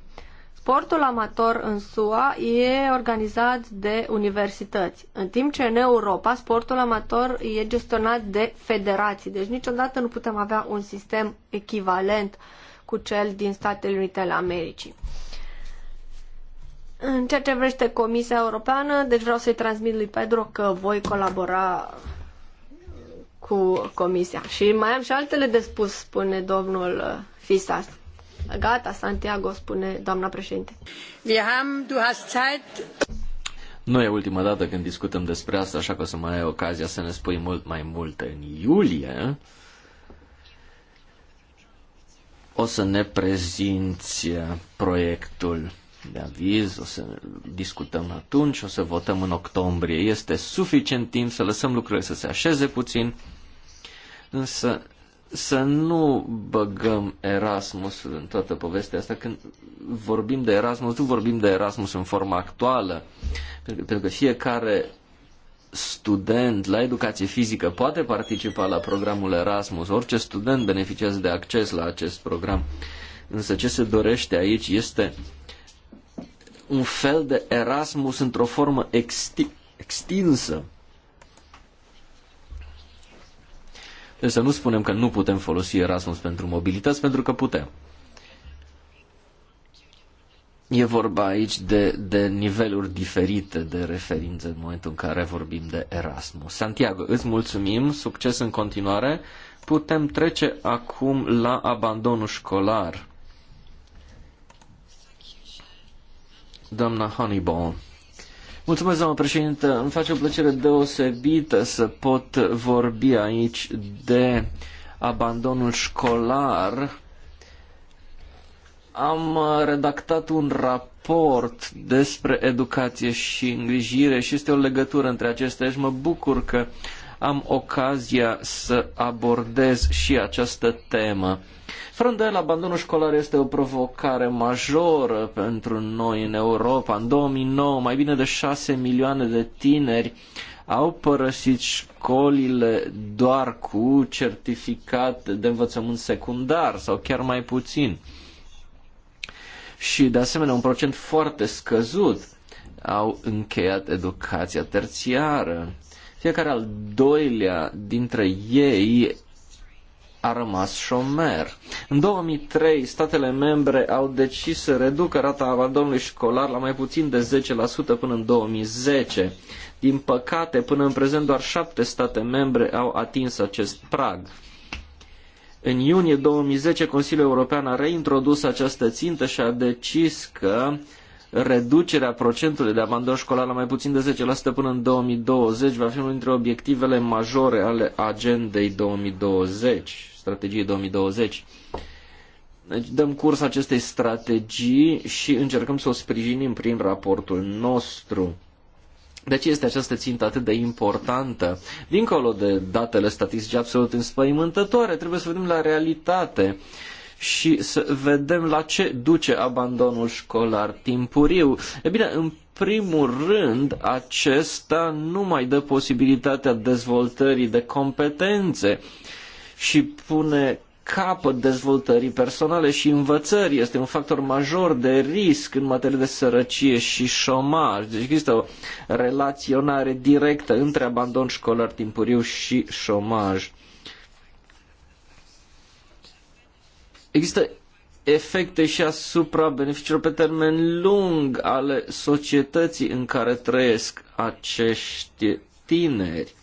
Sportul amator în SUA e organizat de universități, în timp ce în Europa sportul amator e gestionat de federații. Deci niciodată nu putem avea un sistem echivalent cu cel din Statele Unite ale Americii. În ceea ce vrește Comisia Europeană, deci vreau să-i transmit lui Pedro că voi colabora cu Comisia. Și mai am și altele de spus, spune domnul uh, Fisas. Gata, Santiago, spune doamna președinte. Nu e ultima dată când discutăm despre asta, așa că o să mai ai ocazia să ne spui mult mai multe în iulie. O să ne prezinți uh, proiectul de aviz, o să discutăm atunci, o să votăm în octombrie. Este suficient timp să lăsăm lucrurile să se așeze puțin, însă să nu băgăm Erasmus în toată povestea asta. Când vorbim de Erasmus, nu vorbim de Erasmus în forma actuală, pentru că, pentru că fiecare student la educație fizică poate participa la programul Erasmus, orice student beneficiază de acces la acest program. Însă ce se dorește aici este un fel de Erasmus într-o formă exti extinsă. Deci să nu spunem că nu putem folosi Erasmus pentru mobilități, pentru că putem. E vorba aici de, de niveluri diferite de referință în momentul în care vorbim de Erasmus. Santiago, îți mulțumim, succes în continuare. Putem trece acum la abandonul școlar. doamna Honeyball. Mulțumesc, doamnă președinte. Îmi face o plăcere deosebită să pot vorbi aici de abandonul școlar. Am redactat un raport despre educație și îngrijire și este o legătură între acestea și mă bucur că am ocazia să abordez și această temă. Fără îndoială, abandonul școlar este o provocare majoră pentru noi în Europa. În 2009, mai bine de 6 milioane de tineri au părăsit școlile doar cu certificat de învățământ secundar sau chiar mai puțin. Și, de asemenea, un procent foarte scăzut au încheiat educația terțiară. Fiecare al doilea dintre ei a rămas șomer. În 2003, statele membre au decis să reducă rata abandonului școlar la mai puțin de 10% până în 2010. Din păcate, până în prezent, doar șapte state membre au atins acest prag. În iunie 2010, Consiliul European a reintrodus această țintă și a decis că uh, reducerea procentului de abandon școlar la mai puțin de 10% până în 2020 va fi unul dintre obiectivele majore ale agendei 2020, strategiei 2020. Deci dăm curs acestei strategii și încercăm să o sprijinim prin raportul nostru. De ce este această țintă atât de importantă? Dincolo de datele statistice absolut înspăimântătoare, trebuie să vedem la realitate. Uh, și să vedem la ce duce abandonul școlar timpuriu. E bine, în primul rând, acesta nu mai dă posibilitatea dezvoltării de competențe și pune capăt dezvoltării personale și învățării. Este un factor major de risc în materie de sărăcie și șomaj. Deci există o relaționare directă între abandon școlar timpuriu și șomaj. Există efecte și asupra beneficiilor pe termen lung ale societății în care trăiesc acești tineri.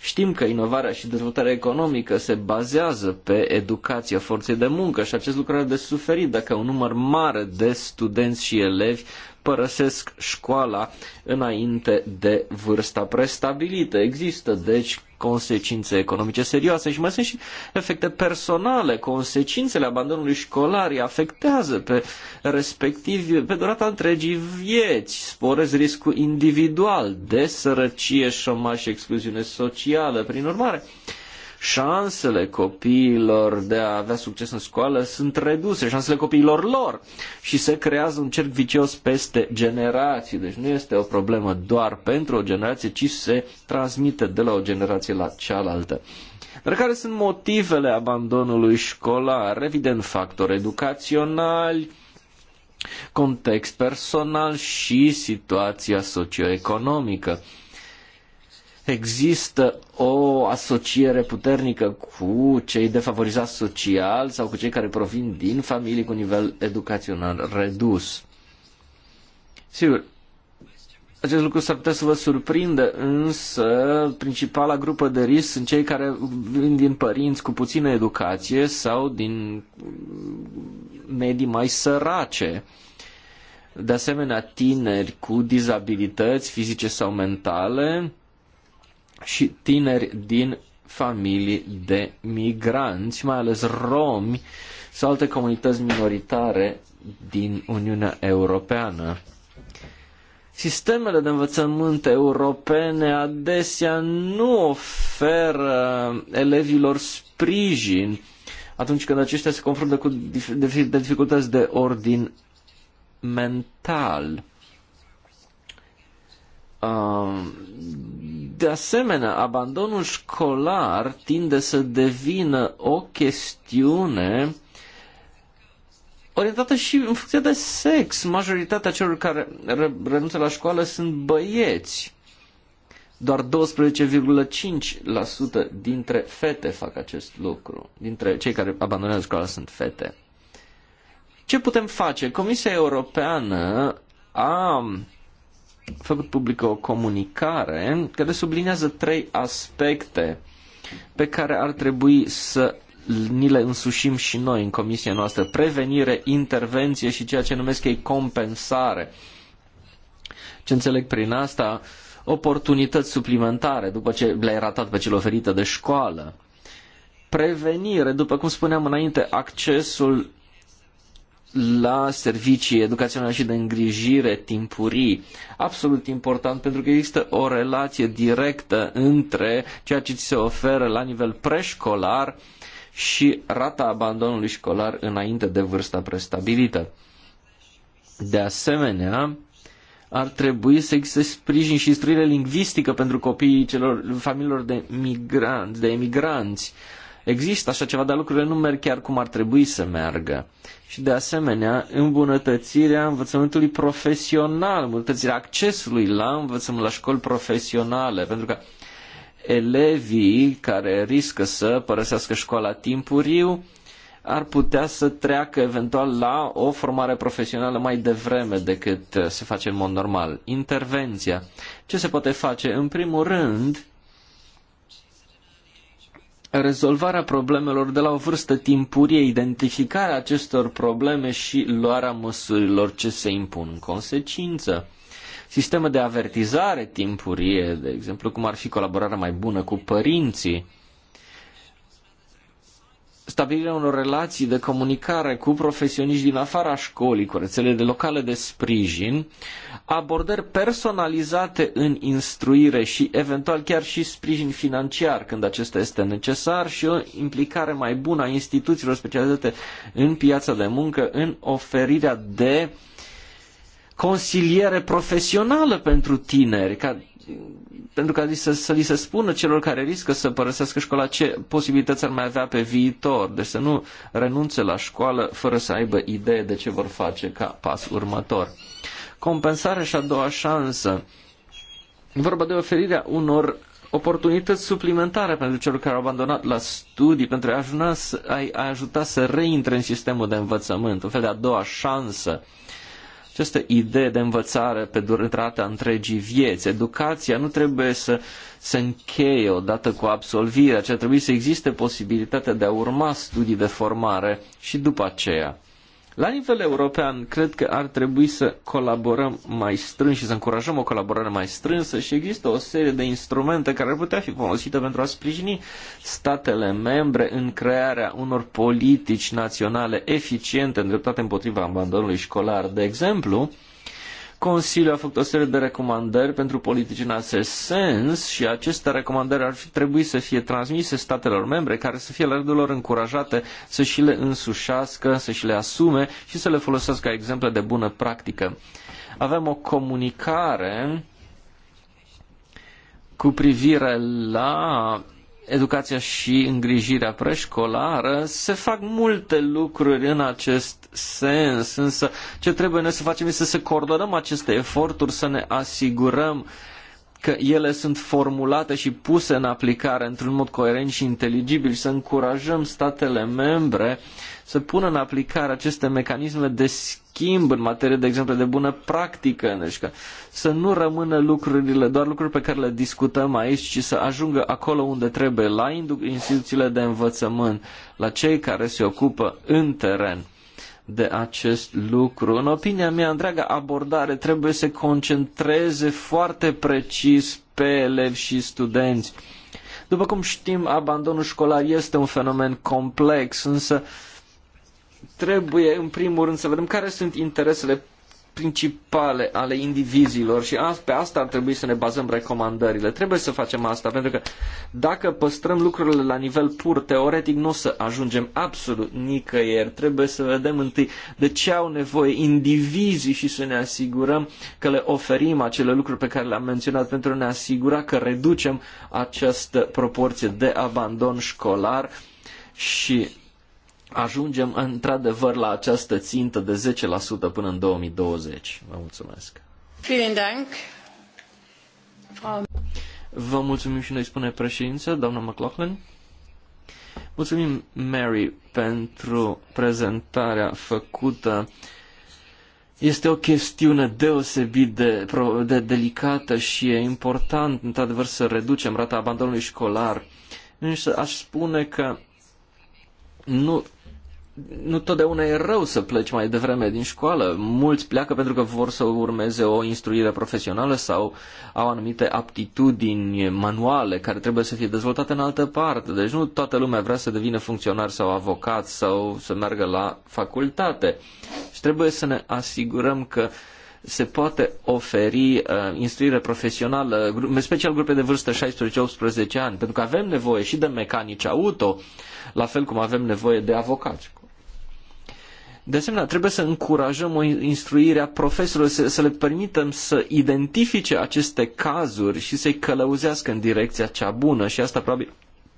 Știm că inovarea și dezvoltarea economică se bazează pe educația forței de muncă și acest lucru are de suferit dacă un număr mare de studenți și elevi părăsesc școala înainte de vârsta prestabilită. Există, deci, consecințe economice serioase și mai sunt și efecte personale. Consecințele abandonului școlar îi afectează pe respectiv pe durata întregii vieți. Sporez riscul individual de sărăcie, șomaj și excluziune socială. Prin urmare, șansele copiilor de a avea succes în școală sunt reduse, șansele copiilor lor și se creează un cerc vicios peste generații. Deci nu este o problemă doar pentru o generație, ci se transmite de la o generație la cealaltă. Dar care sunt motivele abandonului școlar? Evident, factori educaționali, context personal și situația socioeconomică există o asociere puternică cu cei defavorizați social sau cu cei care provin din familii cu nivel educațional redus. Sigur, acest lucru s-ar putea să vă surprindă, însă principala grupă de risc sunt cei care vin din părinți cu puțină educație sau din medii mai sărace. De asemenea, tineri cu dizabilități fizice sau mentale, și tineri din familii de migranți, mai ales romi sau alte comunități minoritare din Uniunea Europeană. Sistemele de învățământ europene adesea nu oferă elevilor sprijin atunci când aceștia se confruntă cu dificultăți de ordin mental. Um, de asemenea, abandonul școlar tinde să devină o chestiune orientată și în funcție de sex. Majoritatea celor care renunță la școală sunt băieți. Doar 12,5% dintre fete fac acest lucru. Dintre cei care abandonează școala sunt fete. Ce putem face? Comisia Europeană a făcut publică o comunicare care subliniază trei aspecte pe care ar trebui să ni le însușim și noi în comisia noastră. Prevenire, intervenție și ceea ce numesc ei compensare. Ce înțeleg prin asta? Oportunități suplimentare după ce le-ai ratat pe cel oferită de școală. Prevenire, după cum spuneam înainte, accesul la servicii educaționale și de îngrijire timpurii. Absolut important pentru că există o relație directă între ceea ce ți se oferă la nivel preșcolar și rata abandonului școlar înainte de vârsta prestabilită. De asemenea, ar trebui să existe sprijin și instruire lingvistică pentru copiii celor familiilor de migranți, de emigranți. Există așa ceva, dar lucrurile nu merg chiar cum ar trebui să meargă și de asemenea îmbunătățirea învățământului profesional, îmbunătățirea accesului la învățământ la școli profesionale, pentru că elevii care riscă să părăsească școala timpuriu ar putea să treacă eventual la o formare profesională mai devreme decât se face în mod normal. Intervenția. Ce se poate face? În primul rând, rezolvarea problemelor de la o vârstă timpurie, identificarea acestor probleme și luarea măsurilor ce se impun în consecință. Sisteme de avertizare timpurie, de exemplu, cum ar fi colaborarea mai bună cu părinții, stabilirea unor relații de comunicare cu profesioniști din afara școlii, cu rețelele locale de sprijin, abordări personalizate în instruire și eventual chiar și sprijin financiar când acesta este necesar și o implicare mai bună a instituțiilor specializate în piața de muncă în oferirea de consiliere profesională pentru tineri, ca pentru ca să, să li se spună celor care riscă să părăsească școala ce posibilități ar mai avea pe viitor, deci să nu renunțe la școală fără să aibă idee de ce vor face ca pas următor compensare și a doua șansă. E vorba de oferirea unor oportunități suplimentare pentru celor care au abandonat la studii, pentru a, ajuna, a, a ajuta să reintre în sistemul de învățământ, un fel de a doua șansă. Această idee de învățare pe durata întregii vieți, educația nu trebuie să se încheie odată cu absolvirea, ci ar trebui să existe posibilitatea de a urma studii de formare și după aceea. La nivel european, cred că ar trebui să colaborăm mai strâns și să încurajăm o colaborare mai strânsă și există o serie de instrumente care ar putea fi folosite pentru a sprijini statele membre în crearea unor politici naționale eficiente îndreptate împotriva abandonului școlar. De exemplu, Consiliul a făcut o serie de recomandări pentru politici în acest sens și aceste recomandări ar fi trebuit să fie transmise statelor membre care să fie la rândul lor încurajate să și le însușească, să și le asume și să le folosească ca exemple de bună practică. Avem o comunicare cu privire la educația și îngrijirea preșcolară, se fac multe lucruri în acest sens, însă ce trebuie noi să facem este să coordonăm aceste eforturi, să ne asigurăm că ele sunt formulate și puse în aplicare într-un mod coerent și inteligibil, să încurajăm statele membre să pună în aplicare aceste mecanisme de schimb în materie, de exemplu, de bună practică, deci că să nu rămână lucrurile, doar lucruri pe care le discutăm aici, ci să ajungă acolo unde trebuie, la instituțiile de învățământ, la cei care se ocupă în teren de acest lucru. În opinia mea, întreaga abordare trebuie să se concentreze foarte precis pe elevi și studenți. După cum știm, abandonul școlar este un fenomen complex, însă trebuie în primul rând să vedem care sunt interesele principale ale indivizilor și pe asta ar trebui să ne bazăm recomandările. Trebuie să facem asta, pentru că dacă păstrăm lucrurile la nivel pur teoretic, nu o să ajungem absolut nicăieri. Trebuie să vedem întâi de ce au nevoie indivizii și să ne asigurăm că le oferim acele lucruri pe care le-am menționat pentru a ne asigura că reducem această proporție de abandon școlar și ajungem într-adevăr la această țintă de 10% până în 2020. Vă mulțumesc. Vă mulțumim și noi, spune președința, doamna McLaughlin. Mulțumim, Mary, pentru prezentarea făcută. Este o chestiune deosebit de, de delicată și e important, într-adevăr, să reducem rata abandonului școlar. Însă aș spune că nu nu totdeauna e rău să pleci mai devreme din școală. Mulți pleacă pentru că vor să urmeze o instruire profesională sau au anumite aptitudini manuale care trebuie să fie dezvoltate în altă parte. Deci nu toată lumea vrea să devină funcționar sau avocat sau să meargă la facultate. Și trebuie să ne asigurăm că se poate oferi uh, instruire profesională, în special grupe de vârstă 16-18 ani, pentru că avem nevoie și de mecanici auto, la fel cum avem nevoie de avocați. De asemenea, trebuie să încurajăm o instruire a profesorilor, să, să le permitem să identifice aceste cazuri și să-i călăuzească în direcția cea bună și asta probabil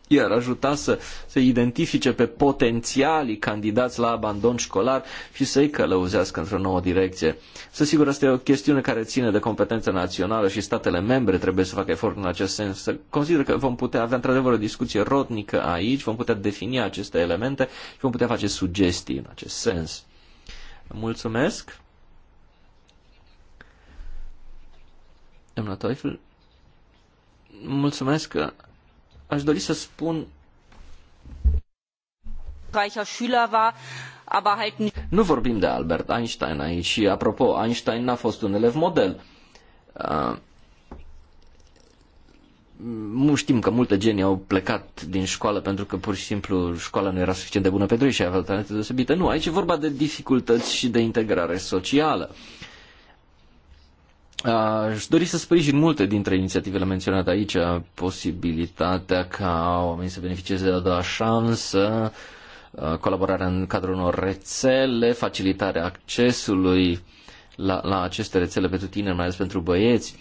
i-ar ajuta să se identifice pe potențialii candidați la abandon școlar și să-i călăuzească într-o nouă direcție. Să sigur, asta e o chestiune care ține de competență națională și statele membre trebuie să facă efort în acest sens. Să consider că vom putea avea într-adevăr o discuție rodnică aici, vom putea defini aceste elemente și vom putea face sugestii în acest sens. Mulțumesc! Doamna Teufel, mulțumesc că aș dori să spun nu vorbim de Albert Einstein aici și, apropo, Einstein n-a fost un elev model. Uh, știm că multe genii au plecat din școală pentru că pur și simplu școala nu era suficient de bună pentru ei și avea talente deosebite. Nu, aici e vorba de dificultăți și de integrare socială. Uh, Aș dori să sprijin multe dintre inițiativele menționate aici, posibilitatea ca oamenii să beneficieze de a doua șansă, colaborarea în cadrul unor rețele, facilitarea accesului la, la aceste rețele pentru tineri, mai ales pentru băieți.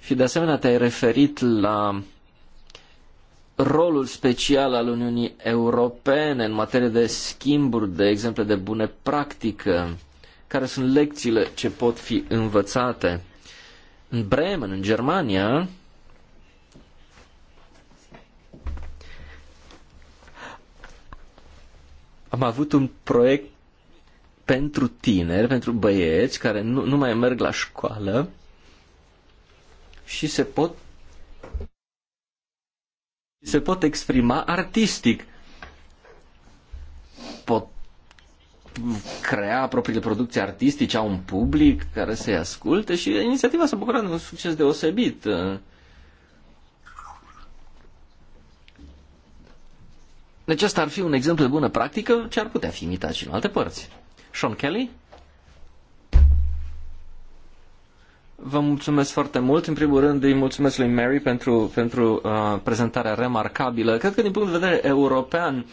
Și de asemenea te-ai referit la rolul special al Uniunii Europene în materie de schimburi, de exemple de bune practică, care sunt lecțiile ce pot fi învățate în Bremen, în Germania, am avut un proiect pentru tineri, pentru băieți care nu, nu mai merg la școală și se pot se pot exprima artistic. Pot crea propriile producții artistice, au un public care să-i asculte și inițiativa s-a bucurat de un succes deosebit. Deci asta ar fi un exemplu de bună practică ce ar putea fi imitat și în alte părți. Sean Kelly? Vă mulțumesc foarte mult. În primul rând îi mulțumesc lui Mary pentru, pentru uh, prezentarea remarcabilă. Cred că din punct de vedere european uh,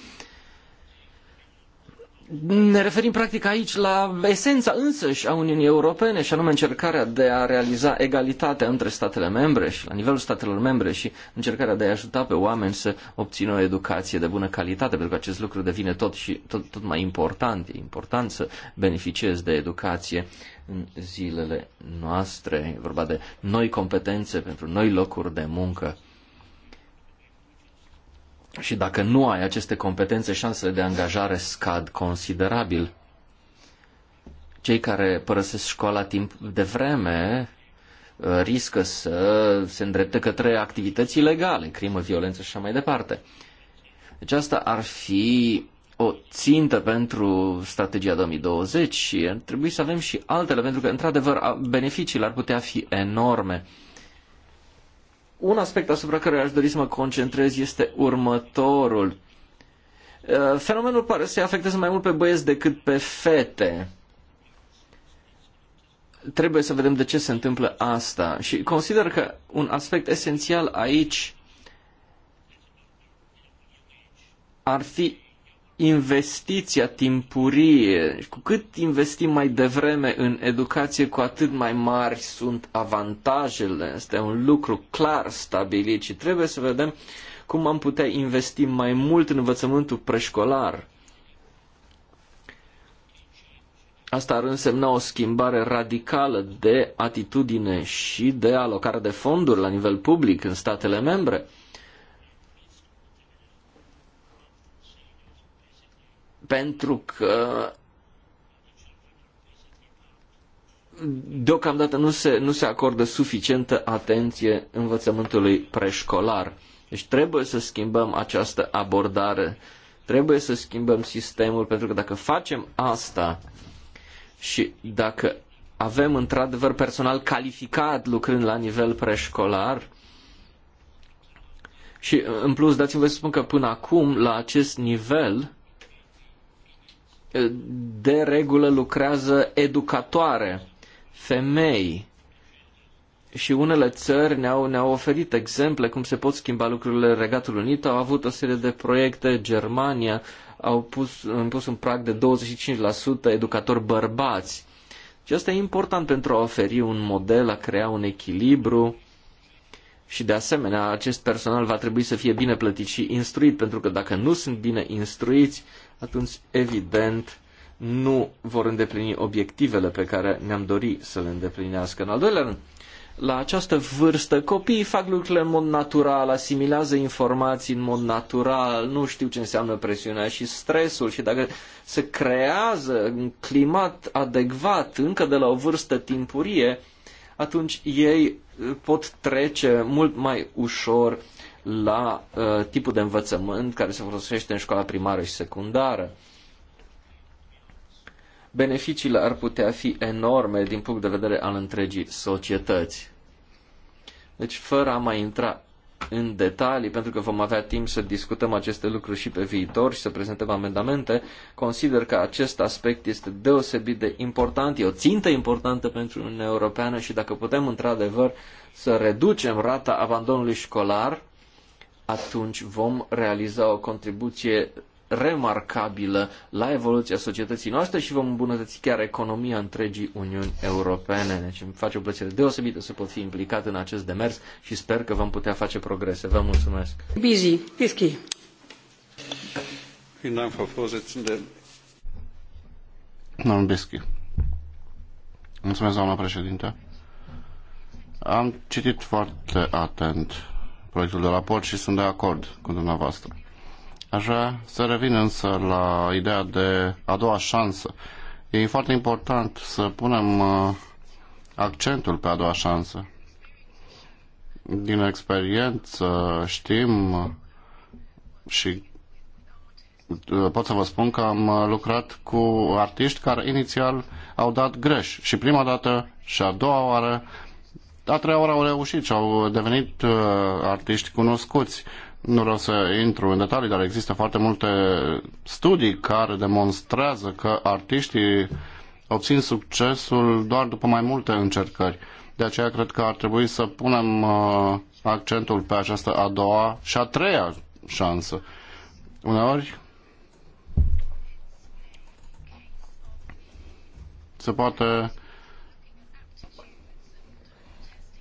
ne referim practic aici la esența însăși a Uniunii Europene și anume încercarea de a realiza egalitatea între statele membre și la nivelul statelor membre și încercarea de a ajuta pe oameni să obțină o educație de bună calitate, pentru că acest lucru devine tot, și, tot, tot mai important. E important să beneficiezi de educație în zilele noastre. E vorba de noi competențe pentru noi locuri de muncă. Și dacă nu ai aceste competențe, șansele de angajare scad considerabil. Cei care părăsesc școala timp de vreme uh, riscă să se îndrepte către activități ilegale, crimă, violență și așa mai departe. Deci asta ar fi o țintă pentru strategia 2020 și ar trebui să avem și altele, pentru că, într-adevăr, beneficiile ar putea fi enorme. Un aspect asupra care aș dori să mă concentrez este următorul. Uh, fenomenul pare să-i afecteze mai mult pe băieți decât pe fete. Trebuie să vedem de ce se întâmplă asta și consider că un aspect esențial aici ar fi investiția timpurie. Cu cât investim mai devreme în educație, cu atât mai mari sunt avantajele. Este un lucru clar stabilit și trebuie să vedem cum am putea investi mai mult în învățământul preșcolar. Asta ar însemna o schimbare radicală de atitudine și de alocare de fonduri la nivel public în statele membre. pentru că deocamdată nu se, nu se acordă suficientă atenție învățământului preșcolar. Deci trebuie să schimbăm această abordare, trebuie să schimbăm sistemul, pentru că dacă facem asta și dacă avem într-adevăr personal calificat lucrând la nivel preșcolar, și în plus dați-mi să spun că până acum, la acest nivel, de regulă lucrează educatoare, femei. Și unele țări ne-au, ne-au oferit exemple cum se pot schimba lucrurile. Regatul Unit au avut o serie de proiecte, Germania au pus, au pus un prag de 25% educatori bărbați. Și asta e important pentru a oferi un model, a crea un echilibru. Și de asemenea, acest personal va trebui să fie bine plătit și instruit, pentru că dacă nu sunt bine instruiți, atunci, evident, nu vor îndeplini obiectivele pe care ne-am dori să le îndeplinească. În al doilea rând, la această vârstă, copiii fac lucrurile în mod natural, asimilează informații în mod natural, nu știu ce înseamnă presiunea și stresul și dacă se creează un climat adecvat încă de la o vârstă timpurie, atunci ei pot trece mult mai ușor la uh, tipul de învățământ care se folosește în școala primară și secundară. Beneficiile ar putea fi enorme din punct de vedere al întregii societăți. Deci, fără a mai intra în detalii, pentru că vom avea timp să discutăm aceste lucruri și pe viitor și să prezentăm amendamente, consider că acest aspect este deosebit de important, e o țintă importantă pentru Uniunea Europeană și dacă putem într-adevăr să reducem rata abandonului școlar, atunci vom realiza o contribuție remarcabilă la evoluția societății noastre și vom îmbunătăți chiar economia întregii Uniuni Europene. Deci îmi face o plăcere deosebită să pot fi implicat în acest demers și sper că vom putea face progrese. Vă mulțumesc. Bizi, Pischi. Domnul Bischi. Mulțumesc, doamna președinte. Am citit foarte atent proiectul de raport și sunt de acord cu dumneavoastră. Aș vrea să revin însă la ideea de a doua șansă. E foarte important să punem uh, accentul pe a doua șansă. Din experiență știm uh, și uh, pot să vă spun că am lucrat cu artiști care inițial au dat greș și prima dată și a doua oară a treia oară au reușit și au devenit uh, artiști cunoscuți. Nu vreau să intru în detalii, dar există foarte multe studii care demonstrează că artiștii obțin succesul doar după mai multe încercări. De aceea cred că ar trebui să punem uh, accentul pe această a doua și a treia șansă. Uneori se poate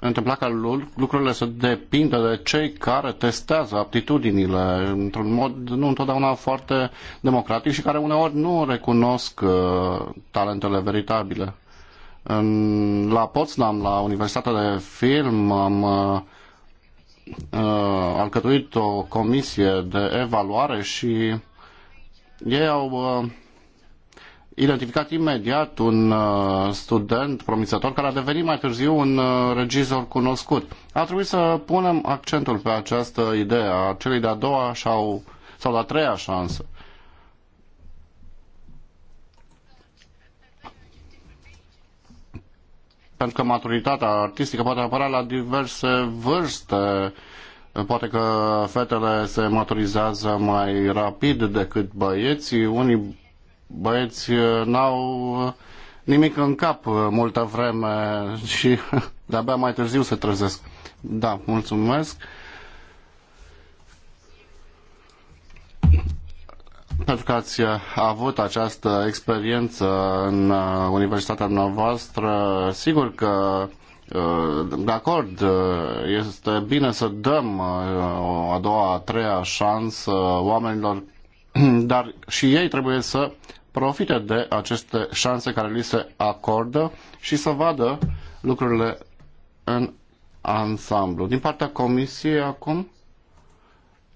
întâmpla ca lucrurile să depindă de cei care testează aptitudinile într-un mod nu întotdeauna foarte democratic și care uneori nu recunosc uh, talentele veritabile. În, la Potsdam, la Universitatea de Film, am uh, uh, alcătuit o comisie de evaluare și ei au uh, identificat imediat un uh, student promițător care a devenit mai târziu un uh, regizor cunoscut. A trebuit să punem accentul pe această idee a celei de-a doua sau, sau de-a treia șansă. Pentru că maturitatea artistică poate apărea la diverse vârste. Poate că fetele se maturizează mai rapid decât băieții, unii băieți uh, n-au uh, nimic în cap uh, multă vreme și de-abia mai târziu se trezesc. Da, mulțumesc. Pentru că ați avut această experiență în universitatea noastră, sigur că de acord, este bine să dăm a doua, a treia șansă oamenilor, dar și ei trebuie să profite de aceste șanse care li se acordă și să vadă lucrurile în ansamblu. Din partea Comisiei acum,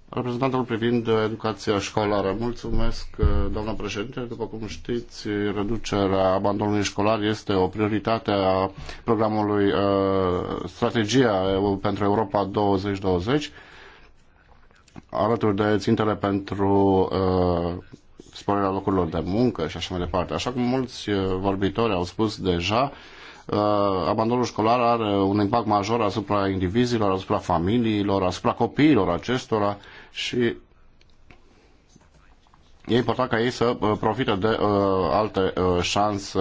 reprezentantul privind educația școlară. Mulțumesc, doamna președinte. După cum știți, reducerea abandonului școlar este o prioritate a programului uh, Strategia pentru Europa 2020 alături de țintele pentru uh, sporirea locurilor de muncă și așa mai departe. Așa cum mulți uh, vorbitori au spus deja, uh, abandonul școlar are un impact major asupra indivizilor, asupra familiilor, asupra copiilor acestora și e important ca ei să uh, profite de alte șanse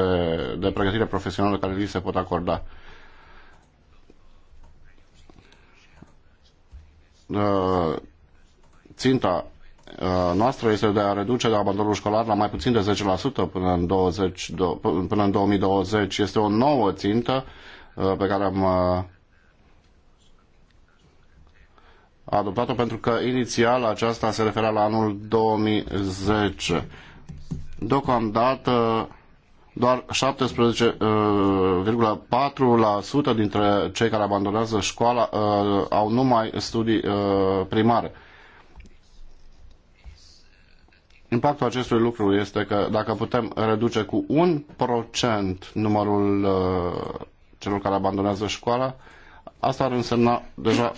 de pregătire profesională care li se pot acorda. ținta Uh, noastră este de a reduce abandonul școlar la mai puțin de 10% până în, 20, până în 2020. Este o nouă țintă uh, pe care am uh, adoptat-o pentru că inițial aceasta se referea la anul 2010. Deocamdată doar 17,4% dintre cei care abandonează școala au numai studii primare. Impactul acestui lucru este că dacă putem reduce cu un procent numărul uh, celor care abandonează școala, asta ar însemna deja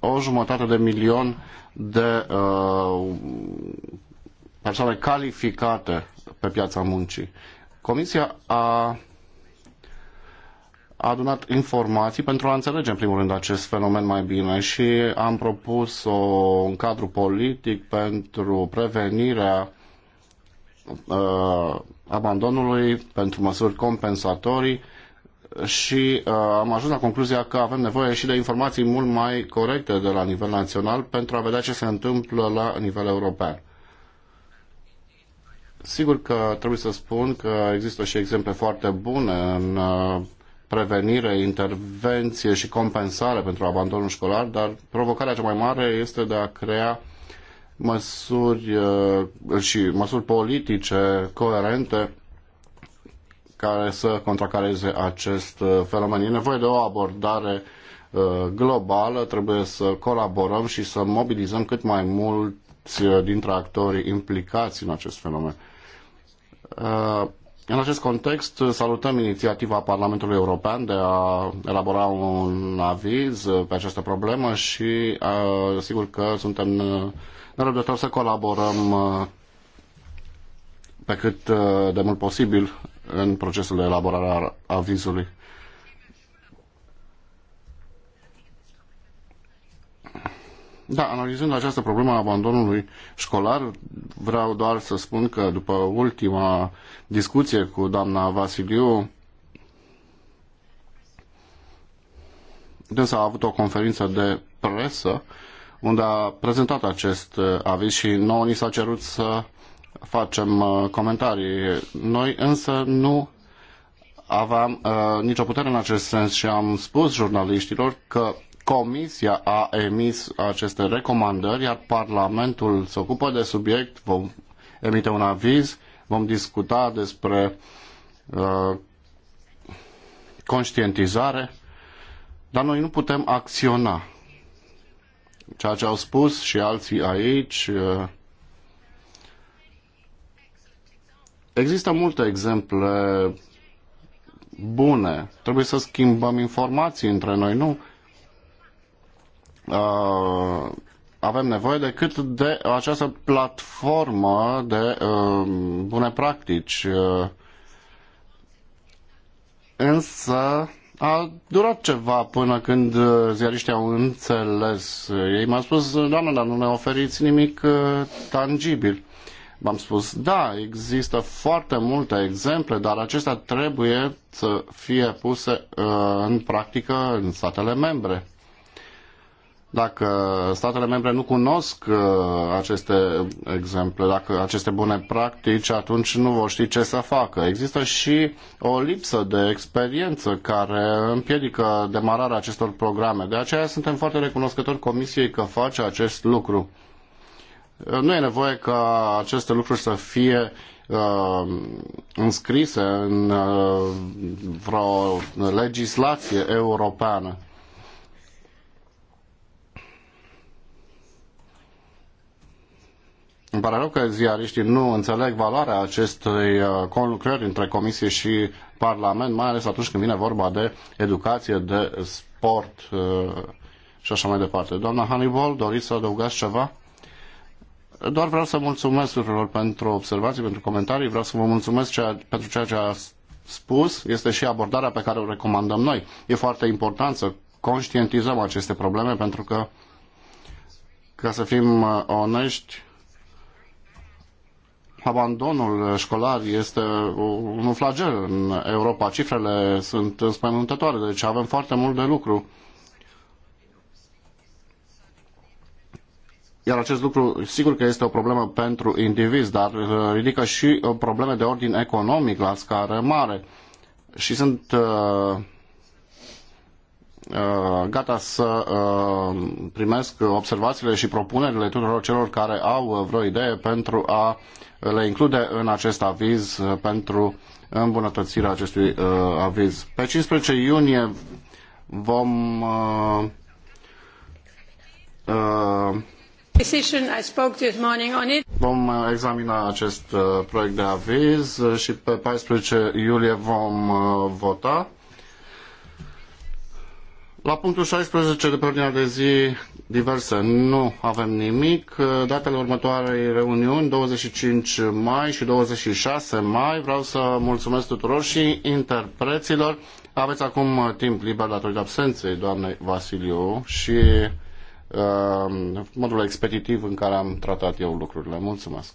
o jumătate de milion de uh, persoane calificate pe piața muncii. Comisia a a adunat informații pentru a înțelege în primul rând acest fenomen mai bine și am propus o, un cadru politic pentru prevenirea uh, abandonului, pentru măsuri compensatorii și uh, am ajuns la concluzia că avem nevoie și de informații mult mai corecte de la nivel național pentru a vedea ce se întâmplă la nivel european. Sigur că trebuie să spun că există și exemple foarte bune în uh, prevenire, intervenție și compensare pentru abandonul școlar, dar provocarea cea mai mare este de a crea măsuri uh, și măsuri politice coerente care să contracareze acest uh, fenomen. E nevoie de o abordare uh, globală, trebuie să colaborăm și să mobilizăm cât mai mulți dintre actorii implicați în acest fenomen. În acest context, salutăm inițiativa Parlamentului European de a elabora un aviz pe această problemă și sigur că suntem nerăbdători să colaborăm pe cât de mult posibil în procesul de elaborare a avizului. Da, analizând această problemă a abandonului școlar, vreau doar să spun că după ultima discuție cu doamna Vasiliu, dânsa a avut o conferință de presă unde a prezentat acest uh, aviz și nouă ni s-a cerut să facem uh, comentarii. Noi însă nu aveam uh, nicio putere în acest sens și am spus jurnaliștilor că Comisia a emis aceste recomandări, iar Parlamentul se ocupă de subiect, vom emite un aviz, vom discuta despre uh, conștientizare, dar noi nu putem acționa. Ceea ce au spus și alții aici, uh, există multe exemple bune. Trebuie să schimbăm informații între noi, nu? uh, avem nevoie decât de această platformă de uh, bune practici. Uh, însă a durat ceva până când uh, ziariștii au înțeles. Ei m-au spus, doamne, dar nu ne oferiți nimic uh, tangibil. V-am spus, da, există foarte multe exemple, dar acestea trebuie să fie puse uh, în practică în statele membre. Dacă statele membre nu cunosc uh, aceste exemple, dacă aceste bune practici, atunci nu vor ști ce să facă. Există și o lipsă de experiență care împiedică demararea acestor programe. De aceea suntem foarte recunoscători Comisiei că face acest lucru. Uh, nu e nevoie ca aceste lucruri să fie uh, înscrise în uh, vreo legislație europeană. Îmi pare rău că ziariștii nu înțeleg valoarea acestei uh, conlucrări între Comisie și Parlament, mai ales atunci când vine vorba de educație, de sport uh, și așa mai departe. Doamna Hannibal, doriți să adăugați ceva? Doar vreau să mulțumesc tuturor pentru observații, pentru comentarii, vreau să vă mulțumesc ceea, pentru ceea ce a spus, este și abordarea pe care o recomandăm noi. E foarte important să conștientizăm aceste probleme pentru că, ca să fim uh, onești, abandonul școlar este un flagel în Europa. Cifrele sunt înspăimântătoare, deci avem foarte mult de lucru. Iar acest lucru, sigur că este o problemă pentru indivizi, dar uh, ridică și uh, probleme de ordin economic la scară mare. Și sunt uh, Uh, gata să uh, primesc observațiile și propunerile tuturor celor care au uh, vreo idee pentru a le include în acest aviz pentru îmbunătățirea acestui aviz. Pe 15 iunie vom Vom examina acest proiect de aviz și pe 14 iulie vom vota. La punctul 16 de pe ordinea de zi diverse nu avem nimic. Datele următoarei reuniuni, 25 mai și 26 mai, vreau să mulțumesc tuturor și interpreților. Aveți acum timp liber datorită absenței doamnei Vasiliu și uh, modul expeditiv în care am tratat eu lucrurile. Mulțumesc!